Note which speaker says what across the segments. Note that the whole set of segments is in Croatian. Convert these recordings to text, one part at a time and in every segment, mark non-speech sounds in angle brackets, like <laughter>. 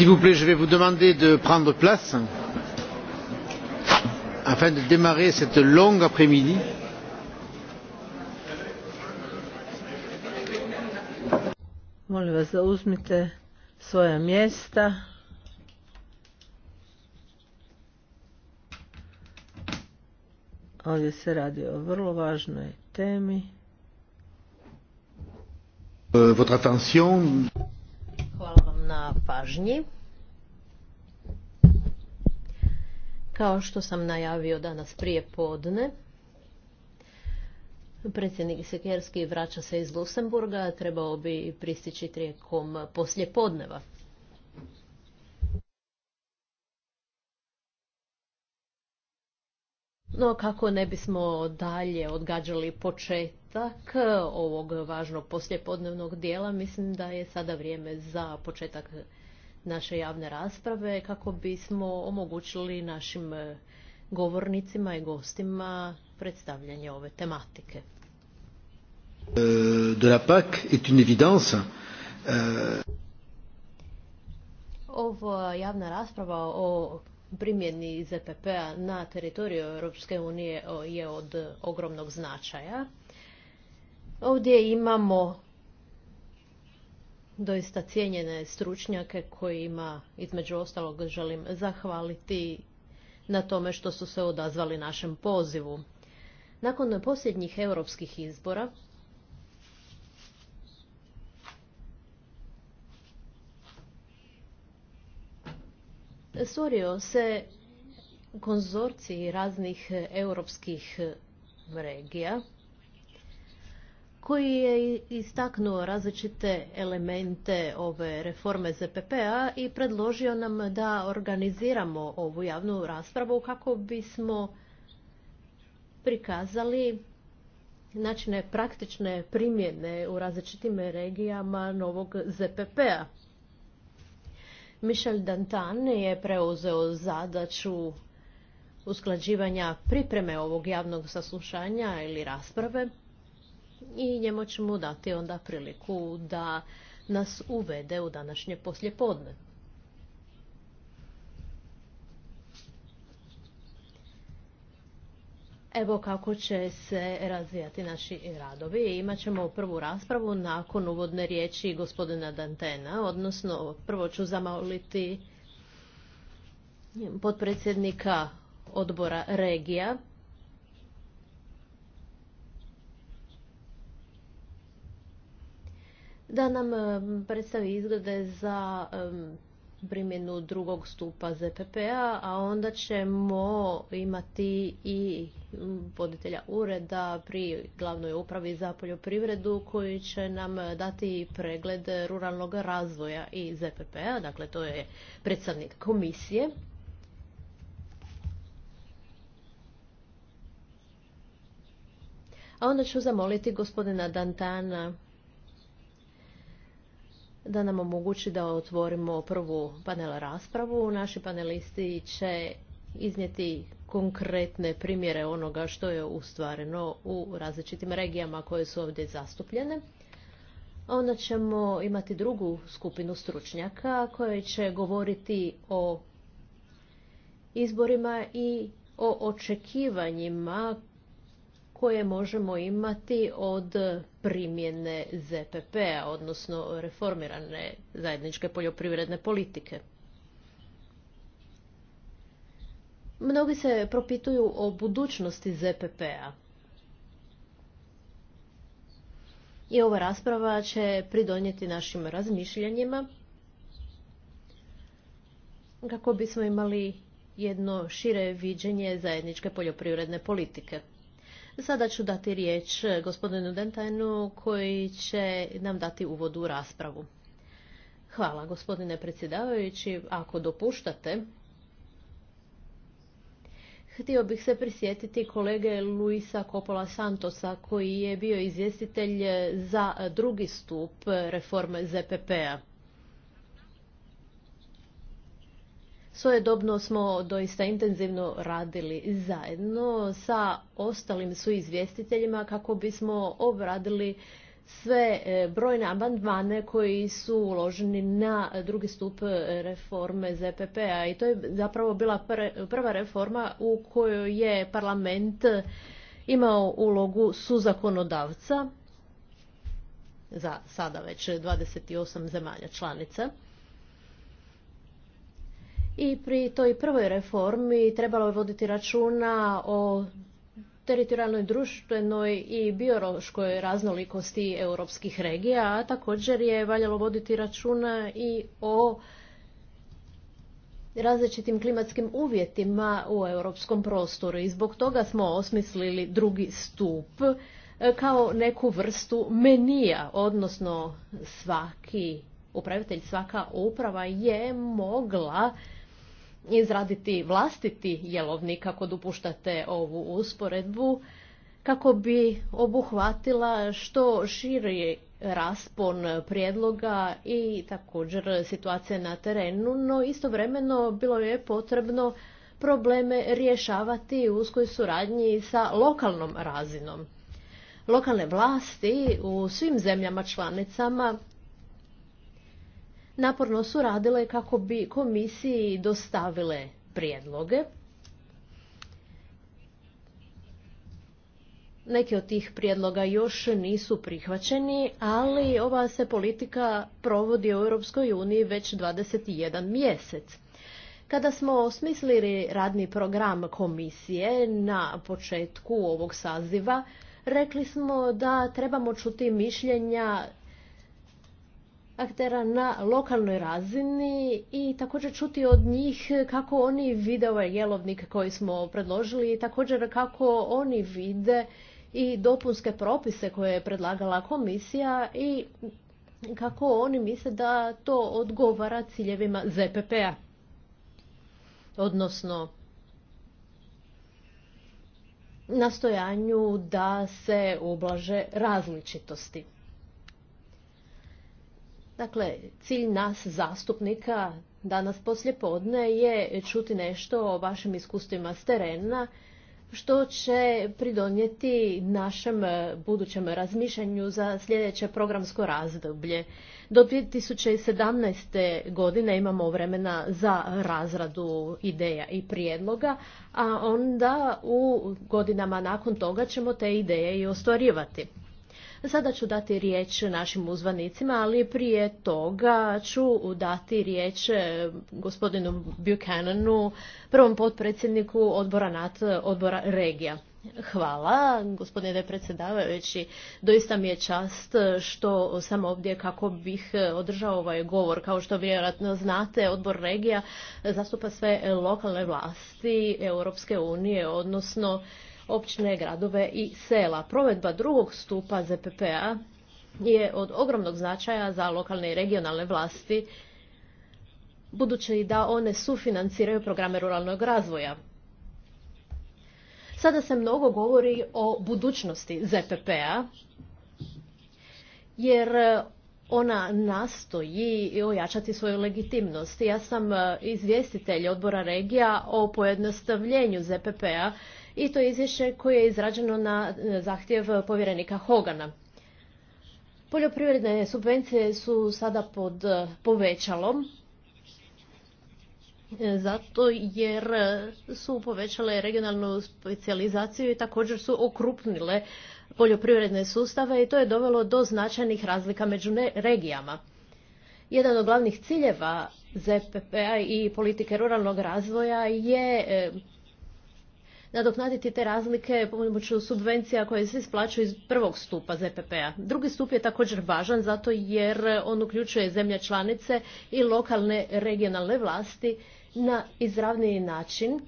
Speaker 1: s'il vous plaît je vais vous demander de prendre place afin de démarrer cette longue après midi.
Speaker 2: molim vas da uzmite svoja mjesta. Ovdje se radi o vrlo važnoj temi.
Speaker 1: Euh, votre attention
Speaker 3: na pažnji. Kao što sam najavio danas prije podne, predsjednik Sekerski vraća se iz Luksemburga, trebao bi pristići trijekom poslje podneva. No, kako ne bismo dalje odgađali početak eh, ovog važnog poslijepodnevnog dijela, mislim da je sada vrijeme za početak naše javne rasprave kako bismo omogućili našim eh, govornicima i gostima predstavljanje ove tematike.
Speaker 1: Euh, de la PAC est une euh,
Speaker 3: Ova javna rasprava o primjeni ZPP-a e na teritoriju Europske unije je od ogromnog značaja. Ovdje imamo doista cijenjene stručnjake kojima između ostalog želim zahvaliti na tome što su se odazvali našem pozivu. Nakon posljednjih europskih izbora stvorio se konzorciji raznih e, europskih e, regija koji je istaknuo različite elemente ove reforme ZPP-a i predložio nam da organiziramo ovu javnu raspravu kako bismo prikazali načine praktične primjene u različitim regijama novog ZPP-a. Michel Dantan je preuzeo zadaću usklađivanja pripreme ovog javnog saslušanja ili rasprave i njemu ćemo dati onda priliku da nas uvede u današnje podne. Evo kako će se razvijati naši radovi. Imaćemo prvu raspravu nakon uvodne riječi gospodina Dantena, odnosno prvo ću zamoliti potpredsjednika odbora regija. Da nam eh, predstavi izglede za primjenu drugog stupa ZPP-a, a onda ćemo imati i voditelja ureda pri glavnoj upravi za poljoprivredu koji će nam dati pregled ruralnog razvoja i ZPP-a, dakle to je predstavnik komisije. A onda ću zamoliti gospodina Dantana da nam omogući da otvorimo prvu panel raspravu. Naši panelisti će iznijeti konkretne primjere onoga što je ustvareno u različitim regijama koje su ovdje zastupljene. Onda ćemo imati drugu skupinu stručnjaka koje će govoriti o izborima i o očekivanjima koje možemo imati od primjene ZPP-a, odnosno reformirane zajedničke poljoprivredne politike. Mnogi se propituju o budućnosti ZPP-a. I ova rasprava će pridonijeti našim razmišljanjima kako bismo imali jedno šire viđenje zajedničke poljoprivredne politike. Sada ću dati riječ eh, gospodinu Dentajnu koji će nam dati uvod u raspravu. Hvala gospodine predsjedavajući. Ako dopuštate, htio bih se prisjetiti kolege Luisa Coppola Santosa koji je bio izvjestitelj eh, za drugi stup eh, reforme ZPP-a. Svojedobno smo doista intenzivno radili zajedno sa ostalim suizvjestiteljima kako bismo obradili sve e, brojne amandmane koji su uloženi na drugi stup e, reforme ZPP-a i to je zapravo bila prva reforma u kojoj je parlament imao ulogu suzakonodavca za sada već 28 zemalja članica i pri toj prvoj reformi trebalo je voditi računa o teritorijalnoj, društvenoj i biološkoj raznolikosti europskih regija, a također je valjalo voditi računa i o različitim klimatskim uvjetima u europskom prostoru i zbog toga smo osmislili drugi stup e, kao neku vrstu menija, odnosno svaki upravitelj, svaka uprava je mogla izraditi vlastiti jelovnik ako dopuštate ovu usporedbu kako bi obuhvatila što širi raspon prijedloga i također situacije na terenu, no istovremeno bilo je potrebno probleme rješavati u uskoj suradnji sa lokalnom razinom. Lokalne vlasti u svim zemljama članicama naporno su radile kako bi komisiji dostavile prijedloge. Neki od tih prijedloga još nisu prihvaćeni, ali ova se politika provodi u Europskoj uniji već 21 mjesec. Kada smo osmislili radni program komisije na početku ovog saziva, rekli smo da trebamo čuti mišljenja aktera na lokalnoj razini i također čuti od njih kako oni vide ovaj jelovnik koji smo predložili i također kako oni vide i dopunske propise koje je predlagala komisija i kako oni misle da to odgovara ciljevima ZPP-a. Odnosno, nastojanju da se ublaže različitosti. Dakle, cilj nas zastupnika danas poslijepodne je čuti nešto o vašim iskustvima s terena, što će pridonijeti našem budućem razmišljanju za sljedeće programsko razdoblje. Do 2017. godine imamo vremena za razradu ideja i prijedloga, a onda u godinama nakon toga ćemo te ideje i ostvarivati. Sada ću dati riječ našim uzvanicima, ali prije toga ću dati riječ e, gospodinu Buchananu, prvom potpredsjedniku odbora NAT, odbora regija. Hvala, gospodine predsjedavajući. Doista mi je čast što sam ovdje kako bih održao ovaj govor. Kao što vjerojatno znate, odbor regija zastupa sve lokalne vlasti Europske unije, odnosno općine, gradove i sela. Provedba drugog stupa ZPP-a je od ogromnog značaja za lokalne i regionalne vlasti, budući da one sufinanciraju programe ruralnog razvoja. Sada se mnogo govori o budućnosti ZPP-a, jer ona nastoji ojačati svoju legitimnost. Ja sam e, izvjestitelj odbora regija o pojednostavljenju ZPP-a i to izvješće koje je izrađeno na e, zahtjev povjerenika Hogana. Poljoprivredne subvencije su sada pod e, povećalom, e, zato jer su povećale regionalnu specijalizaciju i također su okrupnile poljoprivredne sustave i to je dovelo do značajnih razlika među regijama. Jedan od glavnih ciljeva ZPP-a i politike ruralnog razvoja je nadoknaditi te razlike pomoću subvencija koje se isplaćuju iz prvog stupa ZPP-a. Drugi stup je također važan zato jer on uključuje zemlje članice i lokalne regionalne vlasti na izravniji način.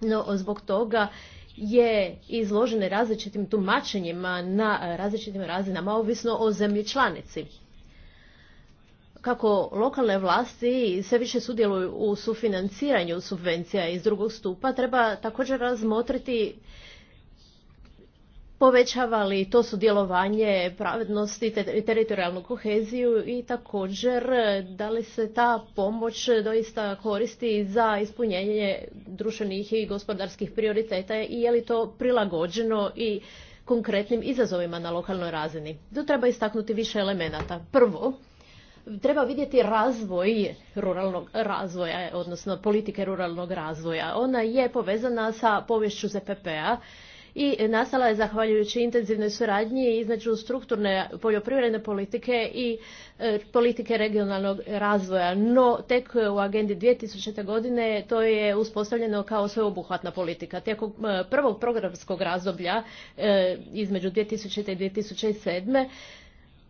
Speaker 3: No, zbog toga je izložene različitim tumačenjima na različitim razinama, ovisno o zemlji članici kako lokalne vlasti sve više sudjeluju u sufinanciranju subvencija iz drugog stupa, treba također razmotriti povećava li to sudjelovanje pravednosti i teritorijalnu koheziju i također da li se ta pomoć doista koristi za ispunjenje društvenih i gospodarskih prioriteta i je li to prilagođeno i konkretnim izazovima na lokalnoj razini. Tu treba istaknuti više elemenata. Prvo, treba vidjeti razvoj ruralnog razvoja, odnosno politike ruralnog razvoja. Ona je povezana sa povješću ZPP-a i nastala je zahvaljujući intenzivnoj suradnji između strukturne poljoprivredne politike i e, politike regionalnog razvoja. No, tek u agendi 2000. godine to je uspostavljeno kao sveobuhvatna politika. Tijekom e, prvog programskog razdoblja e, između 2000. i 2007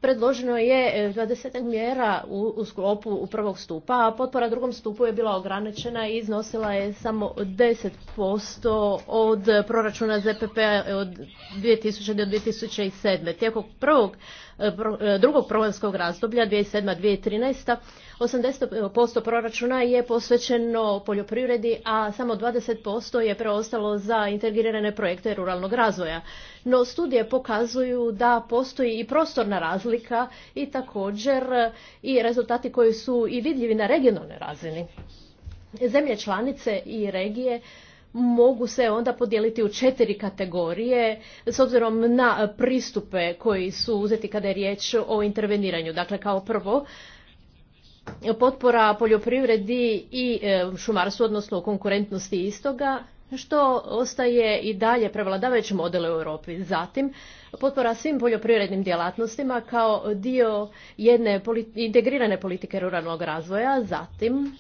Speaker 3: predloženo je 20 e, mjera u, sklopu u prvog stupa, a potpora drugom stupu je bila ograničena i iznosila je samo 10% od proračuna ZPP p-a od 2000 do 2007. Tijekom prvog E, e, drugog programskog razdoblja 2007-2013 80% proračuna je posvećeno poljoprivredi, a samo 20% je preostalo za integrirane projekte ruralnog razvoja. No studije pokazuju da postoji i prostorna razlika i također i rezultati koji su i vidljivi na regionalnoj razini. Zemlje članice i regije mogu se onda podijeliti u četiri kategorije s obzirom na pristupe koji su uzeti kada je riječ o interveniranju. Dakle, kao prvo, potpora poljoprivredi i e, šumarstvu, odnosno konkurentnosti istoga, što ostaje i dalje prevladavajući model u Europi. Zatim, potpora svim poljoprivrednim djelatnostima kao dio jedne integrirane politike ruralnog razvoja. Zatim,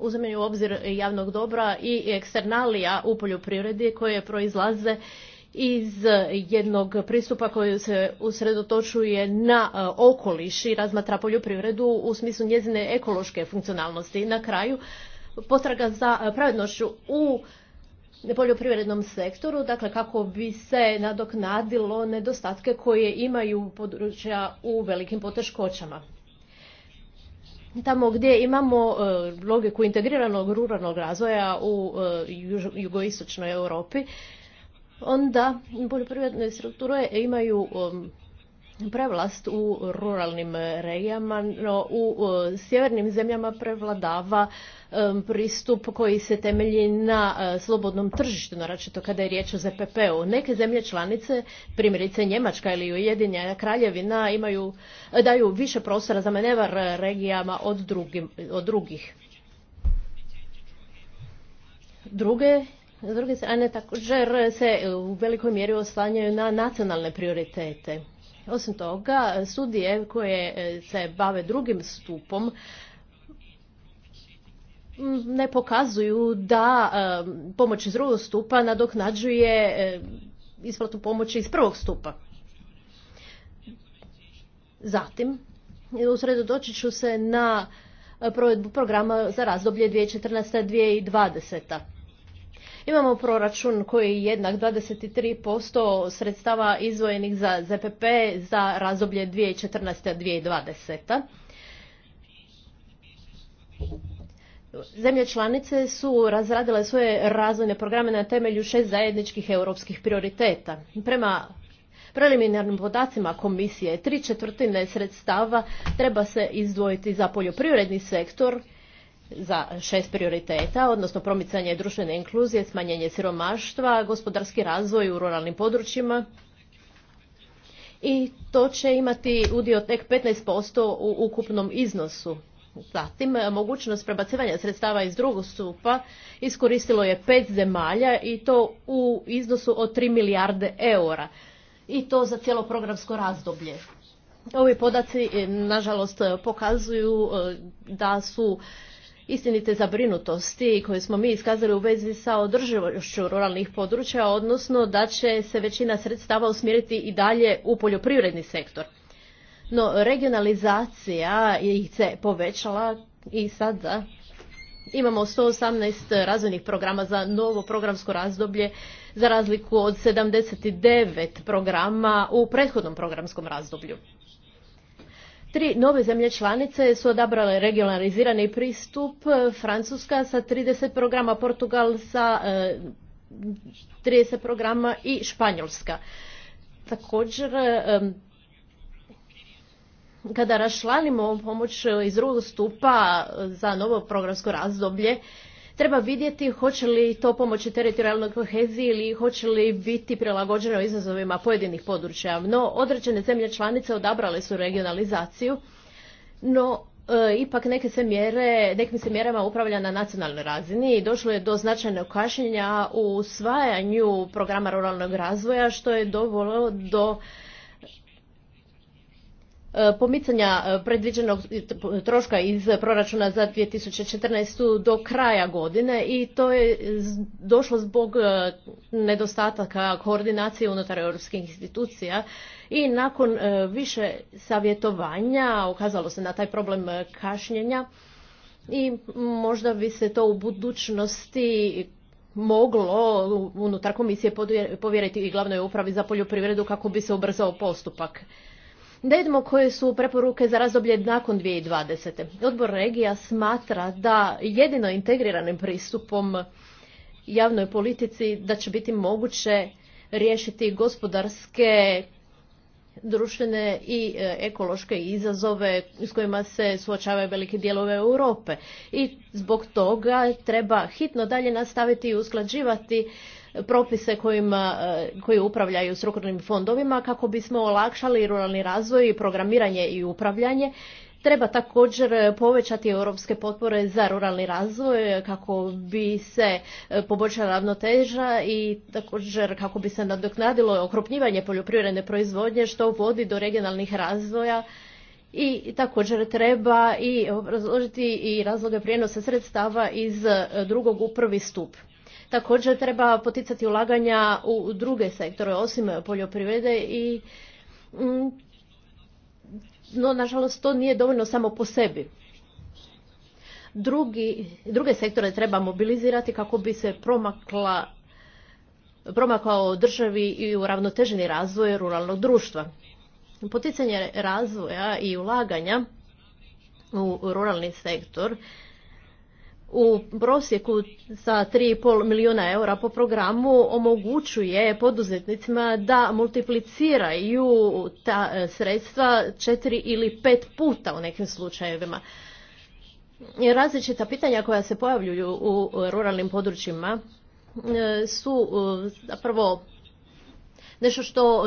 Speaker 3: uzimaju u obzir javnog dobra i eksternalija u poljoprivredi koje proizlaze iz jednog pristupa koji se usredotočuje na e, okoliš i razmatra poljoprivredu u smislu njezine ekološke funkcionalnosti. I na kraju potraga za pravednošću u poljoprivrednom sektoru, dakle kako bi se nadoknadilo nedostatke koje imaju područja u velikim poteškoćama tamo gdje imamo e, logiku integriranog ruralnog razvoja u e, jugoistočnoj Europi, onda poljoprivredne strukture imaju prevlast u ruralnim regijama, no u sjevernim zemljama prevladava pristup koji se temelji na e, slobodnom tržištu, naročito kada je riječ o ZPP-u. Neke zemlje članice, primjerice Njemačka ili Ujedinjena Kraljevina, imaju, daju više prostora za manevar regijama od, od drugih. Druge s druge strane također se u velikoj mjeri oslanjaju na nacionalne prioritete. Osim toga, studije koje e, se bave drugim stupom ne pokazuju da e, pomoć iz drugog stupa nadoknađuje e, isplatu pomoći iz prvog stupa. Zatim, usredotočit ću se na provedbu programa za razdoblje 2014-2020. Imamo proračun koji je jednak 23% sredstava izvojenih za ZPP za razoblje 2014-2020. Zemlje članice su razradile svoje razvojne programe na temelju šest zajedničkih europskih prioriteta. Prema preliminarnim podacima komisije, tri četvrtine sredstava treba se izdvojiti za poljoprivredni sektor, za šest prioriteta, odnosno promicanje društvene inkluzije, smanjenje siromaštva, gospodarski razvoj u ruralnim područjima i to će imati udio tek 15% u ukupnom iznosu. Zatim, mogućnost prebacivanja sredstava iz drugog stupa iskoristilo je pet zemalja i to u iznosu od 3 milijarde eura. I to za cijelo programsko razdoblje. Ovi podaci, nažalost, pokazuju e, da su istinite zabrinutosti koje smo mi iskazali u vezi sa održivošću ruralnih područja, odnosno da će se većina sredstava usmjeriti i dalje u poljoprivredni sektor. No, regionalizacija ih se povećala i sada imamo 118 razvojnih programa za novo programsko razdoblje za razliku od 79 programa u prethodnom programskom razdoblju. Tri nove zemlje članice su odabrale regionalizirani pristup, e, Francuska sa 30 programa, Portugal sa 30 e, programa i Španjolska. Također, e, kada rašlanimo pomoć iz drugog stupa za novo programsko razdoblje, Treba vidjeti hoće li to pomoći teritorijalnoj koheziji ili hoće li biti prilagođeno izazovima pojedinih područja. No, određene zemlje članice odabrale su regionalizaciju, no e, ipak neke se mjere, nekim se mjerama upravlja na nacionalnoj razini i došlo je do značajnog kašnjenja u usvajanju programa ruralnog razvoja što je dovelo do E, pomicanja e, predviđenog troška iz proračuna za 2014. do kraja godine i to je došlo zbog e, nedostataka koordinacije unutar europskih institucija i nakon više savjetovanja ukazalo se na taj problem kašnjenja i možda bi se to u budućnosti moglo unutar komisije povjeriti i glavnoj upravi za poljoprivredu kako bi se ubrzao postupak. Da vidimo koje su preporuke za razdoblje nakon 2020. Odbor regija smatra da jedino integriranim pristupom javnoj politici da će biti moguće riješiti gospodarske, društvene i e, ekološke izazove s kojima se suočavaju velike dijelove Europe. I zbog toga treba hitno dalje nastaviti i usklađivati propise kojima, e, koji upravljaju strukturnim fondovima kako bismo olakšali ruralni razvoj i programiranje i upravljanje. Treba također povećati europske potpore za ruralni razvoj kako bi se e, poboljšala ravnoteža i također kako bi se nadoknadilo okrupnjivanje poljoprivredne proizvodnje što vodi do regionalnih razvoja i također treba i obrazložiti i razloge prijenosa sredstava iz e, drugog u prvi stup. Također treba poticati ulaganja u druge sektore osim poljoprivrede i mm, no, nažalost, to nije dovoljno samo po sebi. Drugi, druge sektore treba mobilizirati kako bi se promakla, promakao državi i uravnoteženi razvoj ruralnog društva. Poticanje razvoja i ulaganja u ruralni sektor u prosjeku sa 3,5 milijuna eura po programu omogućuje poduzetnicima da multipliciraju ta e, sredstva četiri ili pet puta u nekim slučajevima. Različita pitanja koja se pojavljuju u ruralnim područjima e, su e, zapravo nešto što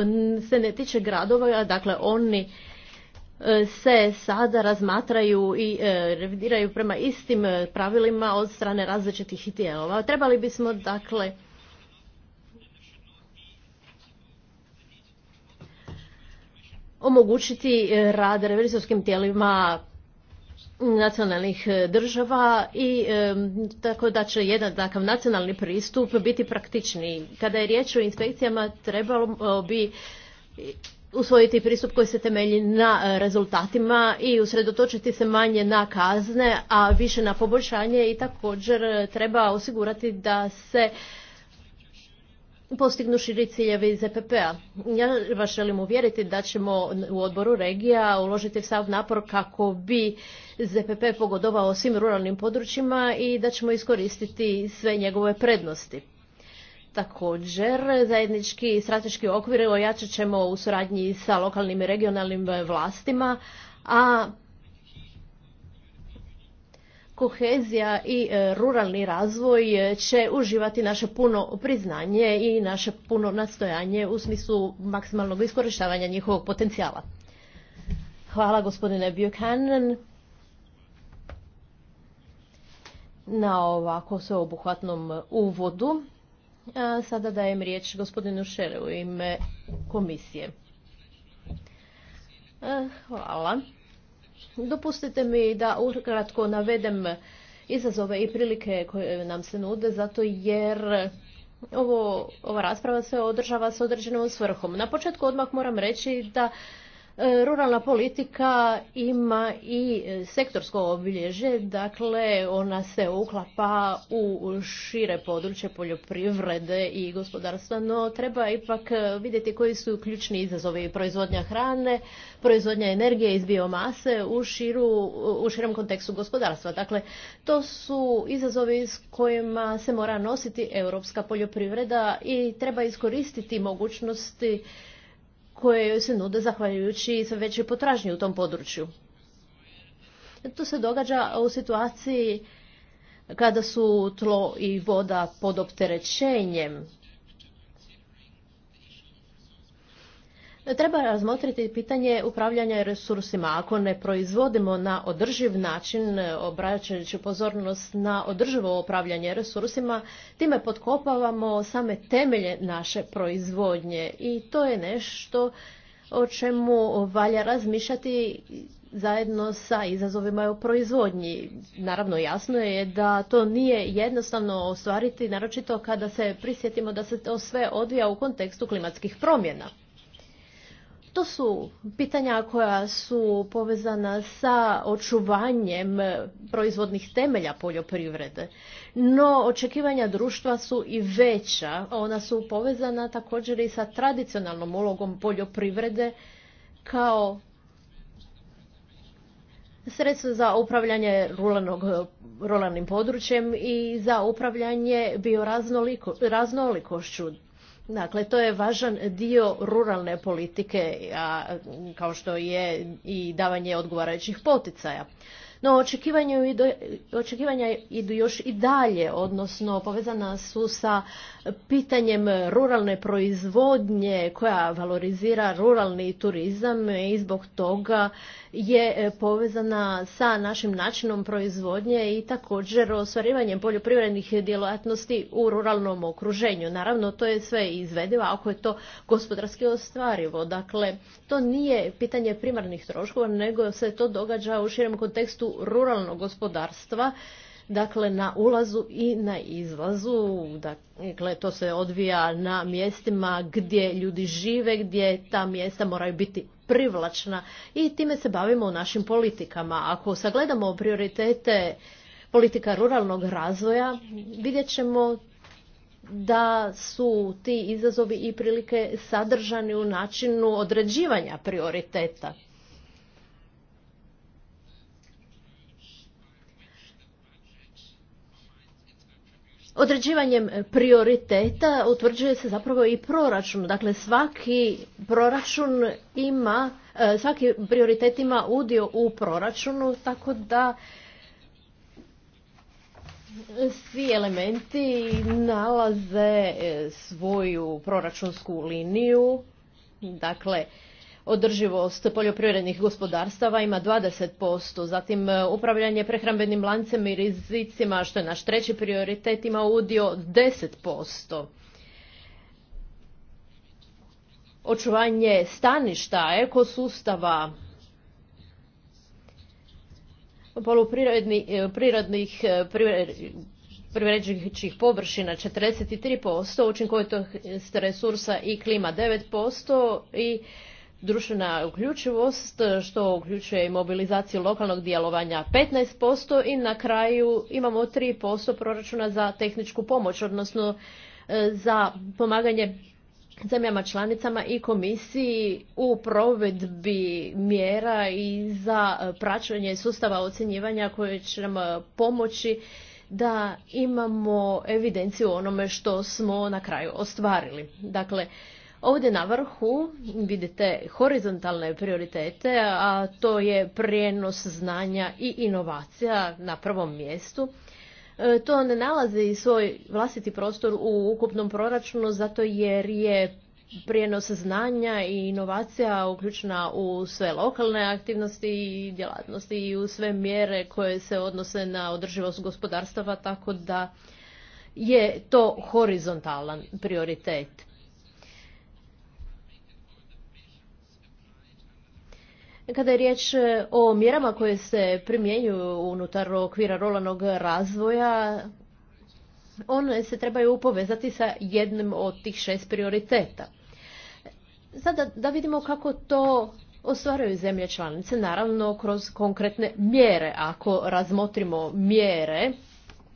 Speaker 3: se ne tiče gradova, dakle oni E, se sada razmatraju i e, revidiraju prema istim e, pravilima od strane različitih tijelova. Trebali bismo dakle omogućiti rad revizorskim tijelima nacionalnih država i tako da će jedan takav nacionalni pristup biti praktičniji. Kada je riječ o inspekcijama trebalo bi usvojiti pristup koji se temelji na e, rezultatima i usredotočiti se manje na kazne, a više na poboljšanje i također e, treba osigurati da se postignu širi ciljevi ZPP-a. Ja vas želim uvjeriti da ćemo u odboru regija uložiti sav napor kako bi ZPP pogodovao svim ruralnim područjima i da ćemo iskoristiti sve njegove prednosti. Također, zajednički strateški okvir ojačat ćemo u suradnji sa lokalnim i regionalnim vlastima, a kohezija i e, ruralni razvoj će uživati naše puno priznanje i naše puno nastojanje u smislu maksimalnog iskorištavanja njihovog potencijala. Hvala gospodine Buchanan na ovako obuhvatnom uvodu. Sada dajem riječ gospodinu Šere u ime komisije. Hvala. Dopustite mi da ukratko navedem izazove i prilike koje nam se nude, zato jer ova rasprava se održava s određenom svrhom. Na početku odmah moram reći da E, ruralna politika ima i e, sektorsko obilježje, dakle ona se uklapa u šire područje poljoprivrede i gospodarstva, no treba ipak e, vidjeti koji su ključni izazovi proizvodnja hrane, proizvodnja energije iz biomase u, širu, u širem kontekstu gospodarstva. Dakle, to su izazovi s kojima se mora nositi europska poljoprivreda i treba iskoristiti mogućnosti koje joj se nude zahvaljujući sve većoj potražnji u tom području. To se događa u situaciji kada su tlo i voda pod opterećenjem Treba razmotriti pitanje upravljanja resursima. Ako ne proizvodimo na održiv način, e, obraćajući pozornost na održivo upravljanje resursima, time potkopavamo same temelje naše proizvodnje i to je nešto o čemu valja razmišljati zajedno sa izazovima u proizvodnji. Naravno jasno je da to nije jednostavno ostvariti, naročito kada se prisjetimo da se to sve odvija u kontekstu klimatskih promjena. To su pitanja koja su povezana sa očuvanjem proizvodnih temelja poljoprivrede. No, očekivanja društva su i veća. Ona su povezana također i sa tradicionalnom ulogom poljoprivrede kao sredstvo za upravljanje ruralnog, ruralnim područjem i za upravljanje bioraznolikošću. Dakle, to je važan dio ruralne politike, a, kao što je i davanje odgovarajućih poticaja. No, očekivanja idu, očekivanja idu još i dalje, odnosno povezana su sa pitanjem ruralne proizvodnje koja valorizira ruralni turizam i zbog toga je e, povezana sa našim načinom proizvodnje i također ostvarivanjem poljoprivrednih djelatnosti u ruralnom okruženju. Naravno, to je sve izvedivo ako je to gospodarski ostvarivo. Dakle, to nije pitanje primarnih troškova, nego se to događa u širem kontekstu ruralnog gospodarstva dakle na ulazu i na izlazu. Dakle, to se odvija na mjestima gdje ljudi žive, gdje ta mjesta moraju biti privlačna i time se bavimo u našim politikama. Ako sagledamo prioritete politika ruralnog razvoja, vidjet ćemo da su ti izazovi i prilike sadržani u načinu određivanja prioriteta. Određivanjem prioriteta utvrđuje se zapravo i proračun. Dakle, svaki proračun ima, e, svaki prioritet ima udio u proračunu, tako da svi elementi nalaze e, svoju proračunsku liniju. Dakle, održivost poljoprivrednih gospodarstava ima 20%, zatim e, upravljanje prehrambenim lancem i rizicima, što je naš treći prioritet, ima udio 10%. Očuvanje staništa, ekosustava, poluprirodnih e, e, privređujućih površina 43%, učinkovitost resursa i klima 9% i društvena uključivost, što uključuje i mobilizaciju lokalnog djelovanja 15% i na kraju imamo 3% proračuna za tehničku pomoć, odnosno e, za pomaganje zemljama članicama i komisiji u provedbi mjera i za praćenje sustava ocjenjivanja koje će nam pomoći da imamo evidenciju onome što smo na kraju ostvarili. Dakle, Ovdje na vrhu vidite horizontalne prioritete, a to je prijenos znanja i inovacija na prvom mjestu. E, to ne nalazi svoj vlastiti prostor u ukupnom proračunu zato jer je prijenos znanja i inovacija uključena u sve lokalne aktivnosti i djelatnosti i u sve mjere koje se odnose na održivost gospodarstava, tako da je to horizontalan prioritet. Kada je riječ e, o mjerama koje se primjenjuju unutar okvira rolanog razvoja, one se trebaju upovezati sa jednim od tih šest prioriteta. Sada da vidimo kako to ostvaraju zemlje članice, naravno kroz konkretne mjere. Ako razmotrimo mjere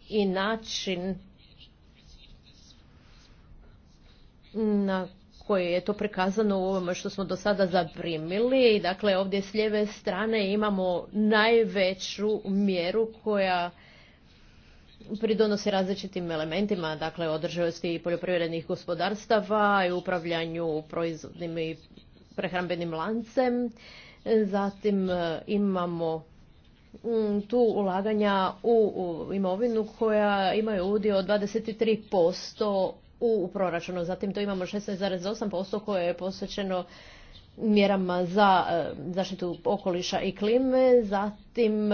Speaker 3: i način na koje je to prikazano u ovome što smo do sada zaprimili. Dakle, ovdje s lijeve strane imamo najveću mjeru koja pridonosi različitim elementima, dakle održivosti poljoprivrednih gospodarstava i upravljanju proizvodnim i prehrambenim lancem. Zatim e, imamo mm, tu ulaganja u imovinu koja imaju udio od 23% u proračunu. Zatim to imamo 16,8% koje je posvećeno mjerama za e, zaštitu okoliša i klime, zatim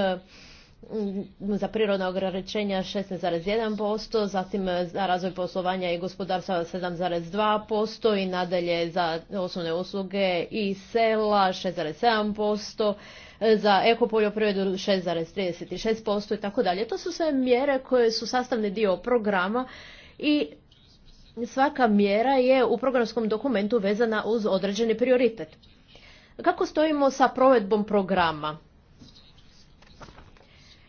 Speaker 3: za prirodna ograničenja 16,1%, zatim e, za razvoj poslovanja i gospodarstva 7,2% i nadalje za osnovne usluge i sela 6,7%, e, za ekopoljoprivredu 6,36% i tako dalje. To su sve mjere koje su sastavni dio programa i svaka mjera je u programskom dokumentu vezana uz određeni prioritet. Kako stojimo sa provedbom programa?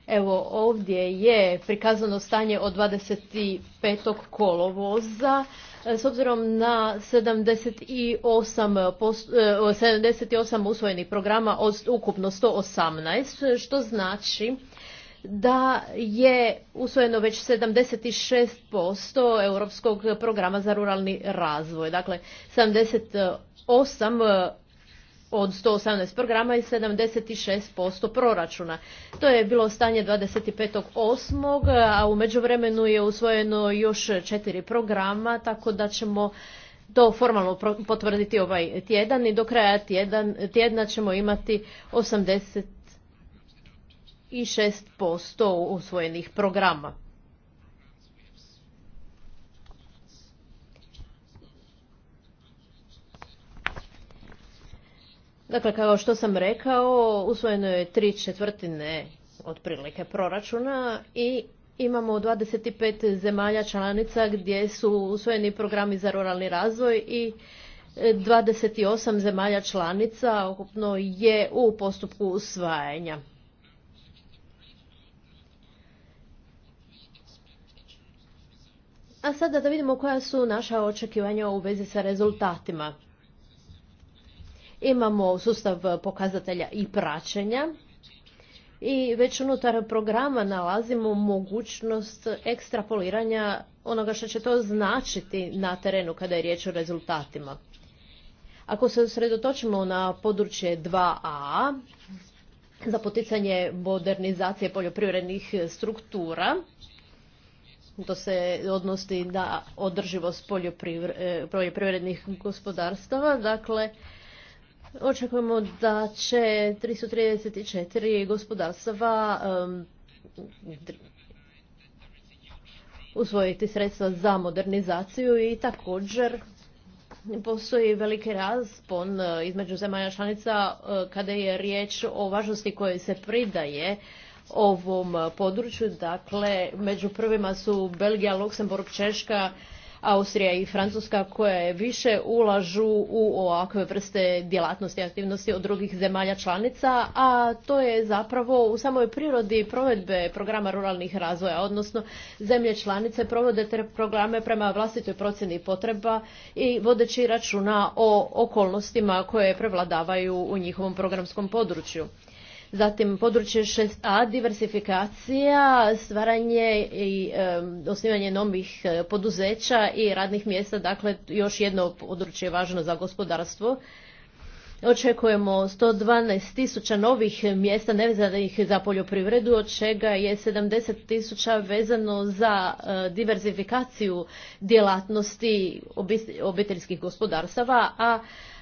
Speaker 3: Evo ovdje je prikazano stanje od 25. kolovoza e, s obzirom na 78, 78 e, usvojenih programa od ukupno 118, što znači da je usvojeno već 76% europskog programa za ruralni razvoj. Dakle, 78 od 118 programa i 76% proračuna. To je bilo stanje 25.8. a u međuvremenu je usvojeno još četiri programa, tako da ćemo to formalno potvrditi ovaj tjedan i do kraja tjedna ćemo imati 80 i 6% usvojenih programa. Dakle, kao što sam rekao, usvojeno je tri četvrtine otprilike proračuna i imamo 25 zemalja članica gdje su usvojeni programi za ruralni razvoj i 28 zemalja članica ukupno je u postupku usvajanja. A sada da vidimo koja su naša očekivanja u vezi sa rezultatima. Imamo sustav pokazatelja i praćenja i već unutar programa nalazimo mogućnost ekstrapoliranja onoga što će to značiti na terenu kada je riječ o rezultatima. Ako se usredotočimo na područje 2a, za poticanje modernizacije poljoprivrednih struktura, to se odnosi na održivost e, poljoprivrednih gospodarstava. Dakle, očekujemo da će 334 gospodarstava usvojiti sredstva za modernizaciju i također postoji veliki raspon e, između zemalja članica e, kada je riječ o važnosti koje se pridaje ovom e, području. Dakle, među prvima su Belgija, Luksemburg, Češka, Austrija i Francuska koje više ulažu u ovakve vrste djelatnosti i aktivnosti od drugih zemalja članica, a to je zapravo u samoj prirodi provedbe programa ruralnih razvoja, odnosno zemlje članice provode te programe prema vlastitoj procjeni potreba i vodeći računa o okolnostima koje prevladavaju u njihovom programskom području zatim područje 6a, diversifikacija, stvaranje i osnivanje novih e, poduzeća i radnih mjesta, dakle još jedno područje važno za gospodarstvo. Očekujemo 112 tisuća novih mjesta nevezanih za poljoprivredu, od čega je 70 tisuća vezano za e, diversifikaciju djelatnosti obiteljskih gospodarstava, a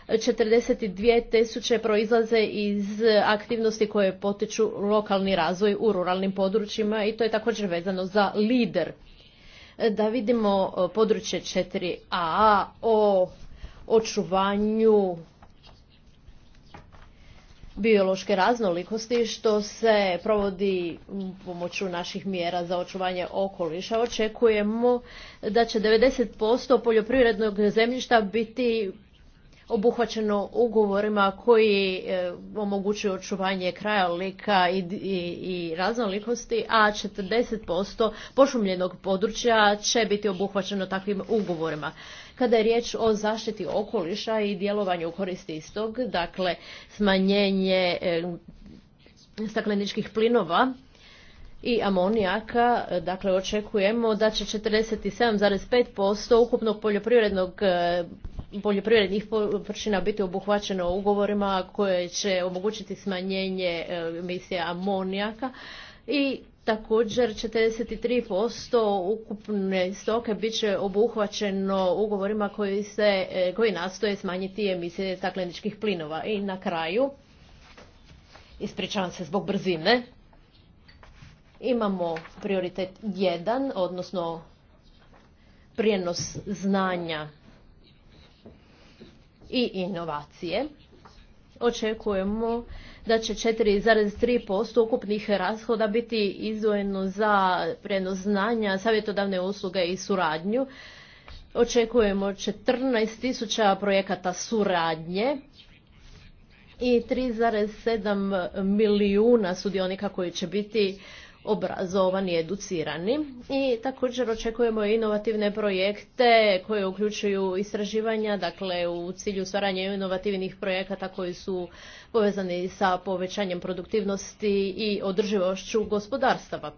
Speaker 3: 42 tisuće proizlaze iz aktivnosti koje potiču lokalni razvoj u ruralnim područjima i to je također vezano za lider. Da vidimo e, područje 4a o očuvanju biološke raznolikosti što se provodi pomoću naših mjera za očuvanje okoliša. Očekujemo da će 90% poljoprivrednog zemljišta biti obuhvaćeno ugovorima koji e, omogućuju očuvanje krajolika i, i, i raznolikosti, a 40% pošumljenog područja će biti obuhvaćeno takvim ugovorima. Kada je riječ o zaštiti okoliša i djelovanju koristi istog, dakle smanjenje e, stakleničkih plinova, i amonijaka, e, dakle očekujemo da će 47,5% ukupnog poljoprivrednog e, poljoprivrednih površina biti obuhvaćeno ugovorima koje će omogućiti smanjenje e, emisije amonijaka i također 43% ukupne stoke bit će obuhvaćeno ugovorima koji, se, koji nastoje smanjiti emisije stakleničkih plinova. I na kraju, ispričavam se zbog brzine, Imamo prioritet 1, odnosno prijenos znanja i inovacije. Očekujemo da će 4,3% ukupnih rashoda biti izdvojeno za prijenos znanja, savjetodavne usluge i suradnju. Očekujemo 14.000 projekata suradnje i 3,7 milijuna sudionika koji će biti obrazovani, educirani i također očekujemo inovativne projekte koje uključuju istraživanja, dakle u cilju stvaranja inovativnih projekata koji su povezani sa povećanjem produktivnosti i održivošću gospodarstava.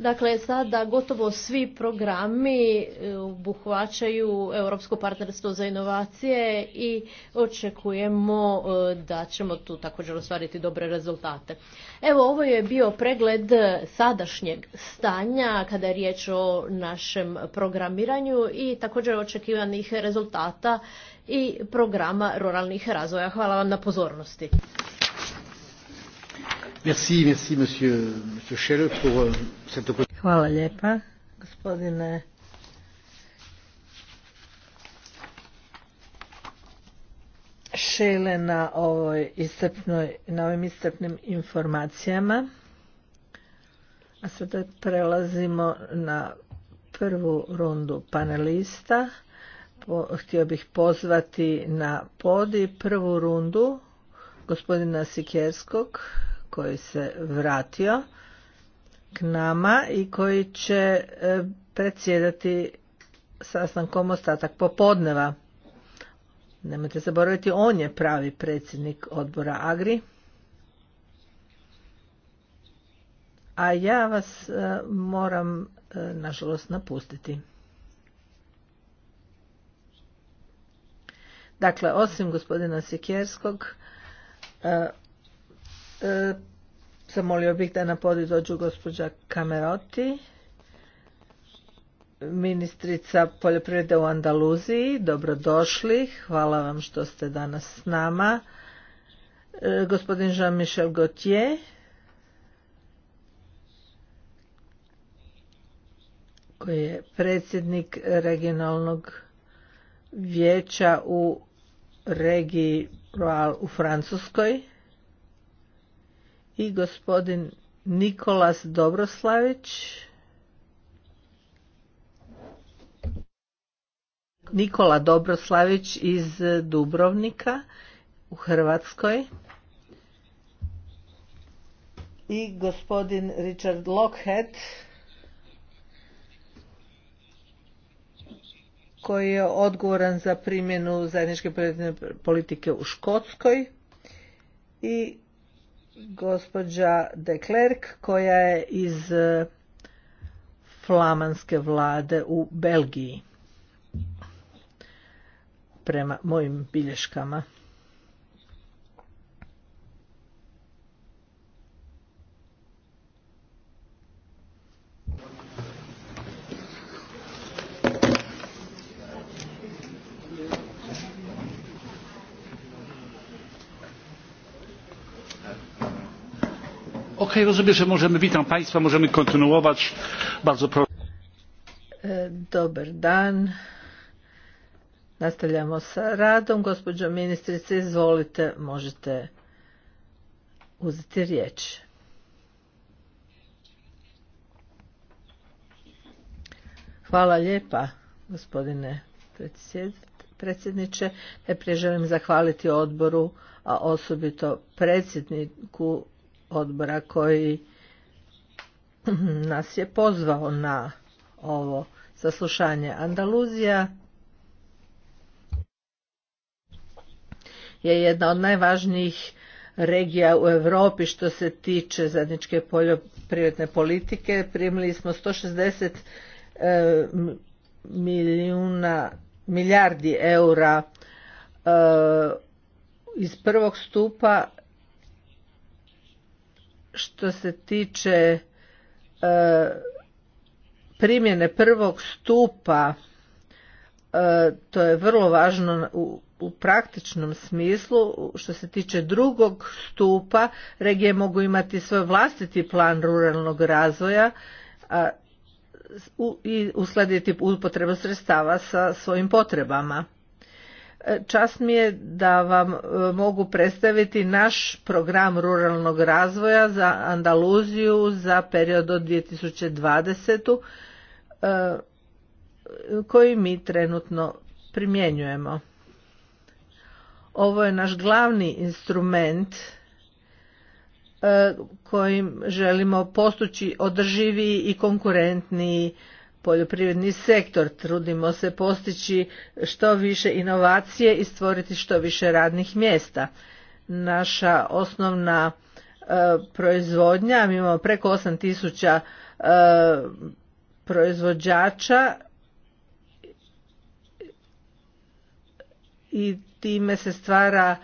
Speaker 3: Dakle, sada gotovo svi programi e, obuhvaćaju Europsko partnerstvo za inovacije i očekujemo e, da ćemo tu također ostvariti dobre rezultate. Evo, ovo je bio pregled sadašnjeg stanja kada je riječ o našem programiranju i također očekivanih rezultata i programa ruralnih razvoja. Hvala vam na pozornosti.
Speaker 1: Euh,
Speaker 2: Hvala lijepa, gospodine Šele na, na ovim iscrpnim informacijama. A sada prelazimo na prvu rundu panelista. Htio bih pozvati na podi prvu rundu gospodina Sikerskog koji se vratio k nama i koji će e, predsjedati sastankom ostatak popodneva. Nemojte zaboraviti, on je pravi predsjednik odbora Agri. A ja vas e, moram, e, nažalost, napustiti. Dakle, osim gospodina Sikjerskog, E, zamolio bih da na podi dođu gospođa Kameroti, ministrica poljoprivrede u Andaluziji. Dobrodošli, hvala vam što ste danas s nama. E, gospodin Jean-Michel Gauthier, koji je predsjednik regionalnog vijeća u regiji Roal u Francuskoj i gospodin Nikolas Dobroslavić. Nikola Dobroslavić iz Dubrovnika u Hrvatskoj i gospodin Richard Lockhead koji je odgovoran za primjenu zajedničke politike u Škotskoj i gospođa de Klerk koja je iz e, flamanske vlade u Belgiji prema mojim bilješkama.
Speaker 1: rozumiem, że możemy. Witam
Speaker 2: e, Dobar dan. Nastavljamo sa radom. Gospođo ministrice, izvolite, možete uzeti riječ. Hvala lijepa, gospodine predsjedniče. Najprije želim zahvaliti odboru, a osobito predsjedniku odbora koji <clears throat> nas je pozvao na ovo saslušanje Andaluzija je jedna od najvažnijih regija u Europi što se tiče zajedničke poljoprivredne politike. Primili smo 160 e, milijuna, milijardi eura e, iz prvog stupa što se tiče e, primjene prvog stupa e, to je vrlo važno u praktičnom smislu što se tiče drugog stupa regije mogu imati svoj vlastiti plan ruralnog razvoja i uskladiti upotrebu sredstava sa svojim potrebama Čast mi je da vam e, mogu predstaviti naš program ruralnog razvoja za Andaluziju za period od 2020. E, koji mi trenutno primjenjujemo. Ovo je naš glavni instrument e, kojim želimo postući održiviji i konkurentniji poljoprivredni sektor. Trudimo se postići što više inovacije i stvoriti što više radnih mjesta. Naša osnovna e, proizvodnja, mi imamo preko 8000 e, proizvođača i time se stvara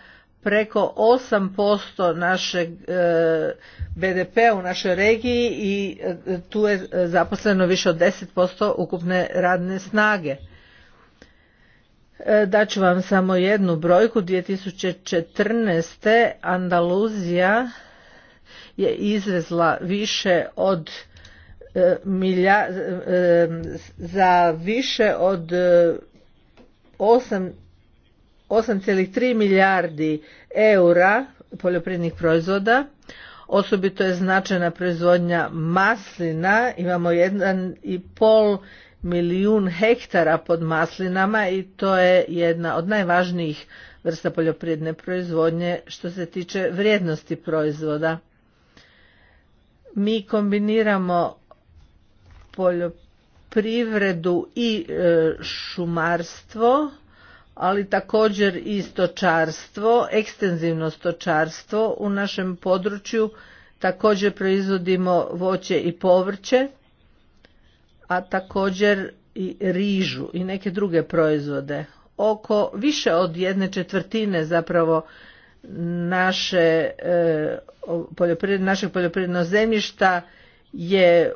Speaker 2: preko 8% našeg e, BDP p-a u našoj regiji i e, tu je zaposleno više od 10% ukupne radne snage. E, Daću vam samo jednu brojku, 2014. Andaluzija je izvezla više od za više od 8 8,3 milijardi eura poljoprivrednih proizvoda. Osobito je značajna proizvodnja maslina, imamo 1,5 milijun hektara pod maslinama i to je jedna od najvažnijih vrsta poljoprivredne proizvodnje što se tiče vrijednosti proizvoda. Mi kombiniramo poljoprivredu i e, šumarstvo ali također i stočarstvo, ekstenzivno stočarstvo u našem području također proizvodimo voće i povrće, a također i rižu i neke druge proizvode. Oko više od jedne četvrtine zapravo naše, e, poljoprivred, našeg poljoprivrednog zemljišta je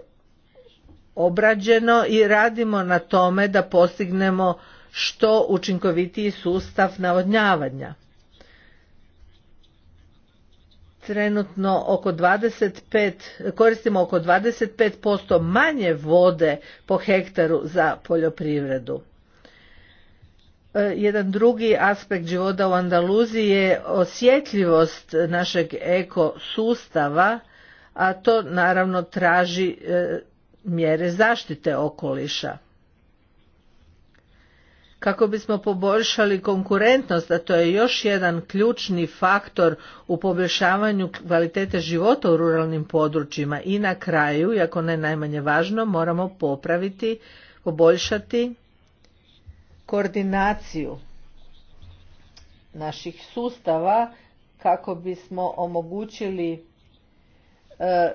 Speaker 2: obrađeno i radimo na tome da postignemo što učinkovitiji sustav navodnjavanja. Trenutno oko 25, koristimo oko 25% manje vode po hektaru za poljoprivredu. E, jedan drugi aspekt života u Andaluziji je osjetljivost našeg ekosustava, a to naravno traži e, mjere zaštite okoliša kako bismo poboljšali konkurentnost, a to je još jedan ključni faktor u poboljšavanju kvalitete života u ruralnim područjima i na kraju, iako ne najmanje važno, moramo popraviti, poboljšati koordinaciju naših sustava kako bismo omogućili e,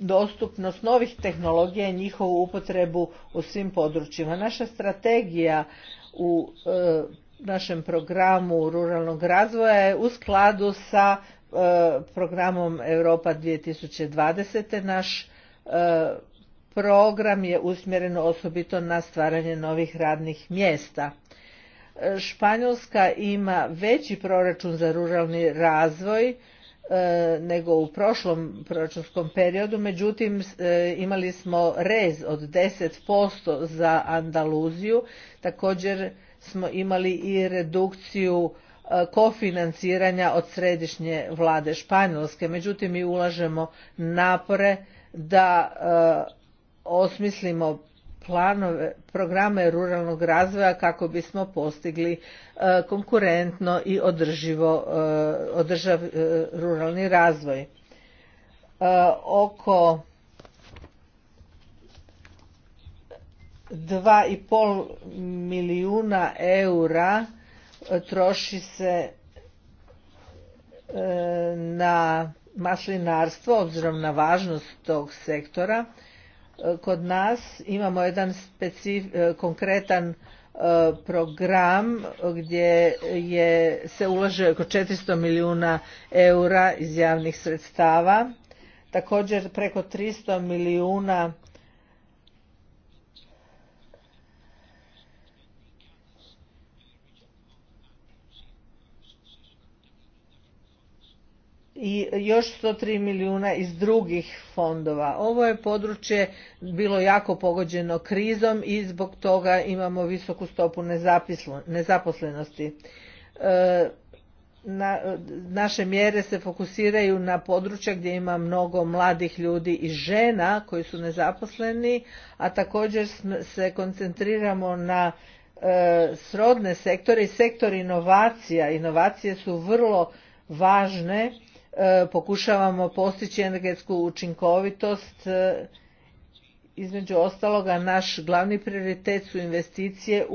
Speaker 2: dostupnost novih tehnologija i njihovu upotrebu u svim područjima. Naša strategija u e, našem programu ruralnog razvoja je u skladu sa e, programom Europa 2020. Naš e, program je usmjeren osobito na stvaranje novih radnih mjesta. Španjolska ima veći proračun za ruralni razvoj E, nego u prošlom proračunskom periodu, međutim e, imali smo rez od 10% za Andaluziju, također smo imali i redukciju e, kofinanciranja od središnje vlade Španjolske, međutim mi ulažemo napore da osmislimo planove, programe ruralnog razvoja kako bismo postigli e, konkurentno i održivo e, održav e, ruralni razvoj. Oko 2,5 milijuna eura troši se na maslinarstvo obzirom na važnost tog sektora kod nas imamo jedan specif, e, konkretan e, program gdje je, se ulaže oko 400 milijuna eura iz javnih sredstava. Također preko 300 milijuna i još 103 milijuna iz drugih fondova. Ovo je područje bilo jako pogođeno krizom i zbog toga imamo visoku stopu nezaposlenosti. E, naše mjere se fokusiraju na područja gdje ima mnogo mladih ljudi i žena koji su nezaposleni, a također se koncentriramo na e, srodne sektore i sektor inovacija. Inovacije su vrlo važne E, pokušavamo postići energetsku učinkovitost e, između ostaloga naš glavni prioritet su investicije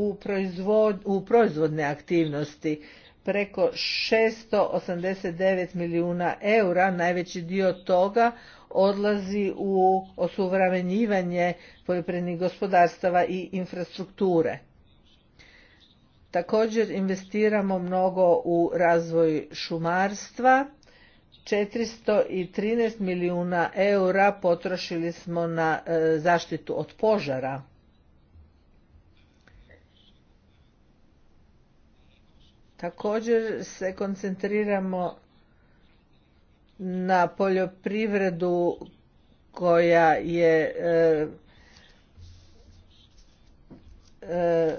Speaker 2: u, proizvodne aktivnosti preko 689 milijuna eura najveći dio toga odlazi u osuvravenjivanje poljoprivrednih gospodarstava i infrastrukture također investiramo mnogo u razvoj šumarstva 413 milijuna eura potrošili smo na e, zaštitu od požara. Također se koncentriramo na poljoprivredu koja je e, e,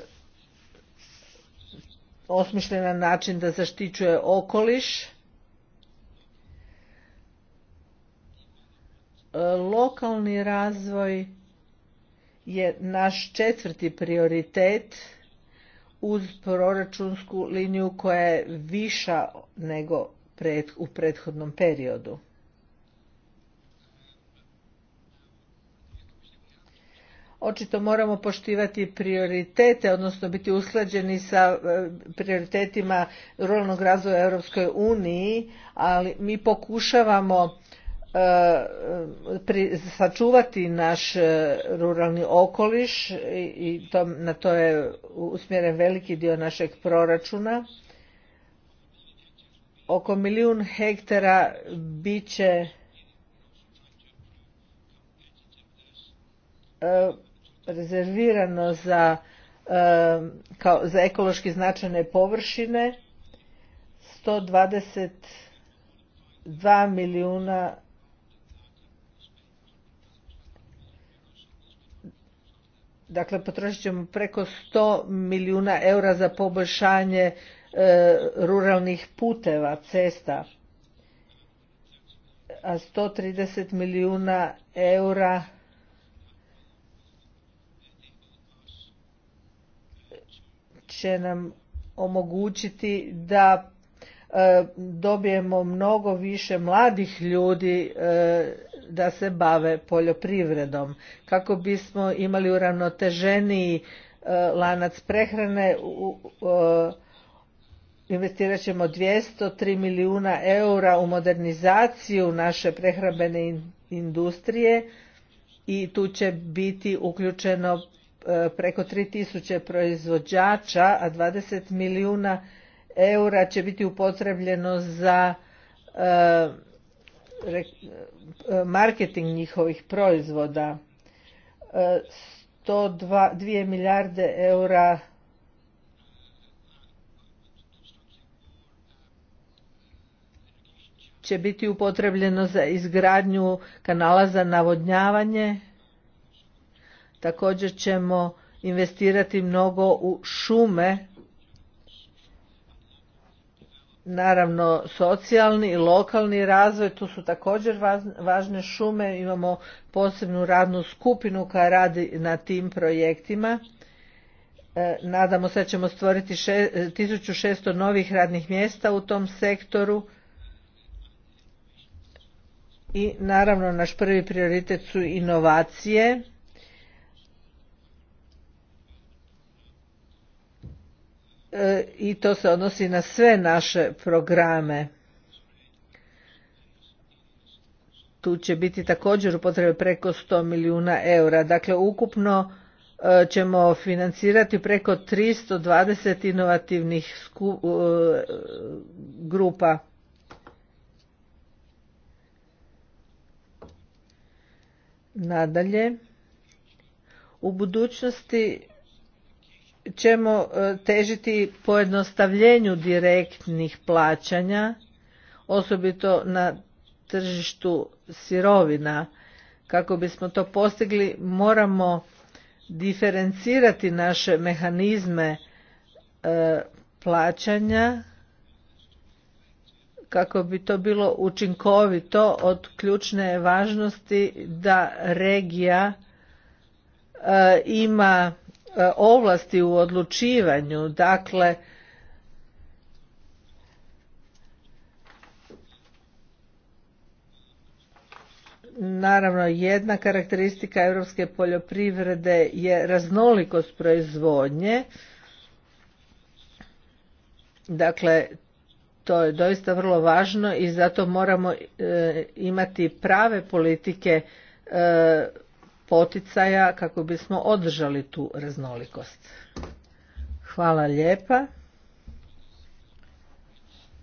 Speaker 2: osmišljena način da zaštićuje okoliš Lokalni razvoj je naš četvrti prioritet uz proračunsku liniju koja je viša nego u prethodnom periodu. Očito moramo poštivati prioritete, odnosno biti usklađeni sa e, prioritetima ruralnog razvoja Europskoj uniji, ali mi pokušavamo sačuvati naš e, ruralni okoliš i, to, na to je usmjeren veliki dio našeg proračuna. Oko milijun hektara bit će e, rezervirano za, e, kao, za ekološki značajne površine, 122 milijuna Dakle, potrošit ćemo preko 100 milijuna eura za poboljšanje e, ruralnih puteva, cesta. A 130 milijuna eura će nam omogućiti da e, dobijemo mnogo više mladih ljudi e, da se bave poljoprivredom kako bismo imali uravnoteženiji e, lanac prehrane e, investirat ćemo 203 milijuna eura u modernizaciju naše prehrambene industrije i tu će biti uključeno e, preko 3000 proizvođača, a 20 milijuna eura će biti upotrebljeno za marketing njihovih proizvoda. 102 e, milijarde eura će biti upotrebljeno za izgradnju kanala za navodnjavanje. Također ćemo investirati mnogo u šume Naravno, socijalni i lokalni razvoj, tu su također važne šume, imamo posebnu radnu skupinu koja radi na tim projektima. E, nadamo se da ćemo stvoriti 1600 novih radnih mjesta u tom sektoru. I naravno naš prvi prioritet su inovacije E, i to se odnosi na sve naše programe. Tu će biti također upotrebe preko 100 milijuna eura. Dakle, ukupno e, ćemo financirati preko 320 inovativnih e, grupa. Nadalje, u budućnosti ćemo e, težiti pojednostavljenju direktnih plaćanja, osobito na tržištu sirovina. Kako bismo to postigli, moramo diferencirati naše mehanizme e, plaćanja kako bi to bilo učinkovito od ključne važnosti da regija e, ima E, ovlasti u odlučivanju, dakle naravno jedna karakteristika europske poljoprivrede je raznolikost proizvodnje. Dakle to je doista vrlo važno i zato moramo e, imati prave politike e, poticaja kako bismo održali tu raznolikost. Hvala lijepa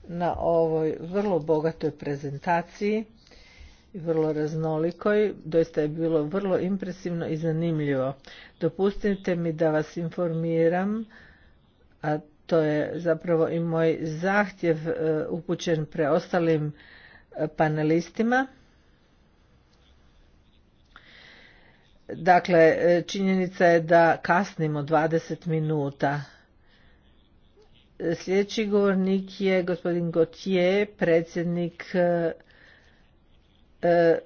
Speaker 2: na ovoj vrlo bogatoj prezentaciji i vrlo raznolikoj. Doista je bilo vrlo impresivno i zanimljivo. Dopustite mi da vas informiram, a to je zapravo i moj zahtjev e, upućen preostalim e, panelistima. Dakle, e, činjenica je da kasnimo 20 minuta. Sljedeći govornik je gospodin Gautier, predsjednik e, e,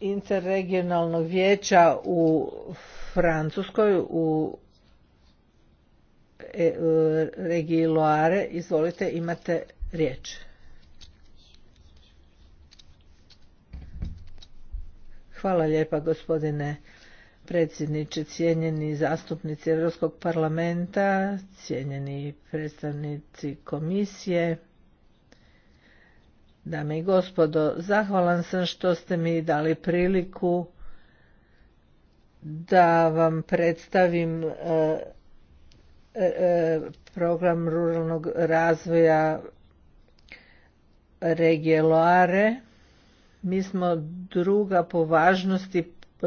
Speaker 2: interregionalnog vijeća u Francuskoj u regiji Loire, Izvolite, imate riječ. Hvala lijepa gospodine predsjedniče, cijenjeni zastupnici Europskog parlamenta, cijenjeni predstavnici komisije, dame i gospodo, zahvalan sam što ste mi dali priliku da vam predstavim e, e, e, program ruralnog razvoja regije Loare. Mi smo druga po važnosti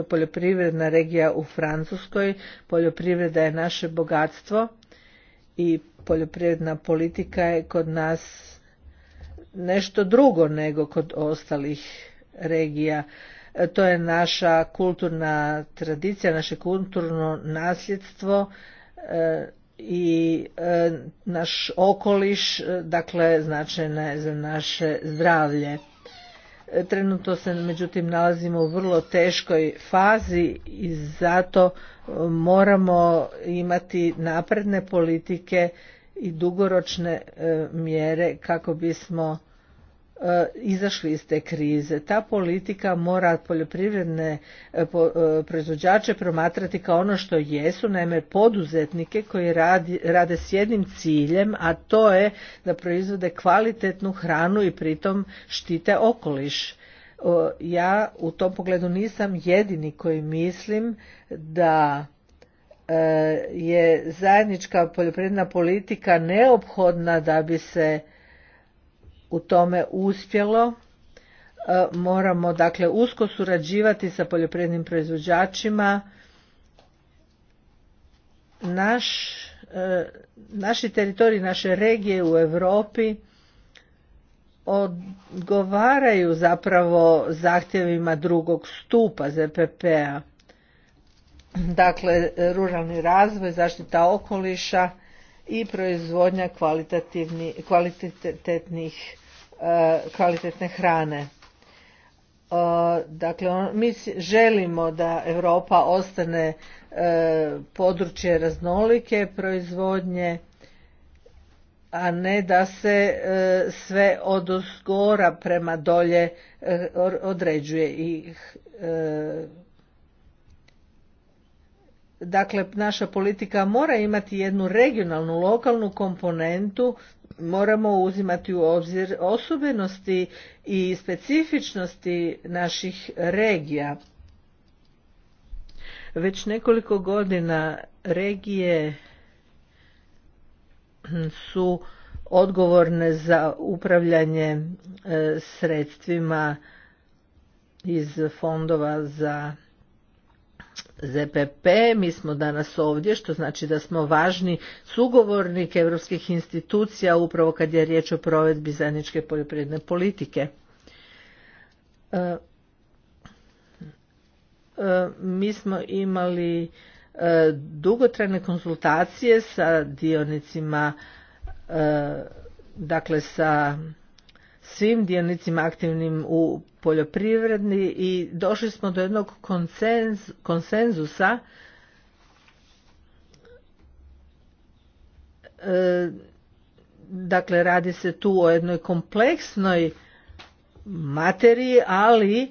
Speaker 2: poljoprivredna regija u Francuskoj. Poljoprivreda je naše bogatstvo i poljoprivredna politika je kod nas nešto drugo nego kod ostalih regija. E, to je naša kulturna tradicija, naše kulturno nasljedstvo e, i e, naš okoliš, dakle značajna je za naše zdravlje. Trenutno se međutim nalazimo u vrlo teškoj fazi i zato e, moramo imati napredne politike i dugoročne e, mjere kako bismo E, izašli iz te krize. Ta politika mora poljoprivredne e, e, proizvođače promatrati kao ono što jesu, naime poduzetnike koji radi, rade s jednim ciljem, a to je da proizvode kvalitetnu hranu i pritom štite okoliš. Ja u tom pogledu nisam jedini koji mislim da je zajednička poljoprivredna politika neophodna da bi se u tome uspjelo. E, moramo dakle usko surađivati sa poljoprivrednim proizvođačima. Naš, e, naši teritoriji, naše regije u Europi odgovaraju zapravo zahtjevima drugog stupa ZPP-a. Dakle, ruralni razvoj, zaštita okoliša i proizvodnja kvalitetnih, e, kvalitetne hrane. E, dakle, mi želimo da Europa ostane e, područje raznolike proizvodnje, a ne da se sve od prema dolje određuje i Dakle, naša politika mora imati jednu regionalnu, lokalnu komponentu, moramo uzimati u obzir osobenosti i specifičnosti naših regija. Već nekoliko godina regije su odgovorne za upravljanje e, sredstvima iz fondova za ZPP, mi smo danas ovdje, što znači da smo važni sugovornik europskih institucija upravo kad je riječ o provedbi zajedničke poljoprivredne politike. E, e, mi smo imali e, dugotrajne konsultacije sa dionicima, dakle sa svim dionicima aktivnim u poljoprivredni i došli smo do jednog konsenzusa e, dakle radi se tu o jednoj kompleksnoj materiji ali e,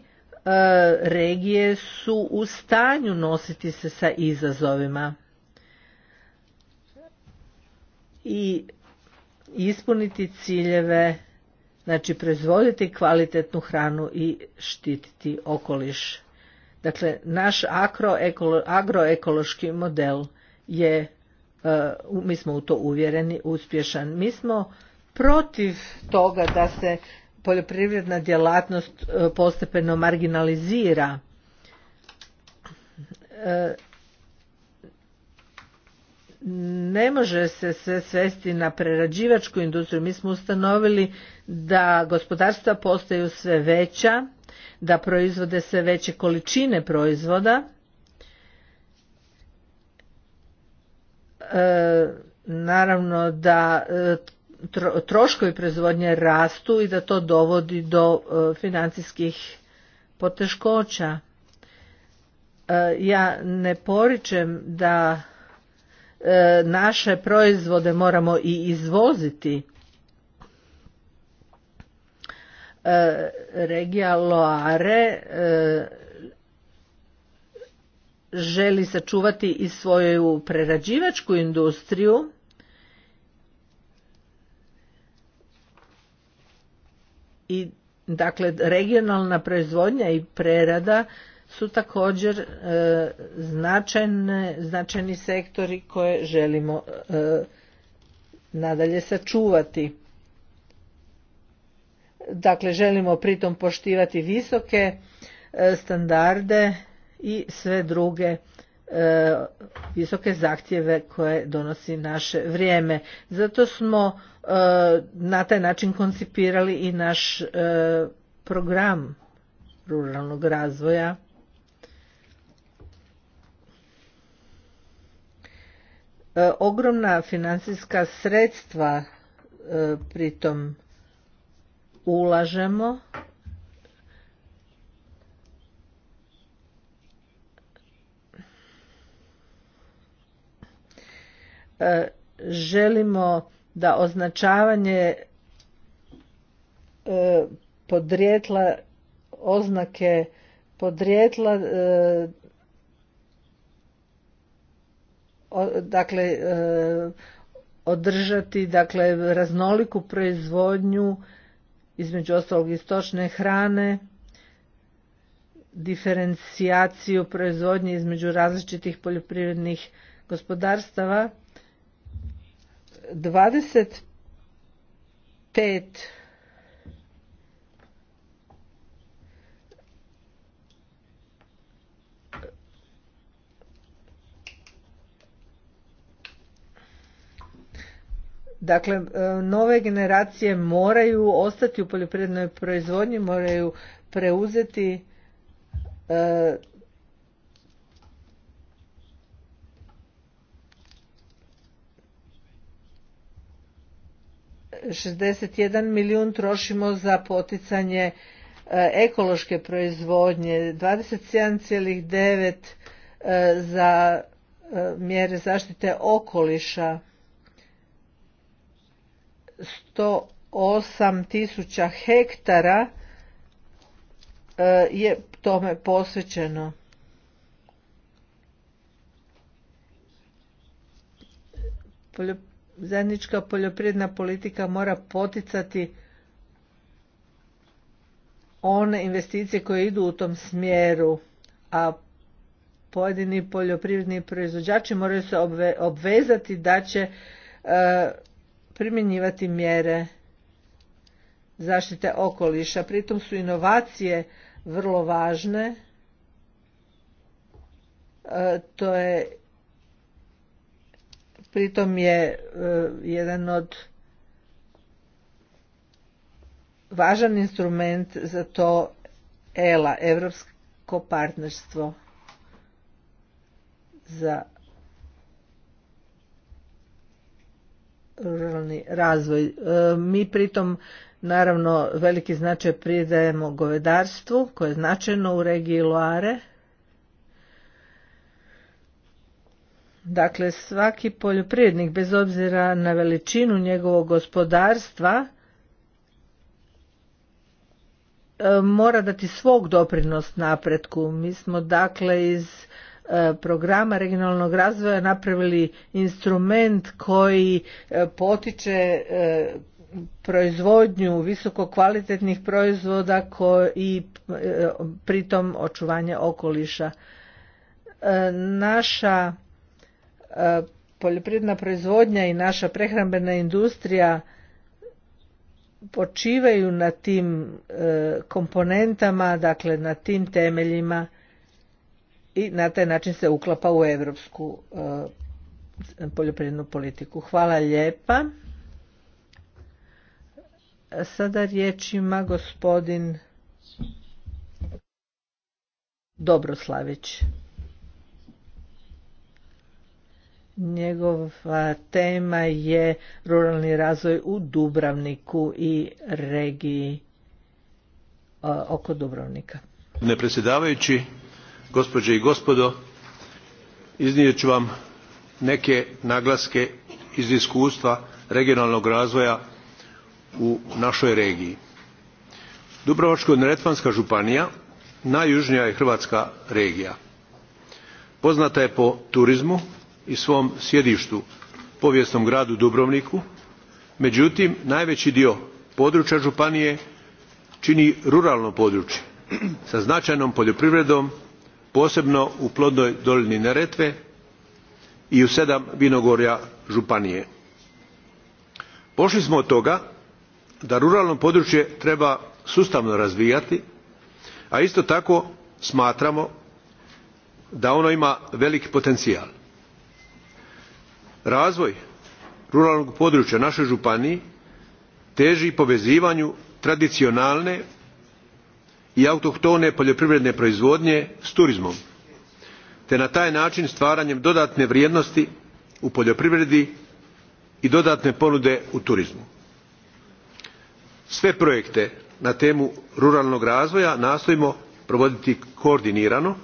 Speaker 2: regije su u stanju nositi se sa izazovima i ispuniti ciljeve Znači proizvoditi kvalitetnu hranu i štititi okoliš. Dakle, naš agroekološki model je, e, mi smo u to uvjereni, uspješan. Mi smo protiv toga da se poljoprivredna djelatnost e, postepeno marginalizira e, ne može se sve svesti na prerađivačku industriju. Mi smo ustanovili da gospodarstva postaju sve veća, da proizvode sve veće količine proizvoda. E, naravno da e, troškovi proizvodnje rastu i da to dovodi do e, financijskih poteškoća. Ja ne poričem da E, naše proizvode moramo i izvoziti. E, regija Loare e, želi sačuvati i svoju prerađivačku industriju i dakle regionalna proizvodnja i prerada su također e, značajni sektori koje želimo e, nadalje sačuvati. Dakle, želimo pritom poštivati visoke e, standarde i sve druge visoke zahtjeve koje donosi naše vrijeme. Zato smo na taj način koncipirali i naš program ruralnog razvoja E, ogromna financijska sredstva e, pritom ulažemo e, želimo da označavanje podrijetla oznake podrijetla dakle e, održati dakle raznoliku proizvodnju između ostalog istočne hrane diferencijaciju proizvodnje između različitih poljoprivrednih gospodarstava 25 Dakle, e, nove generacije moraju ostati u poljoprivrednoj proizvodnji, moraju preuzeti e, šezdeset jedan milijun trošimo za poticanje e, ekološke proizvodnje, 27,9 za mjere zaštite okoliša. 108 tisuća hektara e, je tome posvećeno. Zajednička poljoprivredna politika mora poticati one investicije koje idu u tom smjeru, a pojedini poljoprivredni proizvođači moraju se obvezati da će e, primjenjivati mjere zaštite okoliša. Pritom su inovacije vrlo važne. E, to je pritom je e, jedan od važan instrument za to ELA, Europsko partnerstvo za ruralni razvoj. E, mi pritom naravno veliki značaj pridajemo govedarstvu koje je značajno u regiji Loare. Dakle, svaki poljoprivrednik bez obzira na veličinu njegovog gospodarstva e, mora dati svog doprinos napretku. Mi smo dakle iz E, programa regionalnog razvoja napravili instrument koji e, potiče e, proizvodnju visokokvalitetnih proizvoda i pritom očuvanje okoliša. Naša poljoprivredna proizvodnja i naša prehrambena industrija počivaju na tim komponentama, dakle na tim temeljima i na taj način se uklapa u europsku eh, poljoprivrednu politiku. Hvala lijepa. Sada riječ ima gospodin Dobroslavić. Njegova tema je ruralni razvoj u Dubravniku i regiji eh, oko Dubrovnika.
Speaker 4: Ne predsjedavajući, gospođe i gospodo iznijet ću vam neke naglaske iz iskustva regionalnog razvoja u našoj regiji. dubrovačko neretvanska županija najjužnija je hrvatska regija. poznata je po turizmu i svom sjedištu povijesnom gradu dubrovniku međutim najveći dio područja županije čini ruralno područje sa značajnom poljoprivredom posebno u plodnoj dolini Neretve i u sedam vinogorja Županije. Pošli smo od toga da ruralno područje treba sustavno razvijati, a isto tako smatramo da ono ima veliki potencijal. Razvoj ruralnog područja našoj županiji teži povezivanju tradicionalne i autohtone poljoprivredne proizvodnje s turizmom te na taj način stvaranjem dodatne vrijednosti u poljoprivredi i dodatne ponude u turizmu. sve projekte na temu ruralnog razvoja nastojimo provoditi koordinirano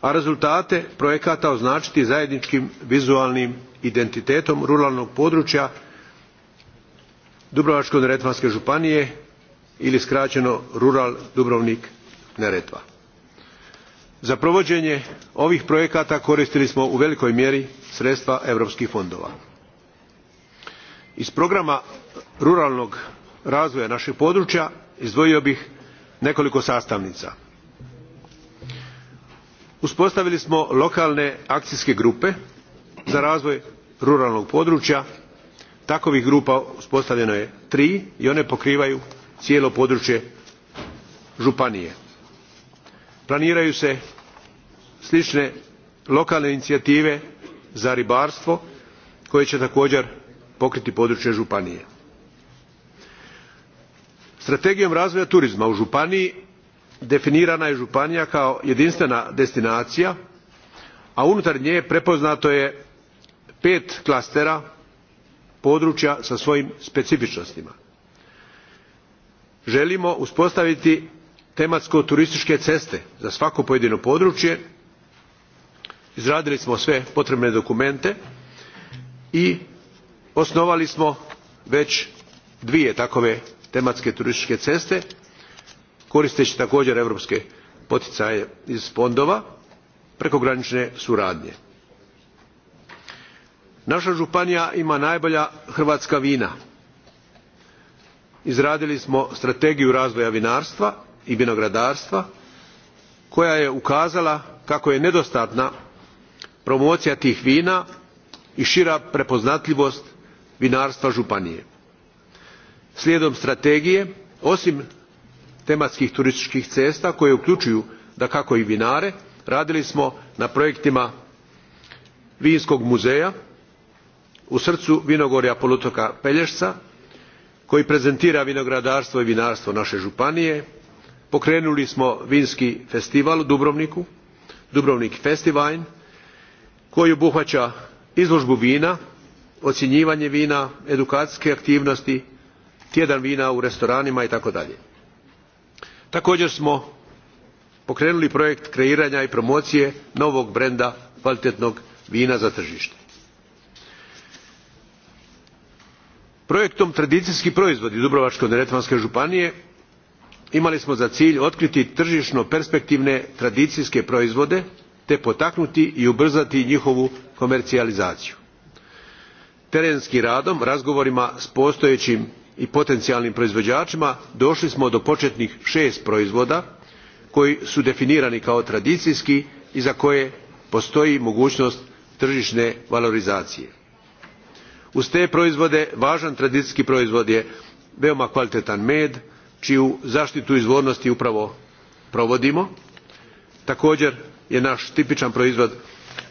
Speaker 4: a rezultate projekata označiti zajedničkim vizualnim identitetom ruralnog područja dubrovačko neretvanske županije ili skraćeno rural dubrovnik neretva. za provođenje ovih projekata koristili smo u velikoj mjeri sredstva europskih fondova. iz programa ruralnog razvoja našeg područja izdvojio bih nekoliko sastavnica. uspostavili smo lokalne akcijske grupe za razvoj ruralnog područja. takovih grupa uspostavljeno je tri i one pokrivaju cijelo područje županije. planiraju se slične lokalne inicijative za ribarstvo koje će također pokriti područje županije. strategijom razvoja turizma u županiji definirana je županija kao jedinstvena destinacija a unutar nje prepoznato je pet klastera područja sa svojim specifičnostima želimo uspostaviti tematsko turističke ceste za svako pojedino područje izradili smo sve potrebne dokumente i osnovali smo već dvije takove tematske turističke ceste koristeći također europske poticaje iz fondova prekogranične suradnje. naša županija ima najbolja hrvatska vina izradili smo strategiju razvoja vinarstva i vinogradarstva koja je ukazala kako je nedostatna promocija tih vina i šira prepoznatljivost vinarstva županije. slijedom strategije osim tematskih turističkih cesta koje uključuju dakako i vinare radili smo na projektima vinskog muzeja u srcu vinogorja poluotoka pelješca koji prezentira vinogradarstvo i vinarstvo naše županije pokrenuli smo vinski festival u dubrovniku dubrovnik festivine koji obuhvaća izložbu vina ocjenjivanje vina edukacijske aktivnosti tjedan vina u restoranima i tako dalje također smo pokrenuli projekt kreiranja i promocije novog brenda kvalitetnog vina za tržište projektom tradicijski proizvodi dubrovačko neretvanske županije imali smo za cilj otkriti tržišno perspektivne tradicijske proizvode te potaknuti i ubrzati njihovu komercijalizaciju terenskim radom razgovorima s postojećim i potencijalnim proizvođačima došli smo do početnih šest proizvoda koji su definirani kao tradicijski i za koje postoji mogućnost tržišne valorizacije uz te proizvode važan tradicijski proizvod je veoma kvalitetan med čiju zaštitu izvornosti upravo provodimo također je naš tipičan proizvod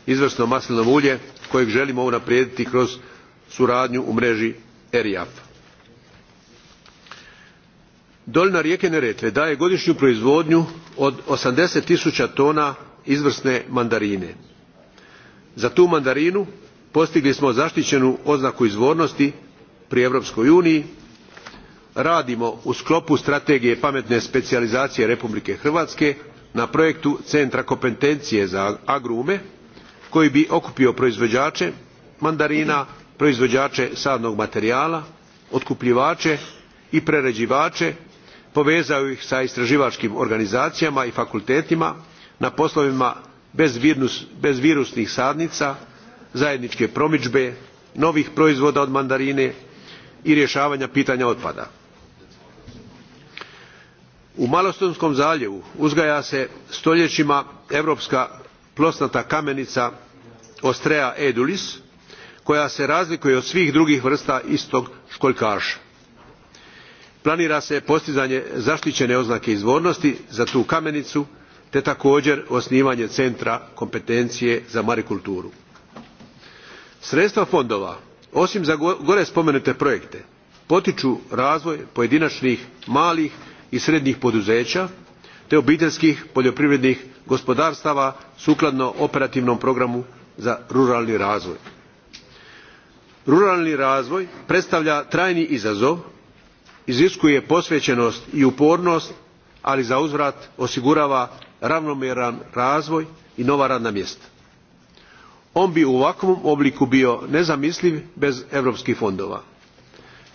Speaker 4: izvrsno maslinovo ulje kojeg želimo unaprijediti kroz suradnju u mreži eriaf dolina rijeke neretve daje godišnju proizvodnju od eighty tisuća tona izvrsne mandarine za tu mandarinu postigli smo zaštićenu oznaku izvornosti pri europskoj uniji radimo u sklopu strategije pametne specijalizacije republike hrvatske na projektu centra kompetencije za agrume koji bi okupio proizvođače mandarina proizvođače sadnog materijala otkupljivače i prerađivače povezao ih sa istraživačkim organizacijama i fakultetima na poslovima bezvirusnih sadnica zajedničke promidžbe novih proizvoda od mandarine i rješavanja pitanja otpada u malostonskom zaljevu uzgaja se stoljećima europska plosnata kamenica ostrea edulis koja se razlikuje od svih drugih vrsta istog školjkaša planira se postizanje zaštićene oznake izvornosti za tu kamenicu te također osnivanje centra kompetencije za marikulturu sredstva fondova osim za gore spomenute projekte potiču razvoj pojedinačnih malih i srednjih poduzeća te obiteljskih poljoprivrednih gospodarstava sukladno operativnom programu za ruralni razvoj. ruralni razvoj predstavlja trajni izazov iziskuje posvećenost i upornost ali zauzvrat osigurava ravnomjeran razvoj i nova radna mjesta on bi u ovakvom obliku bio nezamisliv bez europskih fondova.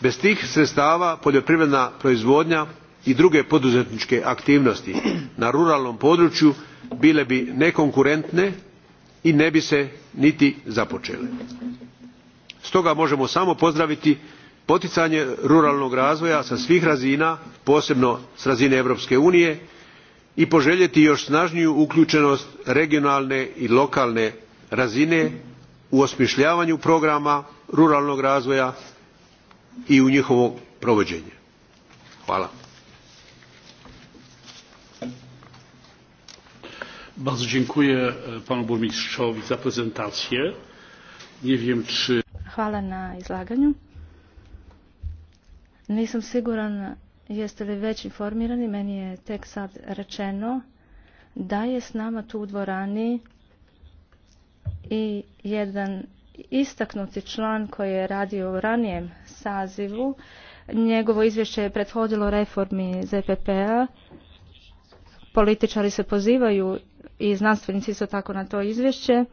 Speaker 4: bez tih sredstava poljoprivredna proizvodnja i druge poduzetničke aktivnosti na ruralnom području bile bi nekonkurentne i ne bi se niti započele. stoga možemo samo pozdraviti poticanje ruralnog razvoja sa svih razina posebno s razine europske unije i poželjeti još snažniju uključenost regionalne i lokalne razine u osmišljavanju programa ruralnog razvoja i u njihovo provođenje.
Speaker 1: Hvala. Bardzo dziękuję e, panu burmistrzowi za prezentację. Nie wiem, czy...
Speaker 5: Hvala na izlaganju. Nisam siguran jeste li već informirani, meni je tek sad rečeno da je s nama tu u dvorani i jedan istaknuti član koji je radio u ranijem sazivu. Njegovo izvješće je prethodilo reformi ZPP-a. Političari se pozivaju i znanstvenici su tako na to izvješće.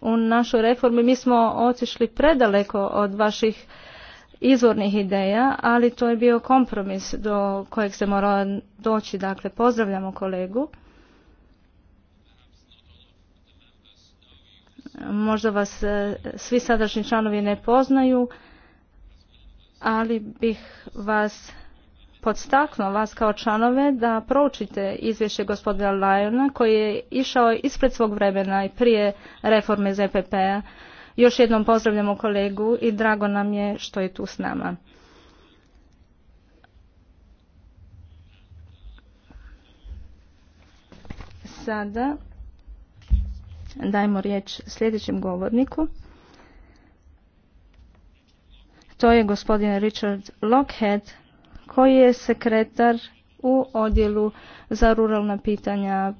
Speaker 5: U našoj reformi mi smo otišli predaleko od vaših izvornih ideja, ali to je bio kompromis do kojeg se mora doći. Dakle, pozdravljamo kolegu. Možda vas e, svi sadašnji članovi ne poznaju, ali bih vas podstaknuo vas kao članove da proučite izvješće gospodina Lajona koji je išao ispred svog vremena i prije reforme ZPP-a. Još jednom pozdravljamo kolegu i drago nam je što je tu s nama. Sada dajmo riječ sljedećem govorniku. To je gospodin Richard Lockhead koji je sekretar u odjelu za ruralna pitanja,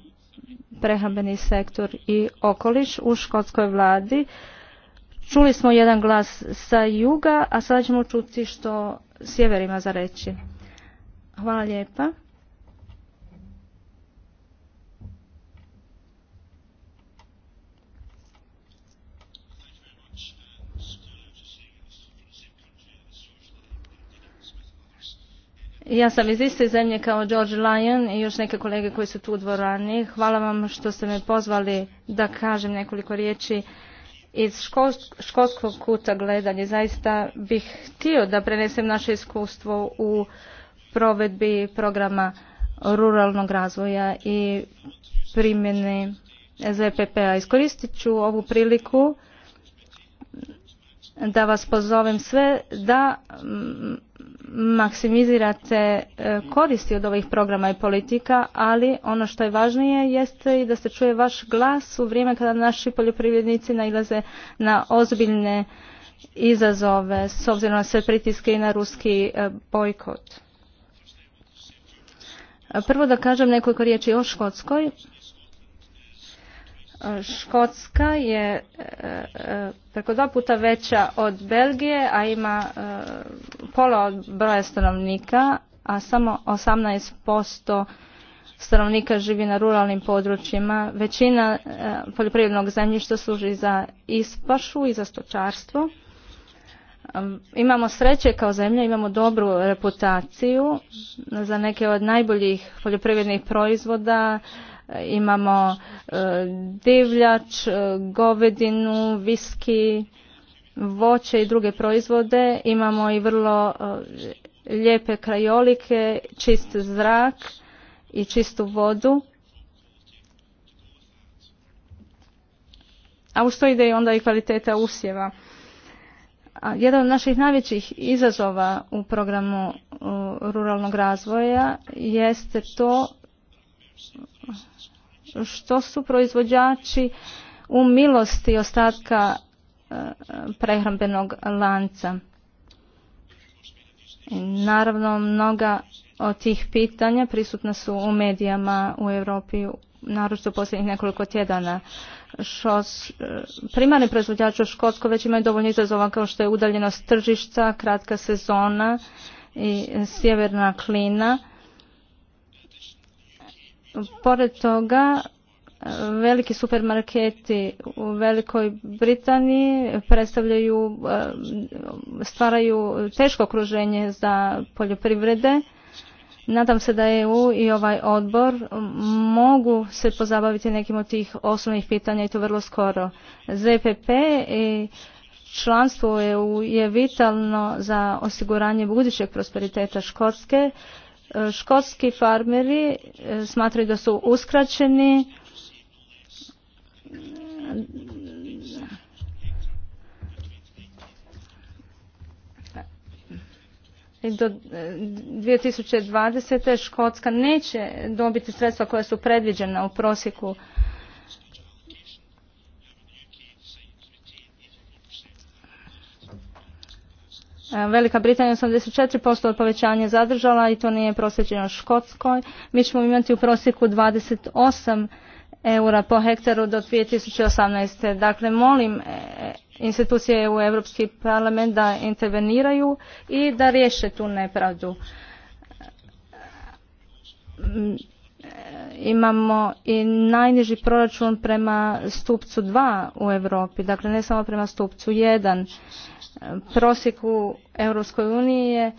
Speaker 5: prehrambeni sektor i okoliš u škotskoj vladi. Čuli smo jedan glas sa juga, a sada ćemo čuti što sjever ima za reći. Hvala lijepa. Ja sam iz iste zemlje kao George Lyon i još neke kolege koji su tu u dvorani. Hvala vam što ste me pozvali da kažem nekoliko riječi iz školskog kuta gledanja. Zaista bih htio da prenesem naše iskustvo u provedbi programa ruralnog razvoja i primjene ZPP-a. Iskoristit ću ovu priliku da vas pozovem sve da mm, maksimizirate e, koristi od ovih programa i politika, ali ono što je važnije jeste i da se čuje vaš glas u vrijeme kada naši poljoprivrednici nailaze na ozbiljne izazove s obzirom na sve pritiske i na ruski e, bojkot. E, prvo da kažem nekoliko riječi o Škotskoj. Škotska je e, e, preko dva puta veća od Belgije, a ima e, pola od broja stanovnika, a samo 18% stanovnika živi na ruralnim područjima. Većina poljoprivrednog zemljišta služi za ispašu i za stočarstvo. Imamo sreće kao zemlja, imamo dobru reputaciju za neke od najboljih poljoprivrednih proizvoda, E, imamo e, divljač, e, govedinu, viski, voće i druge proizvode. Imamo i vrlo lijepe krajolike, čist zrak i čistu vodu. A u što ide onda i kvaliteta usjeva. jedan od naših najvećih izazova u programu ruralnog razvoja jeste to što su proizvođači u milosti ostatka e, prehrambenog lanca. Naravno, mnoga od tih pitanja prisutna su u medijama u Europi, naročito u posljednjih nekoliko tjedana. E, primarni proizvođači u Škotskoj već imaju dovoljno izazova kao što je udaljenost tržišta, kratka sezona i sjeverna klina Pored toga, veliki supermarketi u Velikoj Britaniji predstavljaju, eh, stvaraju teško okruženje za poljoprivrede. Nadam se da EU i ovaj odbor mogu se pozabaviti nekim od tih osnovnih pitanja i to vrlo skoro. ZPP i članstvo EU e je vitalno za osiguranje budućeg prosperiteta Škotske Škotski farmeri e, smatraju da su uskraćeni do 2020. E, Škotska neće dobiti sredstva koja su predviđena u prosjeku E, Velika Britanija 84% od povećanja zadržala i to nije prosječno Škotskoj. Mi ćemo imati u prosjeku 28 eura po hektaru do 2018. Dakle, molim e, institucije u Europski parlament da interveniraju i da riješe tu nepravdu. E, imamo i najniži proračun prema stupcu 2 u Europi, dakle ne samo prema stupcu 1 prosjek u Europskoj uniji je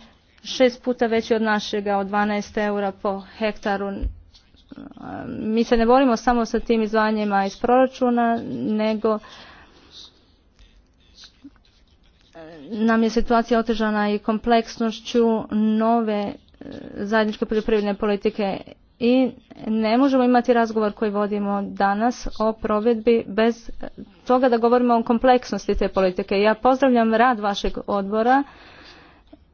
Speaker 5: šest puta veći od našega, od 12 eura po hektaru. E, mi se ne borimo samo sa tim izvanjima iz proračuna, nego e, nam je situacija otežana i kompleksnošću nove e, zajedničke poljoprivredne politike i ne možemo imati razgovor koji vodimo danas o provedbi bez toga da govorimo o kompleksnosti te politike. Ja pozdravljam rad vašeg odbora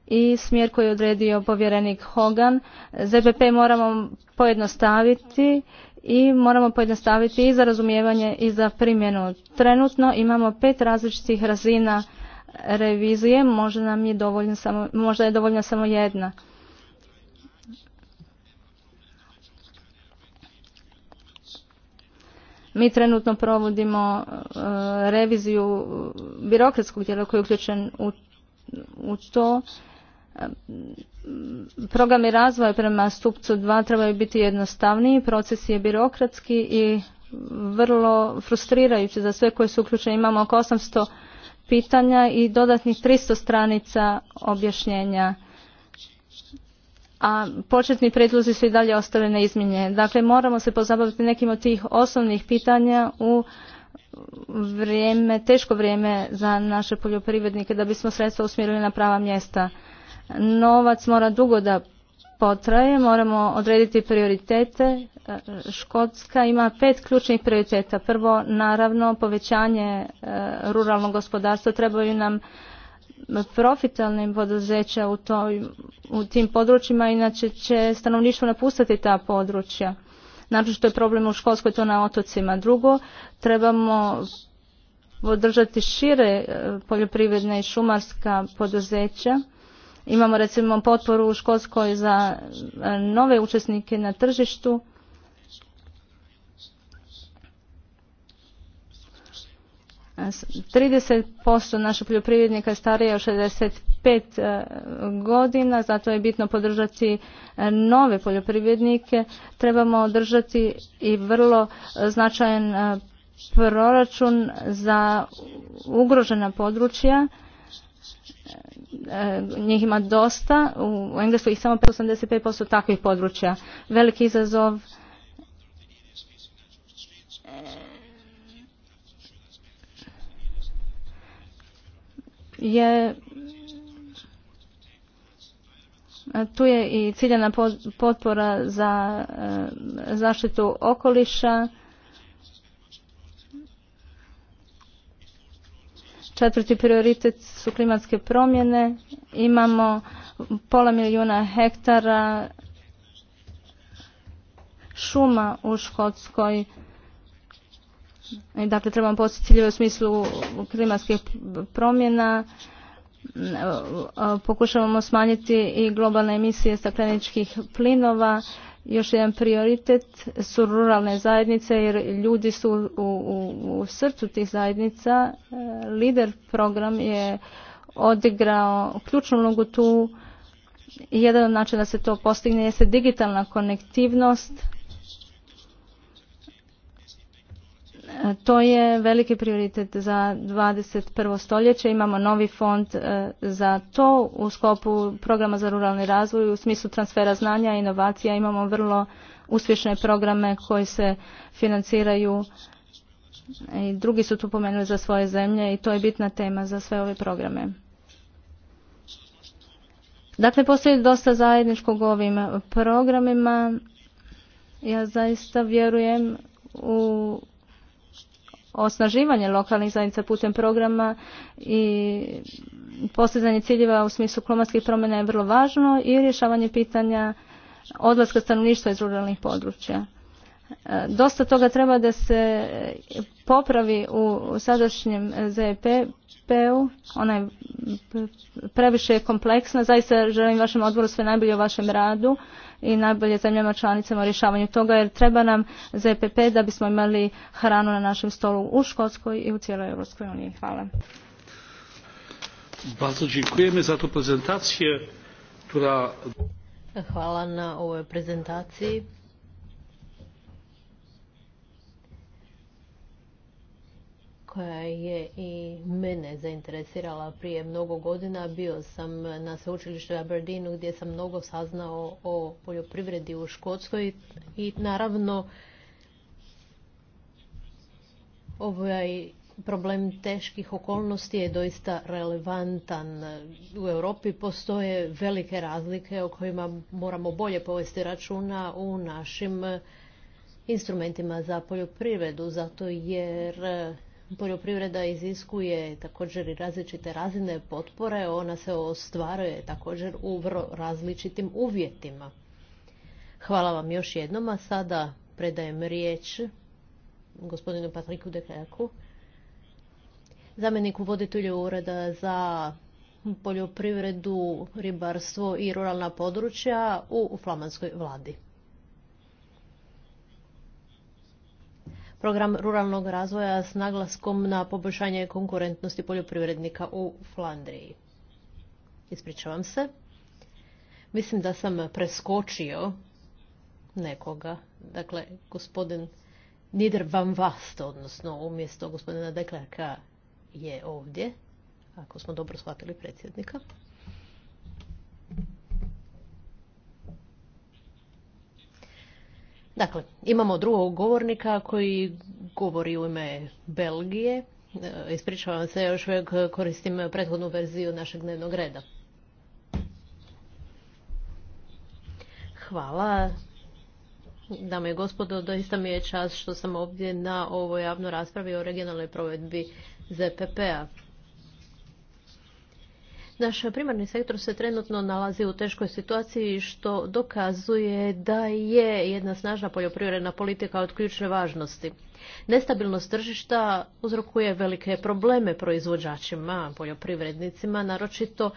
Speaker 5: i smjer koji je odredio povjerenik Hogan. ZPP moramo pojednostaviti i moramo pojednostaviti i za razumijevanje i za primjenu. Trenutno imamo pet različitih razina revizije, možda nam je dovoljna samo, možda je dovoljna samo jedna. Mi trenutno provodimo e, reviziju birokratskog tijela koji je uključen u, to. E, programi razvoja prema stupcu 2 trebaju biti jednostavniji, proces je birokratski i vrlo frustrirajući za sve koji su uključene. Imamo oko 800 pitanja i dodatnih 300 stranica objašnjenja a početni prijedlozi su i dalje ostale neizmijenjeni. Dakle, moramo se pozabaviti nekim od tih osnovnih pitanja u vrijeme, teško vrijeme za naše poljoprivrednike da bismo sredstva usmjerili na prava mjesta. Novac mora dugo da potraje, moramo odrediti prioritete. Škotska ima pet ključnih prioriteta. Prvo, naravno, povećanje e, ruralnog gospodarstva. Trebaju nam profitalnim poduzeća u, toj, u tim područjima, inače će stanovništvo napustiti ta područja. Znači što je problem u Školskoj, to na otocima. Drugo, trebamo održati šire e, poljoprivredne i šumarska poduzeća. Imamo recimo potporu u Školskoj za e, nove učesnike na tržištu 30% naših poljoprivrednika je starije od 65 e, godina, zato je bitno podržati e, nove poljoprivrednike. Trebamo održati i vrlo značajan e, proračun za ugrožena područja. Njih ima dosta, u Engleskoj ih samo 85% takvih područja. Veliki izazov je
Speaker 1: tu je i ciljena
Speaker 5: potpora za eh, zaštitu okoliša. Četvrti prioritet su klimatske promjene. Imamo pola milijuna hektara šuma u Škotskoj Dakle, trebamo postići ciljeve u smislu klimatskih promjena, pokušavamo smanjiti i globalne emisije stakleničkih plinova. Još jedan prioritet su ruralne zajednice jer ljudi su u, u, srcu tih zajednica. E, Lider program je odigrao ključnu ulogu tu. Jedan od načina da se to postigne jeste digitalna konektivnost To je veliki prioritet za 21. stoljeće. Imamo novi fond e, za to u skopu programa za ruralni razvoj. U smislu transfera znanja i inovacija imamo vrlo uspješne programe koji se financiraju i drugi su tu pomenuli za svoje zemlje i to je bitna tema za sve ove programe. Dakle, postoji dosta zajedničkog ovim programima. Ja zaista vjerujem u osnaživanje lokalnih zajednica putem programa i postizanje ciljeva u smislu klimatskih promjena je vrlo važno i rješavanje pitanja odlaska stanovništva iz ruralnih područja. E, dosta toga treba da se popravi u sadašnjem ZEP-u. Ona je previše kompleksna. Zaista želim vašem odboru sve najbolje u vašem radu i najbolje zemljama članicama u rješavanju toga jer treba nam ZPP da bismo imali hranu na našem stolu u
Speaker 3: Škotskoj i u cijeloj Europskoj uniji. Hvala.
Speaker 1: Bardzo dziękujemy za
Speaker 3: Hvala na ovoj prezentaciji. koja je i mene zainteresirala prije mnogo godina. Bio sam na sveučilištu Aberdeenu gdje sam mnogo saznao o poljoprivredi u Škotskoj i naravno ovaj problem teških okolnosti je doista relevantan. U Europi postoje velike razlike o kojima moramo bolje povesti računa u našim instrumentima za poljoprivredu, zato jer Poljoprivreda iziskuje također i različite razine potpore, ona se ostvaruje također u vrlo različitim uvjetima. Hvala vam još jednom, a sada predajem riječ gospodinu Patriku Dekajaku, zamjeniku voditelju Ureda za poljoprivredu, ribarstvo i ruralna područja u flamanskoj vladi. program ruralnog razvoja s naglaskom na poboljšanje konkurentnosti poljoprivrednika u Flandriji. Ispričavam se. Mislim da sam preskočio nekoga. Dakle, gospodin Nider van Vast, odnosno umjesto gospodina Deklerka je ovdje, ako smo dobro shvatili predsjednika. Dakle, imamo drugog govornika koji govori u ime Belgije. E, ispričavam se, još uvijek koristim prethodnu verziju našeg dnevnog reda. Hvala. Dame i gospodo, doista mi je čast što sam ovdje na ovoj javnoj raspravi o regionalnoj provedbi ZPP-a. Naš primarni sektor se trenutno nalazi u teškoj situaciji što dokazuje da je jedna snažna poljoprivredna politika od ključne važnosti. Nestabilnost tržišta uzrokuje velike probleme proizvođačima, poljoprivrednicima, naročito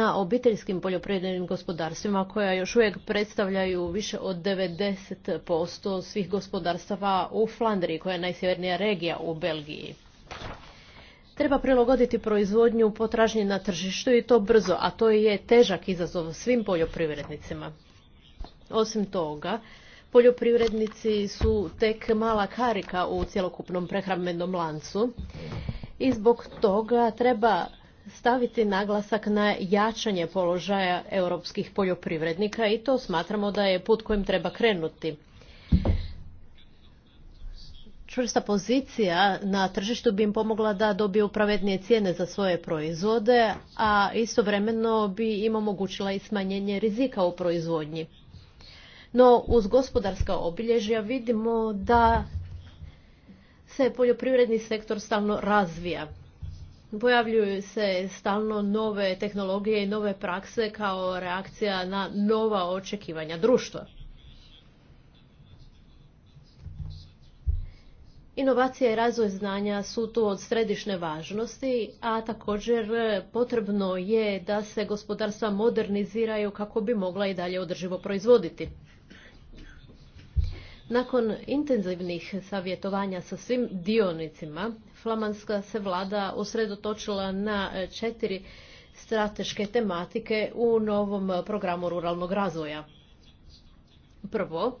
Speaker 3: na obiteljskim poljoprivrednim gospodarstvima koja još uvijek predstavljaju više od 90% svih gospodarstava u Flandriji koja je najsjevernija regija u Belgiji. Treba prilagoditi proizvodnju potražnje na tržištu i to brzo, a to je težak izazov svim poljoprivrednicima. Osim toga, poljoprivrednici su tek mala karika u cjelokupnom prehrambenom lancu i zbog toga treba staviti naglasak na jačanje položaja europskih poljoprivrednika i to smatramo da je put kojim treba krenuti čvrsta pozicija na tržištu bi im pomogla da dobiju pravednije cijene za svoje proizvode, a istovremeno bi im omogućila i smanjenje rizika u proizvodnji. No, uz gospodarska obilježja vidimo da se poljoprivredni sektor stalno razvija. Pojavljuju se stalno nove tehnologije i nove prakse kao reakcija na nova očekivanja društva. Inovacija i razvoj znanja su tu od središnje važnosti, a također potrebno je da se gospodarstva moderniziraju kako bi mogla i dalje održivo proizvoditi. Nakon intenzivnih savjetovanja sa svim dionicima, flamanska se vlada usredotočila na četiri strateške tematike u novom programu ruralnog razvoja. Prvo,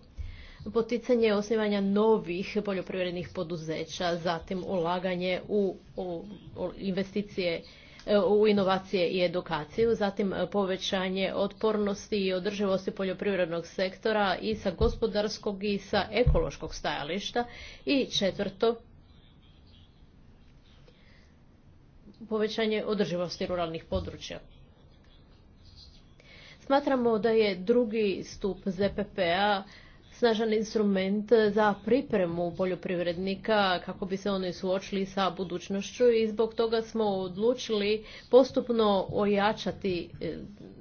Speaker 3: poticanje osnivanja novih poljoprivrednih poduzeća, zatim ulaganje u, investicije e, u inovacije i edukaciju, zatim povećanje otpornosti i održivosti poljoprivrednog sektora i sa gospodarskog i sa ekološkog stajališta i četvrto povećanje održivosti ruralnih područja. Smatramo da je drugi stup ZPP-a snažan instrument za pripremu poljoprivrednika kako bi se oni suočili sa budućnošću i zbog toga smo odlučili postupno ojačati e,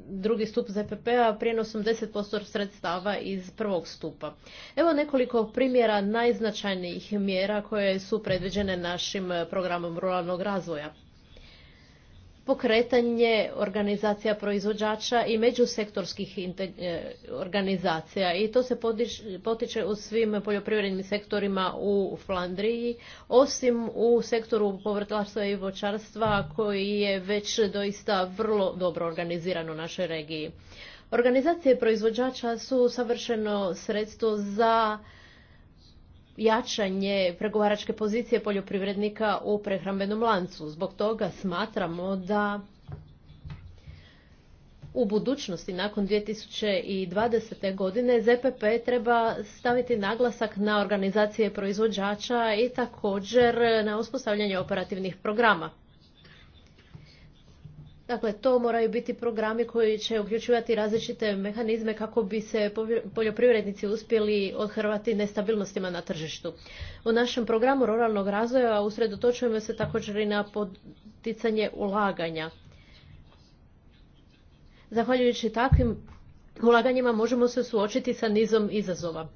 Speaker 3: drugi stup ZPP-a prijenosom 10% sredstava iz prvog stupa. Evo nekoliko primjera najznačajnijih mjera koje su predviđene našim programom ruralnog razvoja pokretanje organizacija proizvođača i međusektorskih e, organizacija i to se potiče u svim poljoprivrednim sektorima u Flandriji, osim u sektoru povrtlarstva i voćarstva koji je već doista vrlo dobro organiziran u našoj regiji. Organizacije proizvođača su savršeno sredstvo za jačanje pregovaračke pozicije poljoprivrednika u prehrambenom lancu. Zbog toga smatramo da u budućnosti nakon 2020. godine ZPP treba staviti naglasak na organizacije proizvođača i također na uspostavljanje operativnih programa. Dakle, to moraju biti programi koji će uključivati različite mehanizme kako bi se poljoprivrednici uspjeli odhrvati nestabilnostima na tržištu. U našem programu ruralnog razvoja usredotočujemo se također i na poticanje ulaganja. Zahvaljujući takvim ulaganjima možemo se suočiti sa nizom izazova.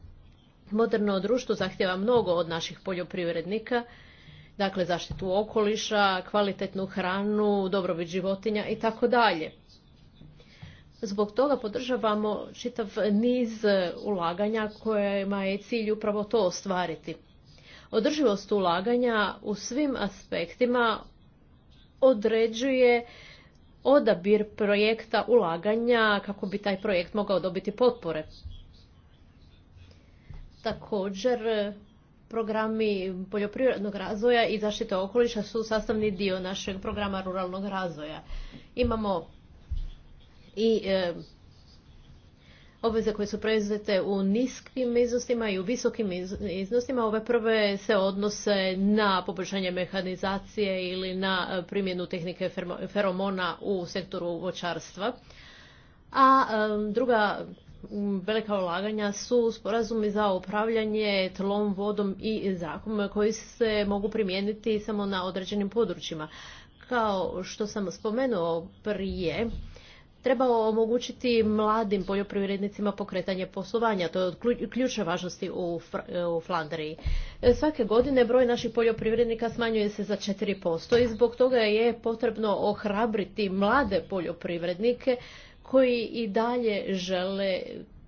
Speaker 3: Moderno društvo zahtjeva mnogo od naših poljoprivrednika, dakle zaštitu okoliša, kvalitetnu hranu, dobrobit životinja i tako dalje. Zbog toga podržavamo čitav niz ulaganja kojima je cilj upravo to ostvariti. Održivost ulaganja u svim aspektima određuje odabir projekta ulaganja kako bi taj projekt mogao dobiti potpore. Također programi poljoprivrednog razvoja i zaštite okoliša su sastavni dio našeg programa ruralnog razvoja. Imamo i e, obveze koje su preuzete u niskim iznosima i u visokim iznosima. Ove prve se odnose na poboljšanje mehanizacije ili na e, primjenu tehnike feromona u sektoru voćarstva. A e, druga velika ulaganja su sporazumi za upravljanje tlom, vodom i zrakom koji se mogu primijeniti samo na određenim područjima. Kao što sam spomenuo prije, treba omogućiti mladim poljoprivrednicima pokretanje poslovanja. To je od ključne važnosti u, u Flandriji. Svake godine broj naših poljoprivrednika smanjuje se za 4% i zbog toga je potrebno ohrabriti mlade poljoprivrednike koji i dalje žele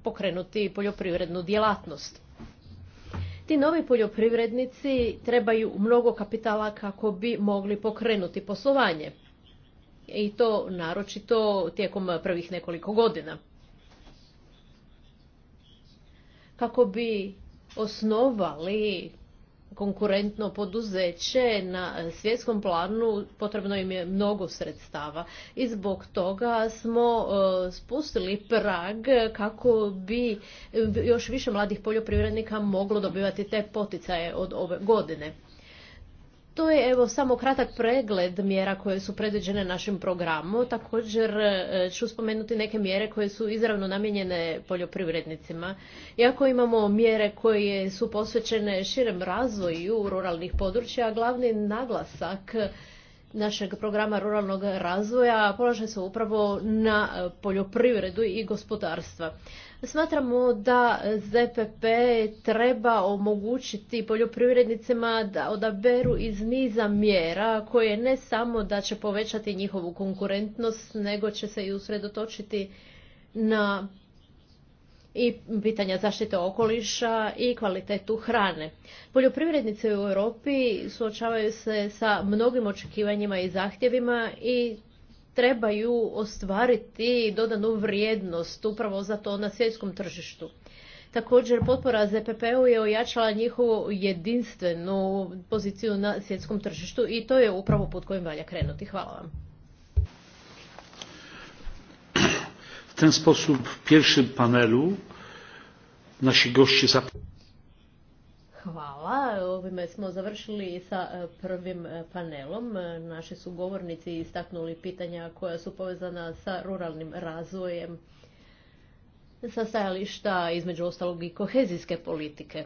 Speaker 3: pokrenuti poljoprivrednu djelatnost. Ti novi poljoprivrednici trebaju mnogo kapitala kako bi mogli pokrenuti poslovanje. I to naročito tijekom prvih nekoliko godina. Kako bi osnovali konkurentno poduzeće na svjetskom planu potrebno im je mnogo sredstava i zbog toga smo e, spustili prag kako bi još više mladih poljoprivrednika moglo dobivati te poticaje od ove godine. To je evo samo kratak pregled mjera koje su predviđene našim programu. Također e, ću spomenuti neke mjere koje su izravno namijenjene poljoprivrednicima. Iako imamo mjere koje su posvećene širem razvoju ruralnih područja, glavni naglasak našeg programa ruralnog razvoja polaže se upravo na e, poljoprivredu i gospodarstva. Smatramo da ZPP treba omogućiti poljoprivrednicima da odaberu iz niza mjera koje ne samo da će povećati njihovu konkurentnost, nego će se i usredotočiti na i pitanja zaštite okoliša i kvalitetu hrane. Poljoprivrednici u Europi suočavaju se sa mnogim očekivanjima i zahtjevima i trebaju ostvariti dodanu vrijednost upravo za to na svjetskom tržištu. Također potpora ZPP-u je ojačala njihovu jedinstvenu poziciju na svjetskom tržištu i to je upravo put kojim valja krenuti. Hvala vam.
Speaker 1: W ten sposób w pierwszym panelu nasi goście
Speaker 3: Hvala. Ovime smo završili sa e, prvim e, panelom. E, naši su govornici istaknuli pitanja koja su povezana sa ruralnim razvojem sa stajališta između ostalog i kohezijske politike.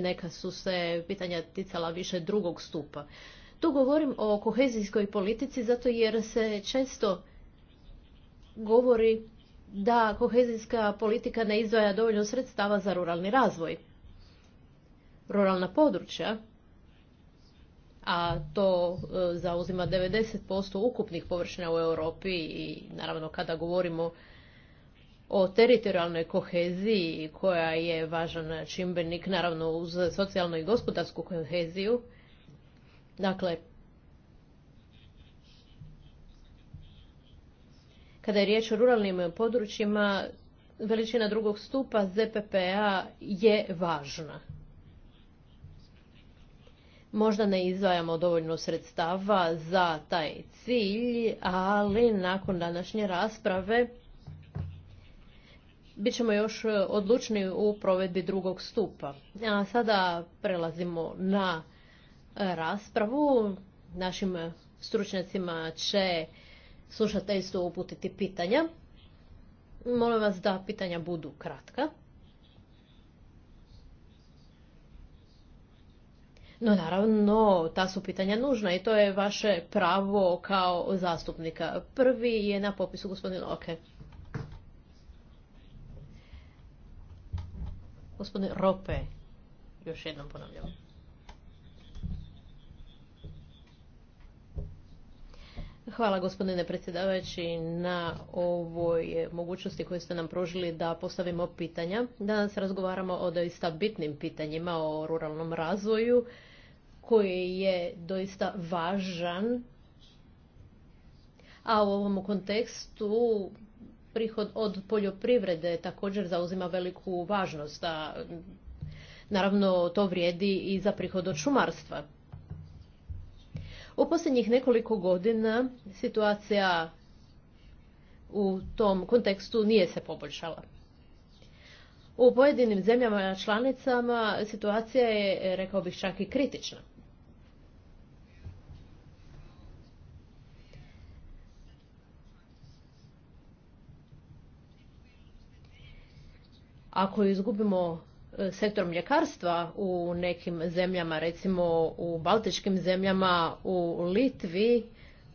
Speaker 3: Neka su se pitanja ticala više drugog stupa. Tu govorim o kohezijskoj politici zato jer se često govori da kohezijska politika ne izdvaja dovoljno sredstava za ruralni razvoj. Ruralna područja, a to e, zauzima 90% ukupnih površina u Europi i naravno kada govorimo o teritorijalnoj koheziji koja je važan čimbenik naravno uz socijalnu i gospodarsku koheziju. Dakle, Kada je riječ o ruralnim područjima, veličina drugog stupa ZPPA je važna. Možda ne izdvajamo dovoljno sredstava za taj cilj, ali nakon današnje rasprave bit ćemo još odlučni u provedbi drugog stupa. A sada prelazimo na raspravu. Našim stručnjacima će slušateljstvu uputiti pitanja. Molim vas da pitanja budu kratka. No naravno, ta su pitanja nužna i to je vaše pravo kao zastupnika. Prvi je na popisu gospodin roke Gospodin Rope, još jednom ponavljam. Hvala gospodine predsjedavajući na ovoj mogućnosti koju ste nam pružili da postavimo pitanja. Danas razgovaramo o doista bitnim pitanjima o ruralnom razvoju koji je doista važan. A u ovom kontekstu prihod od poljoprivrede također zauzima veliku važnost. A naravno to vrijedi i za prihod od šumarstva. U posljednjih nekoliko godina situacija u tom kontekstu nije se poboljšala. U pojedinim zemljama članicama situacija je, rekao bih, čak i kritična. Ako izgubimo sektor mljekarstva u nekim zemljama, recimo u baltičkim zemljama, u Litvi,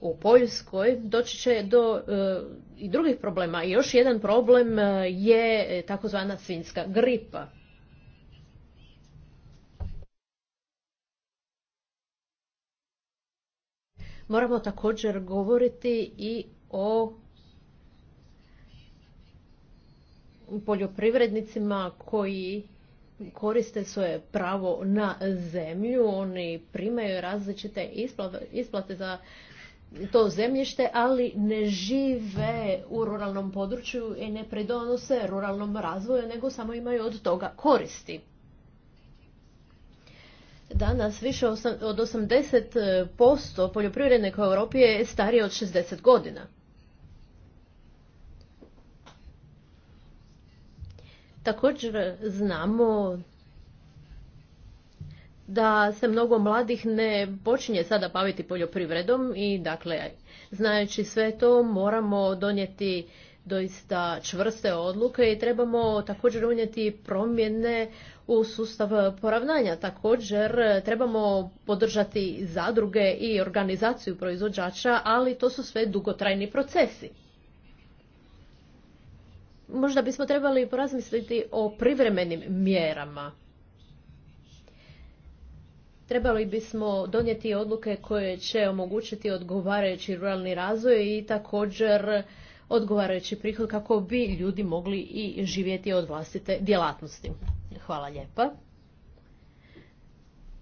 Speaker 3: u Poljskoj, doći će do e, i drugih problema. I još jedan problem e, je takozvana svinska gripa. Moramo također govoriti i o poljoprivrednicima koji koriste svoje pravo na zemlju, oni primaju različite isplate za to zemljište, ali ne žive u ruralnom području i ne pridonose ruralnom razvoju, nego samo imaju od toga koristi. Danas više od 80% poljoprivrednika u Europi je starije od 60 godina. Također e, znamo da se mnogo mladih ne počinje sada baviti poljoprivredom i dakle znajući sve to moramo donijeti doista čvrste odluke i trebamo također unijeti promjene u sustav poravnanja. Također e, trebamo podržati zadruge i organizaciju proizvođača, ali to su sve dugotrajni procesi možda bismo trebali porazmisliti o privremenim mjerama. Trebali bismo donijeti odluke koje će omogućiti odgovarajući ruralni razvoj i također odgovarajući prihod kako bi ljudi mogli i živjeti od vlastite djelatnosti. Hvala lijepa.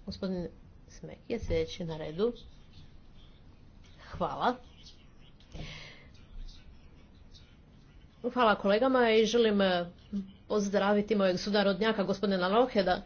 Speaker 3: Gospodin Smek je sljedeći na redu. Hvala. Hvala kolegama i želim eh, pozdraviti mojeg sudarodnjaka, gospodina Loheda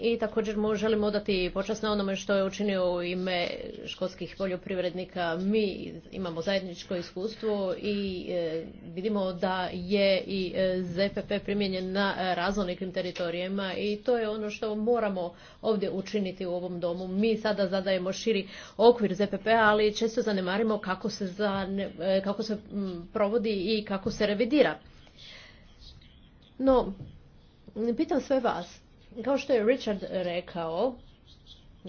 Speaker 3: i također mu odati počas na onome što je učinio u ime školskih poljoprivrednika. Mi imamo zajedničko iskustvo i e, vidimo da je i e, ZPP primijenjen na raznolikim teritorijama i to je ono što moramo ovdje učiniti u ovom domu. Mi sada zadajemo širi okvir ZPP, ali često zanemarimo kako se, e, kako se provodi i kako se revidira. No, pitam sve vas, kao što je Richard rekao,